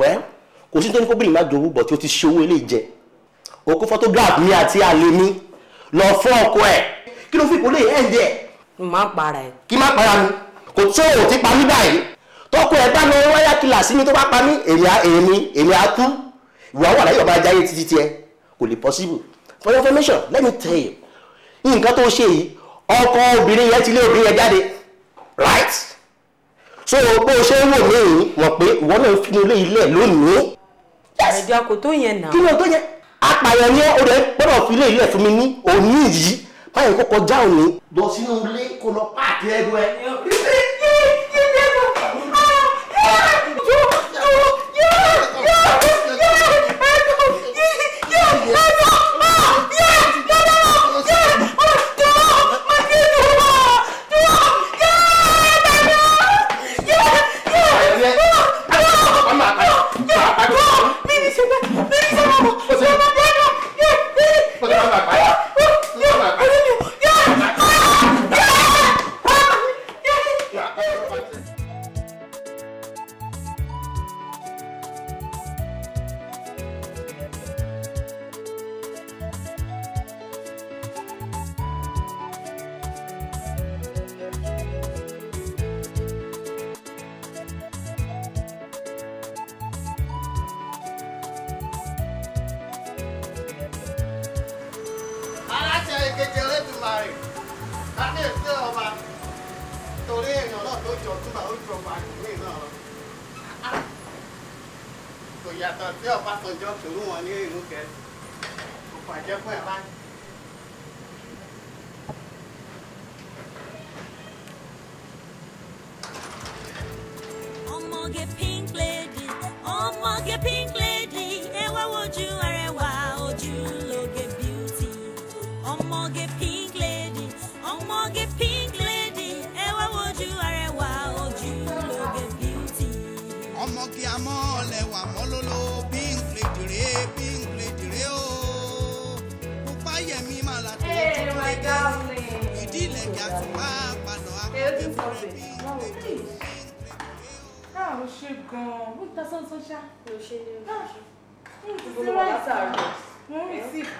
wẹ́ kò sí nítorí kóbìnrin máa jowú bọ̀ tí ó ti ṣe owó ilé jẹ òkú photograph mi àti àlè mi lọ fún ọkọ ẹ kí ló fi kò lè ẹ̀ ń jẹ. mo máa ń para ẹ. kí má para mi kò tó o ti pa mí báyìí tọkọ ẹ bá lọ wáyà kìlà sí mi tó bá pa mí èmi èmi èmi á ìwà wà láyé ọba ajá títí tiẹ kò lè possible for your information let me tell you nǹkan tó ṣe yìí ọkọ obìnrin yẹn ti lé obìnrin yẹn jáde right so bó o ṣe ń wò mí wọ̀n pé ìwọ náà fi ilé ilé lónìí. ẹ̀dùn àkó tó yẹn nà. kí ló tó yẹ apààyàn ni ó rẹ gbọ́dọ̀ fi ilé ilé fún mi ní òní yìí báyìí kó kọjá òní. lọ sínú ilé kó lọ páàkì ẹrù ẹ.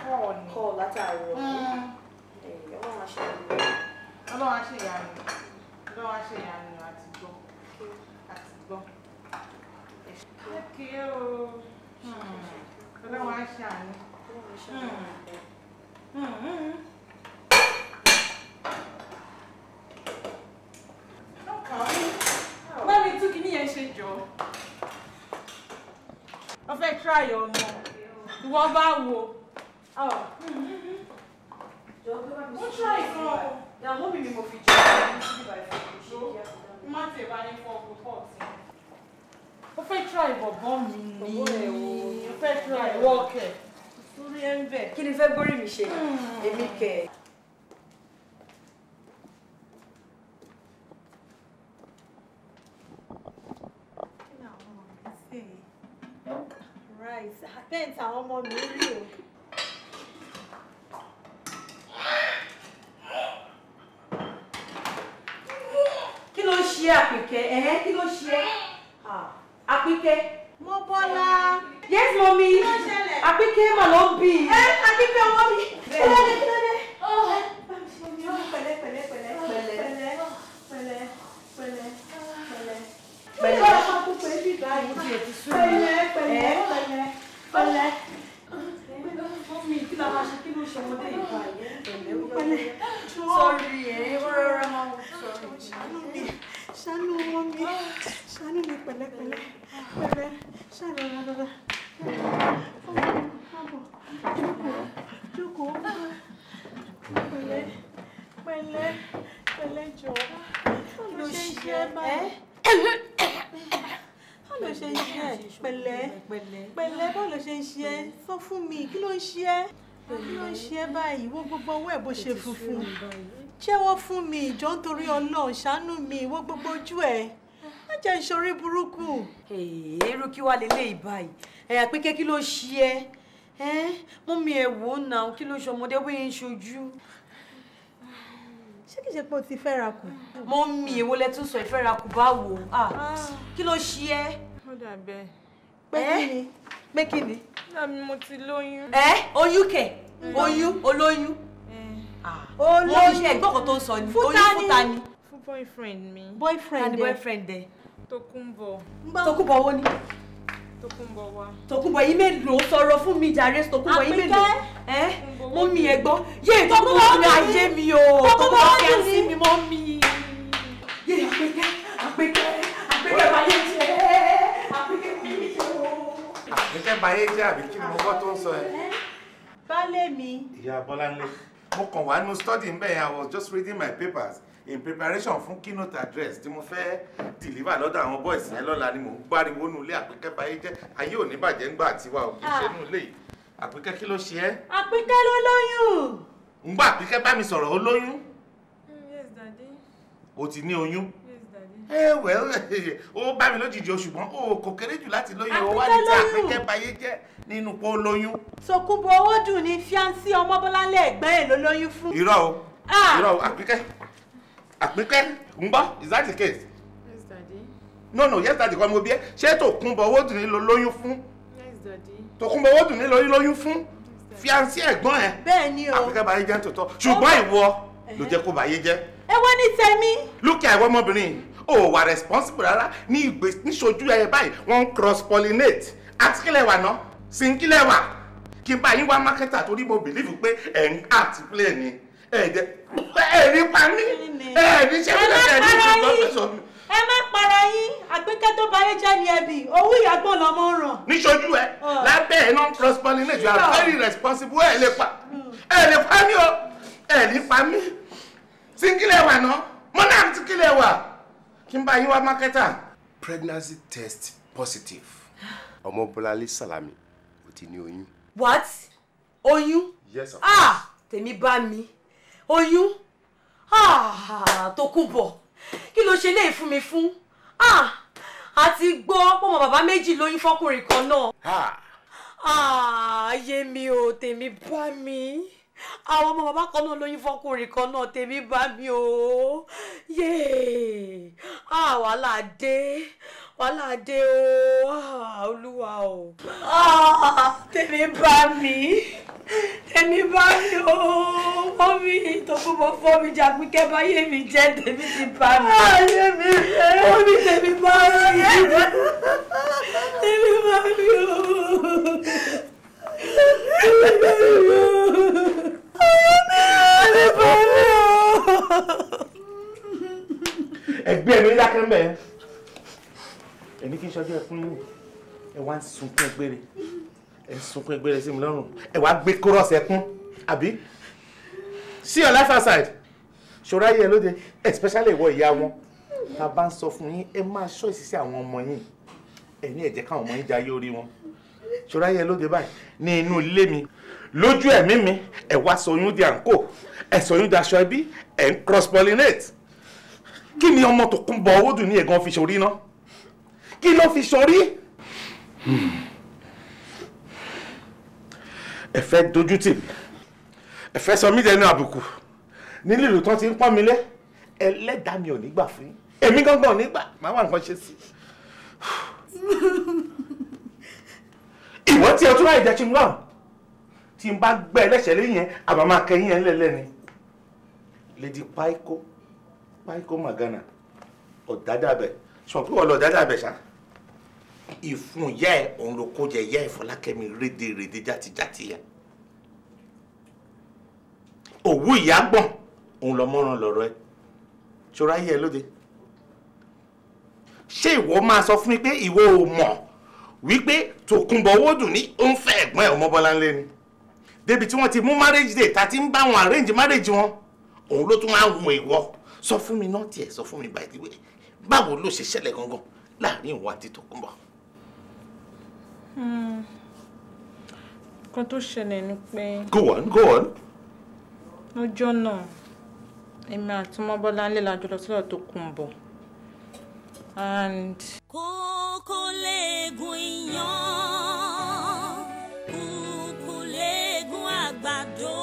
kọ́ ni kọ́ látàárọ̀ ọlọ́run á ṣe ìyanu ọlọ́run á ṣe ìyanu ọlọ́run á ṣe ìyanu àti gbọ́ àti gbọ́ kékeré o ọlọ́run á ṣe àánú. Mami tún kí níyẹn ṣe jọ. Wọ́n fẹ́ tíráyọ̀ ọmọ. Ìwọ bá wo. Oh. Wọ́n try gan o. Ìyá mọ́ mi ni mo fi jẹ́ ọ̀rọ̀ ní bíbá ìfọ̀kùnṣe kí á fi try bọ̀bọ́n mi ni. try wọ́ọ̀kẹ̀. Sórí ẹ̀ ń bẹ̀. Kí ni fẹ́ bórí mi ṣe? Èmi kẹ̀. Rice, àtẹ̀ǹtì àwọn ọmọ mi rí ṣe àpèkẹ́ ẹ̀hẹ́ kí ló ṣe àpèkẹ́. mo bọ́lá. yes mọ́mí àpèkẹ́ mà ló ń bì. ẹ àpèkẹ́ ọmọ mi kí ló dé kí ló dé. pẹ̀lẹ́ oh. pẹ̀lẹ́ pẹ̀lẹ́ pẹ̀lẹ́ pẹ̀lẹ́ pẹ̀lẹ́ pẹ̀lẹ́ pẹ̀lẹ́. kí ló máa kó pé bí báyìí. pẹ̀lẹ́ pẹ̀lẹ́ pẹ̀lẹ́ pẹ̀lẹ́. Mọ́mí kí la máa ṣe kí ló ṣe ọmọdé ìgbà yẹn pẹ̀lẹ́ pẹ̀lẹ́. sọ́ọ̀rì ẹ̀ ẹ̀ rọra máa wọ sọ́ọ̀rì ṣàánú ọmọ mi ṣàánú mi pẹ̀lẹ́pẹ̀lẹ́ pẹ̀lẹ́ ṣàánú rárá ọmọ jókòó jókòó pẹ̀lẹ́ pẹ̀lẹ́ jọ ló ṣe báyìí ¿eh? ¿eh? báwo ló ṣe ń ṣe ẹ pẹ̀lẹ́ pẹ̀lẹ́ báwo ló ṣe ń ṣe ẹ sọ fún mi kí ló ń ṣe ẹ kí ló ń ṣe ẹ báyìí wo gbogbo ọwọ́ ẹ̀ bó ṣe funfun jẹ́wọ́ fún mi ìjọ nítorí ọlọ́run ṣàánú mi ìwọ gbogbo ojú ẹ̀ má jẹ́ ìṣòrí burúkú. èrò kí wàá lélẹ́yìí báyìí ẹ̀yà pé kí ló ṣe ẹ́ ẹ́ mú mi ẹ̀ wò ó nà kí ló ṣe ọmọdé bóyá ń ṣojú. ṣé kìí ṣe pé o ti fẹ́ ra kù. mọ mi ìwo lẹ tún sọ ìfẹ́ ra kù báwo kí ló ṣe ẹ́. ó dà bẹ́ẹ̀. pé kí ni pé kí ni. dàbí mo ti lóyún. ẹ oyún kẹ oyún olóyún ó ah. lóyún ó ṣe ẹ̀gbọ́n kan tó ń sọ ni oyún fúta ni. fún boyfriend mi. boyfriend ẹ boyfriend ẹ. Tókunbọ̀. Tókunbọ̀ wo ni. Tókunbọ̀ wa. Tókunbọ̀ yìí mélòó sọ̀rọ̀ fún mi jàre Tókunbọ̀ yìí mélòó. ẹ mọ mi ẹ gbọ́ yé Tókunbọ̀ mi ayé mi o Tókunbọ̀ kẹ́ ẹ sí mi mọ́ mi. yé àpèkẹ́ àpèkẹ́ àpèkẹ́ báyé jẹ́ àpèkẹ́ báyé jẹ́ o. àpèkẹ́ báyé jẹ́ àbí kí ni mo gbọ́ tó ń sọ ẹ. baálé mi. ìyá Bọ́láńlé mo kàn wá nínú study ń bẹ̀ yẹn I was just reading my papers in preparation fún keynote address tí mo fẹ́ deliver lọ́dọ̀ àwọn boys yẹn lọ́la ni mò ń gbáriwo nulẹ̀ àpékẹ́ báyé jẹ́ ayé ò ní bàjẹ́ ńgbà tiwa ò kì í ṣe nulẹ̀ yìí àpékẹ́ kí ló ṣe ẹ́. àpékẹ́ ló lóyún. ńgbà àpékẹ́ bá mi sọ̀rọ̀ ó lóyún. Mm, yes daddy. o ti ní oyún. yes daddy. ẹ wẹ́ẹ́ ó bá mi lójijì o ṣùgbọ́n o kò kéré jù láti lóyún o wá ní tí àpékẹ́ báyé jẹ́ nínú pé ó lóyún. Sòkúnbọ̀ owó dùn ní fíánsì ọmọbọ́láńlé ẹ̀gbọ́n ẹ̀ ló lóyún fún. irọ́ o ah! irọ́ o àpínkẹ́ àpínkẹ́ ń bọ́ is that the case. yes daddy. no no yes daddy kọ́ mo bí ẹ ṣé Tòkunbọ̀ owó dùn ní ló lóyún fún. yes daddy. Tòkunbọ̀ owó dùn ní ló lóyún fún fíánsì ẹ̀gbọ́n ẹ̀. bẹ́ẹ̀ ni o àpínkẹ́ báyé jẹ́ tòótọ́ ṣùgbọ́n ìwọ ló jẹ́ kó báyé jẹ́. ewé ní tèmi. lókè àìwọ́ ọmọbìnrin ò wà responsible rárá ní ìgbésí níṣojú ẹ báyìí wọ́n cross pollinate àtikẹ́lẹ̀ wà náà Sinkilẹ̀ wà kí n bá yín wá mákẹ́tà torí mo bìlífù pé ẹ̀ ń àti plẹ̀ ni ẹ̀jẹ̀ ẹ̀rí pa mí ẹ̀rí ṣe mí lọ́sẹ̀ ní ìṣùgbọ́n fẹ̀sọ̀ mi. ẹ má para yín àgbékẹ́ tó bá yé jẹ́ ni ẹbí owó ìyàgbọ́n lọ́mọ ràn. níṣojú ẹ lábẹ́ ẹ̀ non cross pollinate you are very responsible ẹ̀ lè pa hmm. ẹ̀ lè pa mí o ẹ̀ lè pa mí. Sinkilẹ̀ wà náà mọ́nà àti kílẹ̀ wà kí n bá yín wá pregnancy test positive ọmọ bọ́láńlé sàlámì sì ni oyún. what oyún. yes of ah, course. ah tèmi bá mi oyún ah tó kú bọ̀ kí ló ṣe léyìí fún mi fún ah àti gbọ́ pọ́nmọ bàbá méjì lóyún fọkùnrin kan náà. ah ayé mi ò tèmi bá mi àwọn ọmọ bàbá kan náà lóyún fọkùnrin kan náà tèmi bá mi ò yéé àwàlà ah, dé wàhálà dé o ah, olúwa o ah. tèmi bá mi tèmi bá mi o wọ́n mi ìtọ́kùnbọ̀ fọ́ mi jà pé kẹ́ bá yé mi jẹ́ tèmi ti bá mi wọ́n ah, mi tèmi bá mi tèmi bá mi o tèmi bá mi o tèmi bá mi o. ẹgbẹ́ mi dákẹ́ mẹ́ẹ̀ èmi kì í ṣọjọ́ ẹkún yín ẹ wá ń sunkún ẹgbẹ́rẹ́ ẹ ń sunkún ẹgbẹ́rẹ́ sí mi lọ́rùn ẹ wá gbé kórọ́ọ̀sì ẹkún àbí see your life outside ṣòro ayé ẹ lóde especially ìwọ ìyá wọn ta bá ń sọ fún yín ẹ máa ṣọ́ ìṣiṣẹ́ àwọn ọmọ yín ẹ ní ẹ̀jẹ̀ káwọn ọmọ yín jayé orí wọn ṣòro ayé ẹ lóde báyìí ní inú ilé mi lójú ẹ̀mí mi ẹ wá sọyún di àǹkó ẹ sọyún di aṣọ ẹbí ẹ ń cross pollinate kí ni ọmọ tó kún bọ owó dùn ní ẹ̀gàn fi ṣorí náà kí ló fi sọrí. ẹ fẹ́ dojú tì mí ẹ fẹ́ sọ mí dẹnu àbùkù nílùú ìlú tán ti ń pọ́n mi lé ẹlẹ́dàá mi ò ní gbà fún yín èmi gángan ò ní gbà máa wà nǹkan ṣe sí i. ìwọ tí o tún láì jẹ́ chingram tí n bá gbẹ́ ẹlẹ́sẹ̀ lẹ́yìn yẹn àbá máa kẹyìn ẹ̀ ńlẹ̀lẹ́ni lady paiko paiko magana ọ̀dádàbẹ̀ sọ pé wọ́n lọ ọ̀dádàbẹ̀ ṣáà ìfun ìyá ẹ òun ló kó jẹ ìyá ẹ Fọlákẹ́mi rédèrèdè játijàti yẹn òwú ìyá gbọ̀n òun lọ mọ́ràn lọ́rọ̀ ẹ ṣọ́ra yẹ lóde ṣé ìwọ máa sọ fún mi pé ìwọ ò mọ̀ wípé tòkunbọ̀ wódù ní ó ń fẹ́ ẹ̀gbọ́n ẹ̀ ọmọbọ́láńlé ni débi tí wọ́n ti mú marriage day tàti ń bá wọn arrange marriage wọn òun ló tún máa ń hun ìwọ sọ fún mi náà tiẹ̀ sọ fún mi by the way báwo ló ṣe ṣẹlẹ̀ gangan láàrin ìwọ àti tòkunbọ̀ nǹkan tó ṣẹlẹ̀ ni pé. go on go on. lọ́jọ́ náà èmi àti mọ́bọ́lá ńlẹ̀ lájọ lọ sílẹ̀ tó kùn bọ̀ and. kókó lè iyán kúkú lè àgbàdo.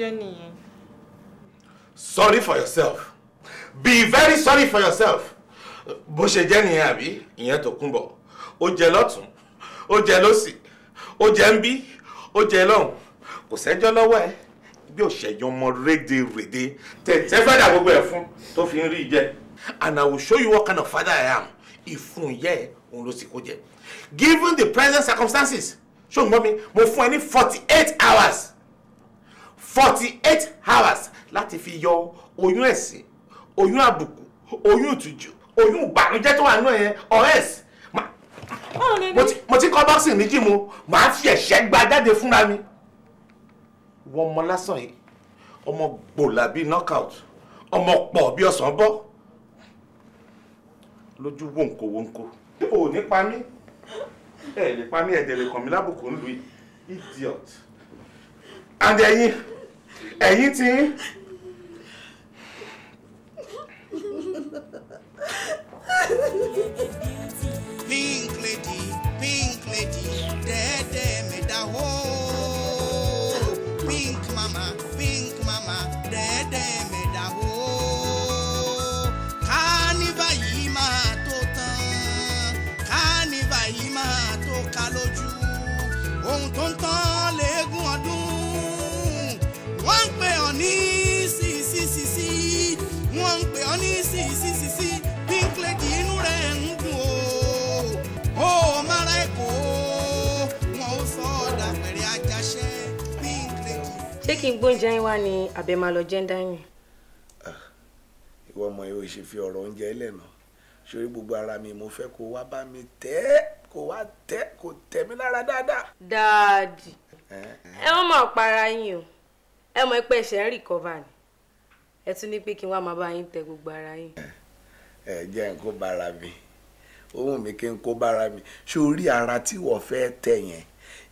jẹ́ sorry for yourself be very sorry for yourself bó ṣe jẹ́ nìyẹn àbí ìyẹn tó kún bọ̀ ó jẹ lọ́tún ó jẹ lọ́sì ó jẹ ń bí ó jẹ lọ́hùn kò sẹ́jọ́ lọ́wọ́ ẹ bí òṣèjọ́ ọmọ rédèrèdè tẹ̀tẹ́ fẹ́dà gbogbo ẹ̀ fún tó fi ń rí and I will show you what kind of father I am ìfun ìyá ẹ̀ òun si sì kó given the present circumstances show mommy gbọ́ mi mo fún ẹ ní hours forty eight hours láti fi yọ oyún ẹ̀sìn oyún àbùkù oyún ìtújú oyún ìbànújẹ́ tó wà nínú ẹ̀ ọ̀rẹ́sì oh, mo ti kọ́ bọ́ọ̀sì méjì mu màá fi ẹ̀ṣẹ́ gba jáde fúnra mi. wọ́n mọ lásán yìí ọmọ gbòòlà bíi knockout ọmọ pọ̀ bíi ọ̀sán bọ́ lójú wòǹkó wòǹkó. o ò ní pa mí ẹ lè pa mí ẹ̀dẹ̀ lè kàn mí lábùkù ń idiot. and ẹyin ẹ̀yin ti ń. pink lady pink lady dẹ́ẹ̀dẹ́ mẹ́dáwó pink mama pink mama dẹ́ẹ̀dẹ́ mẹ́dáwó kánífà yìí máa tó tán kánífà yìí máa ohun tó ń tán. ṣé kí n gbóúnjẹ yín wá ni àbẹ̀ máa lọ jẹ́ńdá yín. Ah, ìwọ ọmọ yìí ò ṣe fi ọ̀rọ̀ oúnjẹ lẹ́nu sórí gbogbo ara mi mo fẹ́ kó wá bá mi tẹ́ kó wá tẹ́ kó tẹ́ mi lára dáadáa. dáàdì ẹ wọ́n máa para yín o ẹ mọ̀ pé ẹ̀ṣẹ̀ ń rìkọ́bà ni ẹ tún ní pé kí n wá máa bá yín tẹ gbogbo ara yín. ẹ jẹ́ n kó bára mi ohun mi kí n kó bára mi sórí ara tí wọ́n fẹ́ tẹ̀ yẹn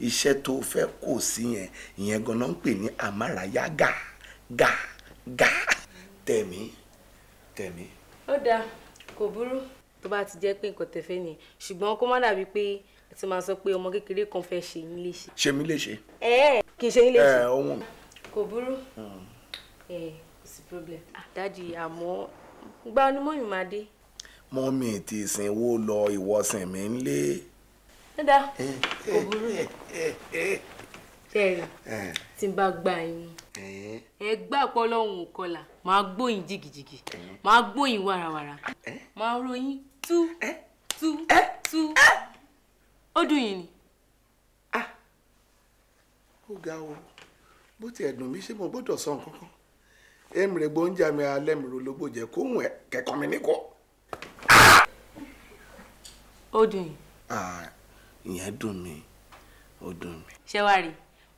iṣẹ́ tó fẹ́ kò sí yẹn ìyẹn ganan ń pè ní amárayá gà gà gà tẹ̀mí tẹ̀mí. ó dáa kò burú tó bá ti jẹ́ pé nǹkan tẹ̀fẹ́ ni ṣùgbọ́n kó má dàbí pé ẹ ti máa sọ pé ọmọ kékeré kan fẹ́ ṣe yín léṣe. ṣe mí léṣe. ẹ ẹ kì í ṣe yín léṣe. ẹ ọhún. kò burú hmm. ẹ kò sí problem. Ah, dáàdi àmọ́ gba ni máa dé. mọ́mì ti sin wo lọ ìwọ̀sìn mi ń lé. dada kò burú ṣẹ́ẹ̀rì tí n bá gba yín ẹ gbá ọpọlọ́hún kọlà máa gbóyin jìgìjìgì máa gbóyin wàràwàrà máa ròyìn tú tú tú ó dùn ni. Ah. ó ga o bó tiẹ̀ dùn mí ṣé mo gbọ́dọ̀ sọ nǹkan kan èmi rẹ̀ mi alẹ́ mi ro lógbò jẹ́ kó hùn ẹ̀ ìyẹn dùn mí ó dùn mí. ṣé wàá rí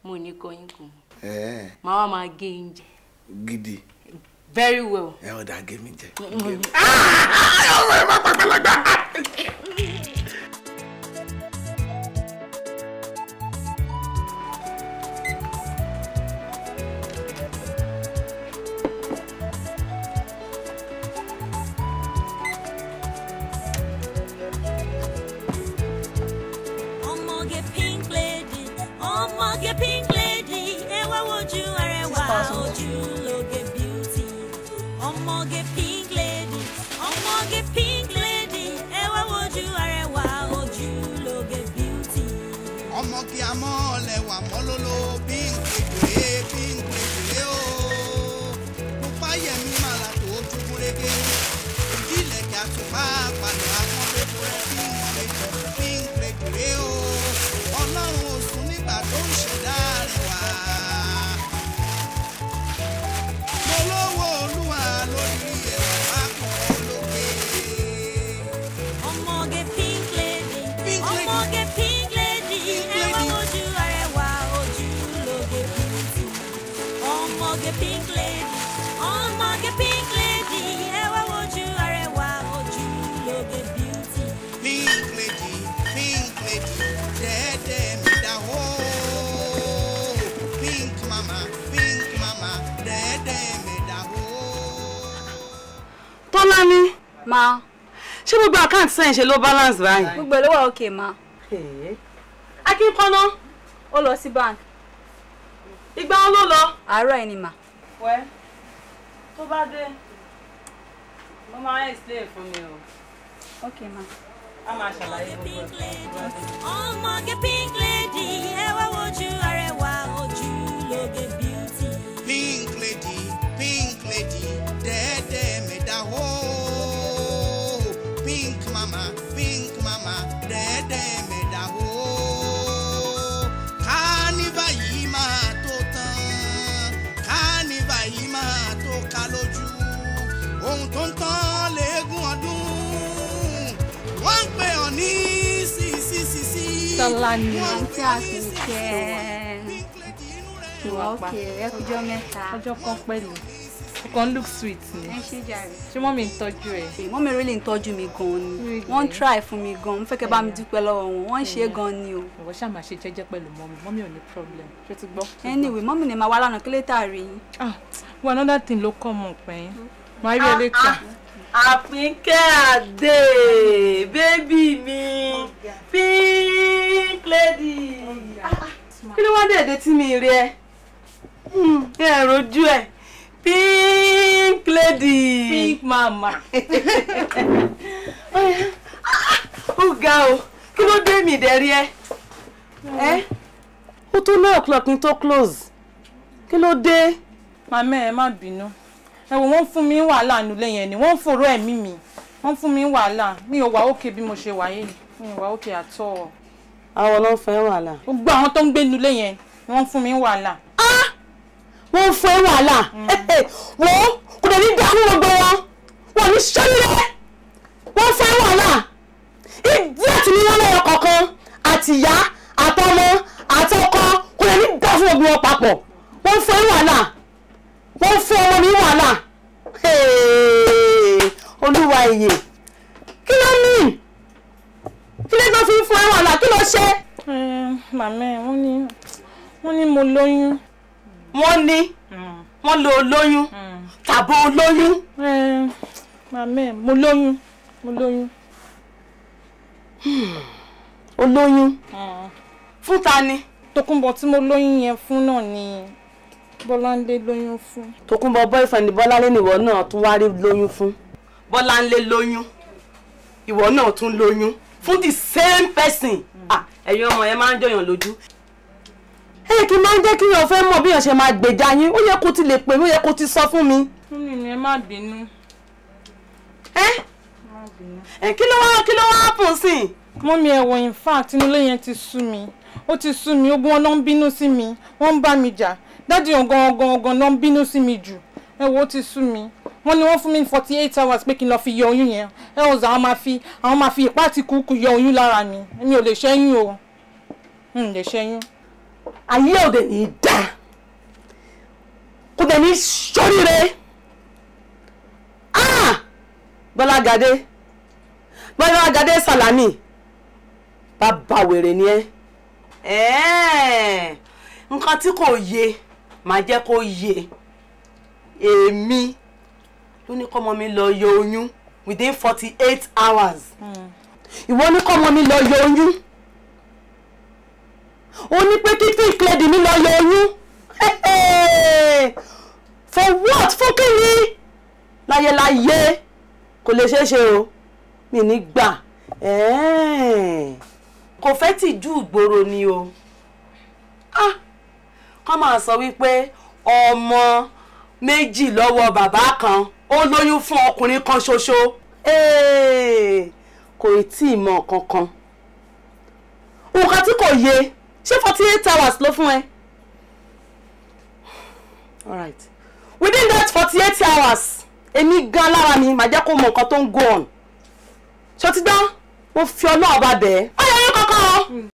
mo ní kọyín kù. màá wá máa gé yín jẹ. gidi. very well. ẹ ọ̀dà gé mi jẹ. ọ̀rọ̀ ẹ̀ má pàgbàlagbà. percent ṣe ló balance báyìí. gbogbo ẹ̀ ló wà òkè ma. akínkọ́nà. ó lọ sí bank. ìgbà wo ló lọ. àárọ̀ ẹni mà. wẹ́ tó bá dé mo máa ń explain fún mi o. ok ma. a máa ṣàlàyé gbogbo ẹ̀. ọmọge pink lady ẹ wá wojú wa. Tọ́lá ni àǹtí àtúnṣe ṣùwà pa ọjọ́ mẹ́ta ọjọ́ kan pẹ̀lú look sweet ni ṣé mọ́ mi ń tọ́jú ẹ̀. really ń tọ́jú me gan One try for me gan-an mo fẹ́ kẹ́ bá mi dúpẹ́ lọ́wọ́ wọn wọ́n ń ṣe gan-an ni o. ọ̀wọ́ ṣáà máa ṣe jẹ́jẹ́ problem anyway mommy ni màá wá lánàá kí lè ah well another thing Look, come up, man. My rí àfínkẹ́ àdè bébì mi pink lady ah, ah, kí ló wá dẹ̀dẹ̀ tí mi rí ẹ hmm, ẹ rojú ẹ pink lady pink mama ah, ó ga o kí ló dé mi dẹ̀ rí ẹ hmm. ẹ ó tó nine o'clock ní tó close kí ló dé. màmá ẹ má bínú ẹ wò wọ́n fún mi wàhálà nulẹ̀ yẹn ni wọ́n fòrò ẹ̀mí mi wọ́n fún mi wàhálà mi ò wà òkè bí mo ṣe wà yìí mi ò wà òkè àtọ. àwọn ló ń fẹ́ wàhálà. gbogbo àwọn tó ń gbé nulẹ̀ yẹn ni wọ́n fún mi wàhálà. ah wọ́n fún ẹ wàhálà mm. wò ó kò dẹ̀ ní dààmú gbogbo wọn wọn ní sọ́lẹ̀ wọ́n fún ẹ wàhálà ìdí àti níwọ́n lọ́yọ̀ kọ̀ọ̀kan àtìyá àtọmọ àtọkọ kò dẹ̀ ní dààmú gbogbo wọn papọ̀ wọ́n fún ẹ wàhálà wọ́n fún ọmọ mi wàhálà olúwa ìyè kí ló ní kí ló tó fi ń fún ẹ wàhálà kí ló ṣe. màmá ẹ wọ́n ní wọ́n ní mo lóyún. wọ́n ní hmm. wọ́n lo olóyún hmm. tàbí olóyún. màmá ẹ mo lóyún mo lóyún. Hmm. olóyún fún ta ni. Tòkunbọ̀ tí mo lóyún yẹn fún náà ni Bọ́láńlé lóyún fún. Tòkunbọ̀ boyfriend Bọ́láńlé nìwọ náà tún wá rí lóyún fún. Bọ́láńlé lóyún ìwọ náà tún lóyún fún the same person. Hmm. Ah, ẹ̀yin ọmọ yẹn máa ń jọyàn lójú ẹ kí máa ń jẹ́ kí èèyàn fẹ́ mọ̀ bí èèyàn ṣe máa gbèjà yín ó yẹ kó ti lè pè mí ó yẹ kó ti sọ fún mi. mímì ni ẹ má bínú. ẹ ẹ kí ló wá kí ló wá pùn sí i. mọ́mí ẹ̀wọ̀ in fact inú ilé yẹn ti sú mi ó ti sú mi ogun ọlọ́ ń bínú sí mi wọ́n ń bá mi jà dáàdi òun gan gan gan náà ń bínú sí mi jù ẹ wo ó ti sú mi wọ́n ní wọ́n fún mi forty eight hours pé kí n lọ fi yọ oyún yẹn ẹ ò sàn àwọn máa fi àwọn máa fi ipá àti kúkú yọ oyún lára mi mi ò lè ṣẹ́yún o n lè ṣẹ́yún. ayé òde ní í dá kò dẹ̀ ní sóríire ah! bọ́lá gadé bọ́lá gadé salami bàbá wèrè ni ẹ nǹkan tí kò yé màá jẹ́ kó yé èmi ló ní kọ́mọ mi lọ yọ oyún within forty eight hours hmm. ìwọ ní kọ́mọ mi lọ yọ oyún ó ní pé kí pink lady mi lọ yọ oyún for what fún kíni láyéláyé kò lè ṣeé ṣe o mi ní gbà kò fẹ́ tìjú ìgboro ni o. Ah kọ́ máa sọ wípé ọmọ méjì lọ́wọ́ bàbá kan ó lóyún fún ọkùnrin kan ṣoṣo kò tí ì mọ kankan nǹkan tí kò yé ṣé forty eight hours ló fún ẹ alright within that forty eight hours èmi gan lára mi màá jẹ́ kó mọ nǹkan tó ń go on ṣọtí dán mo fi ọlọ́ọ̀ba bẹ́ẹ̀ ọ̀yọ́ yín kankan. Hmm.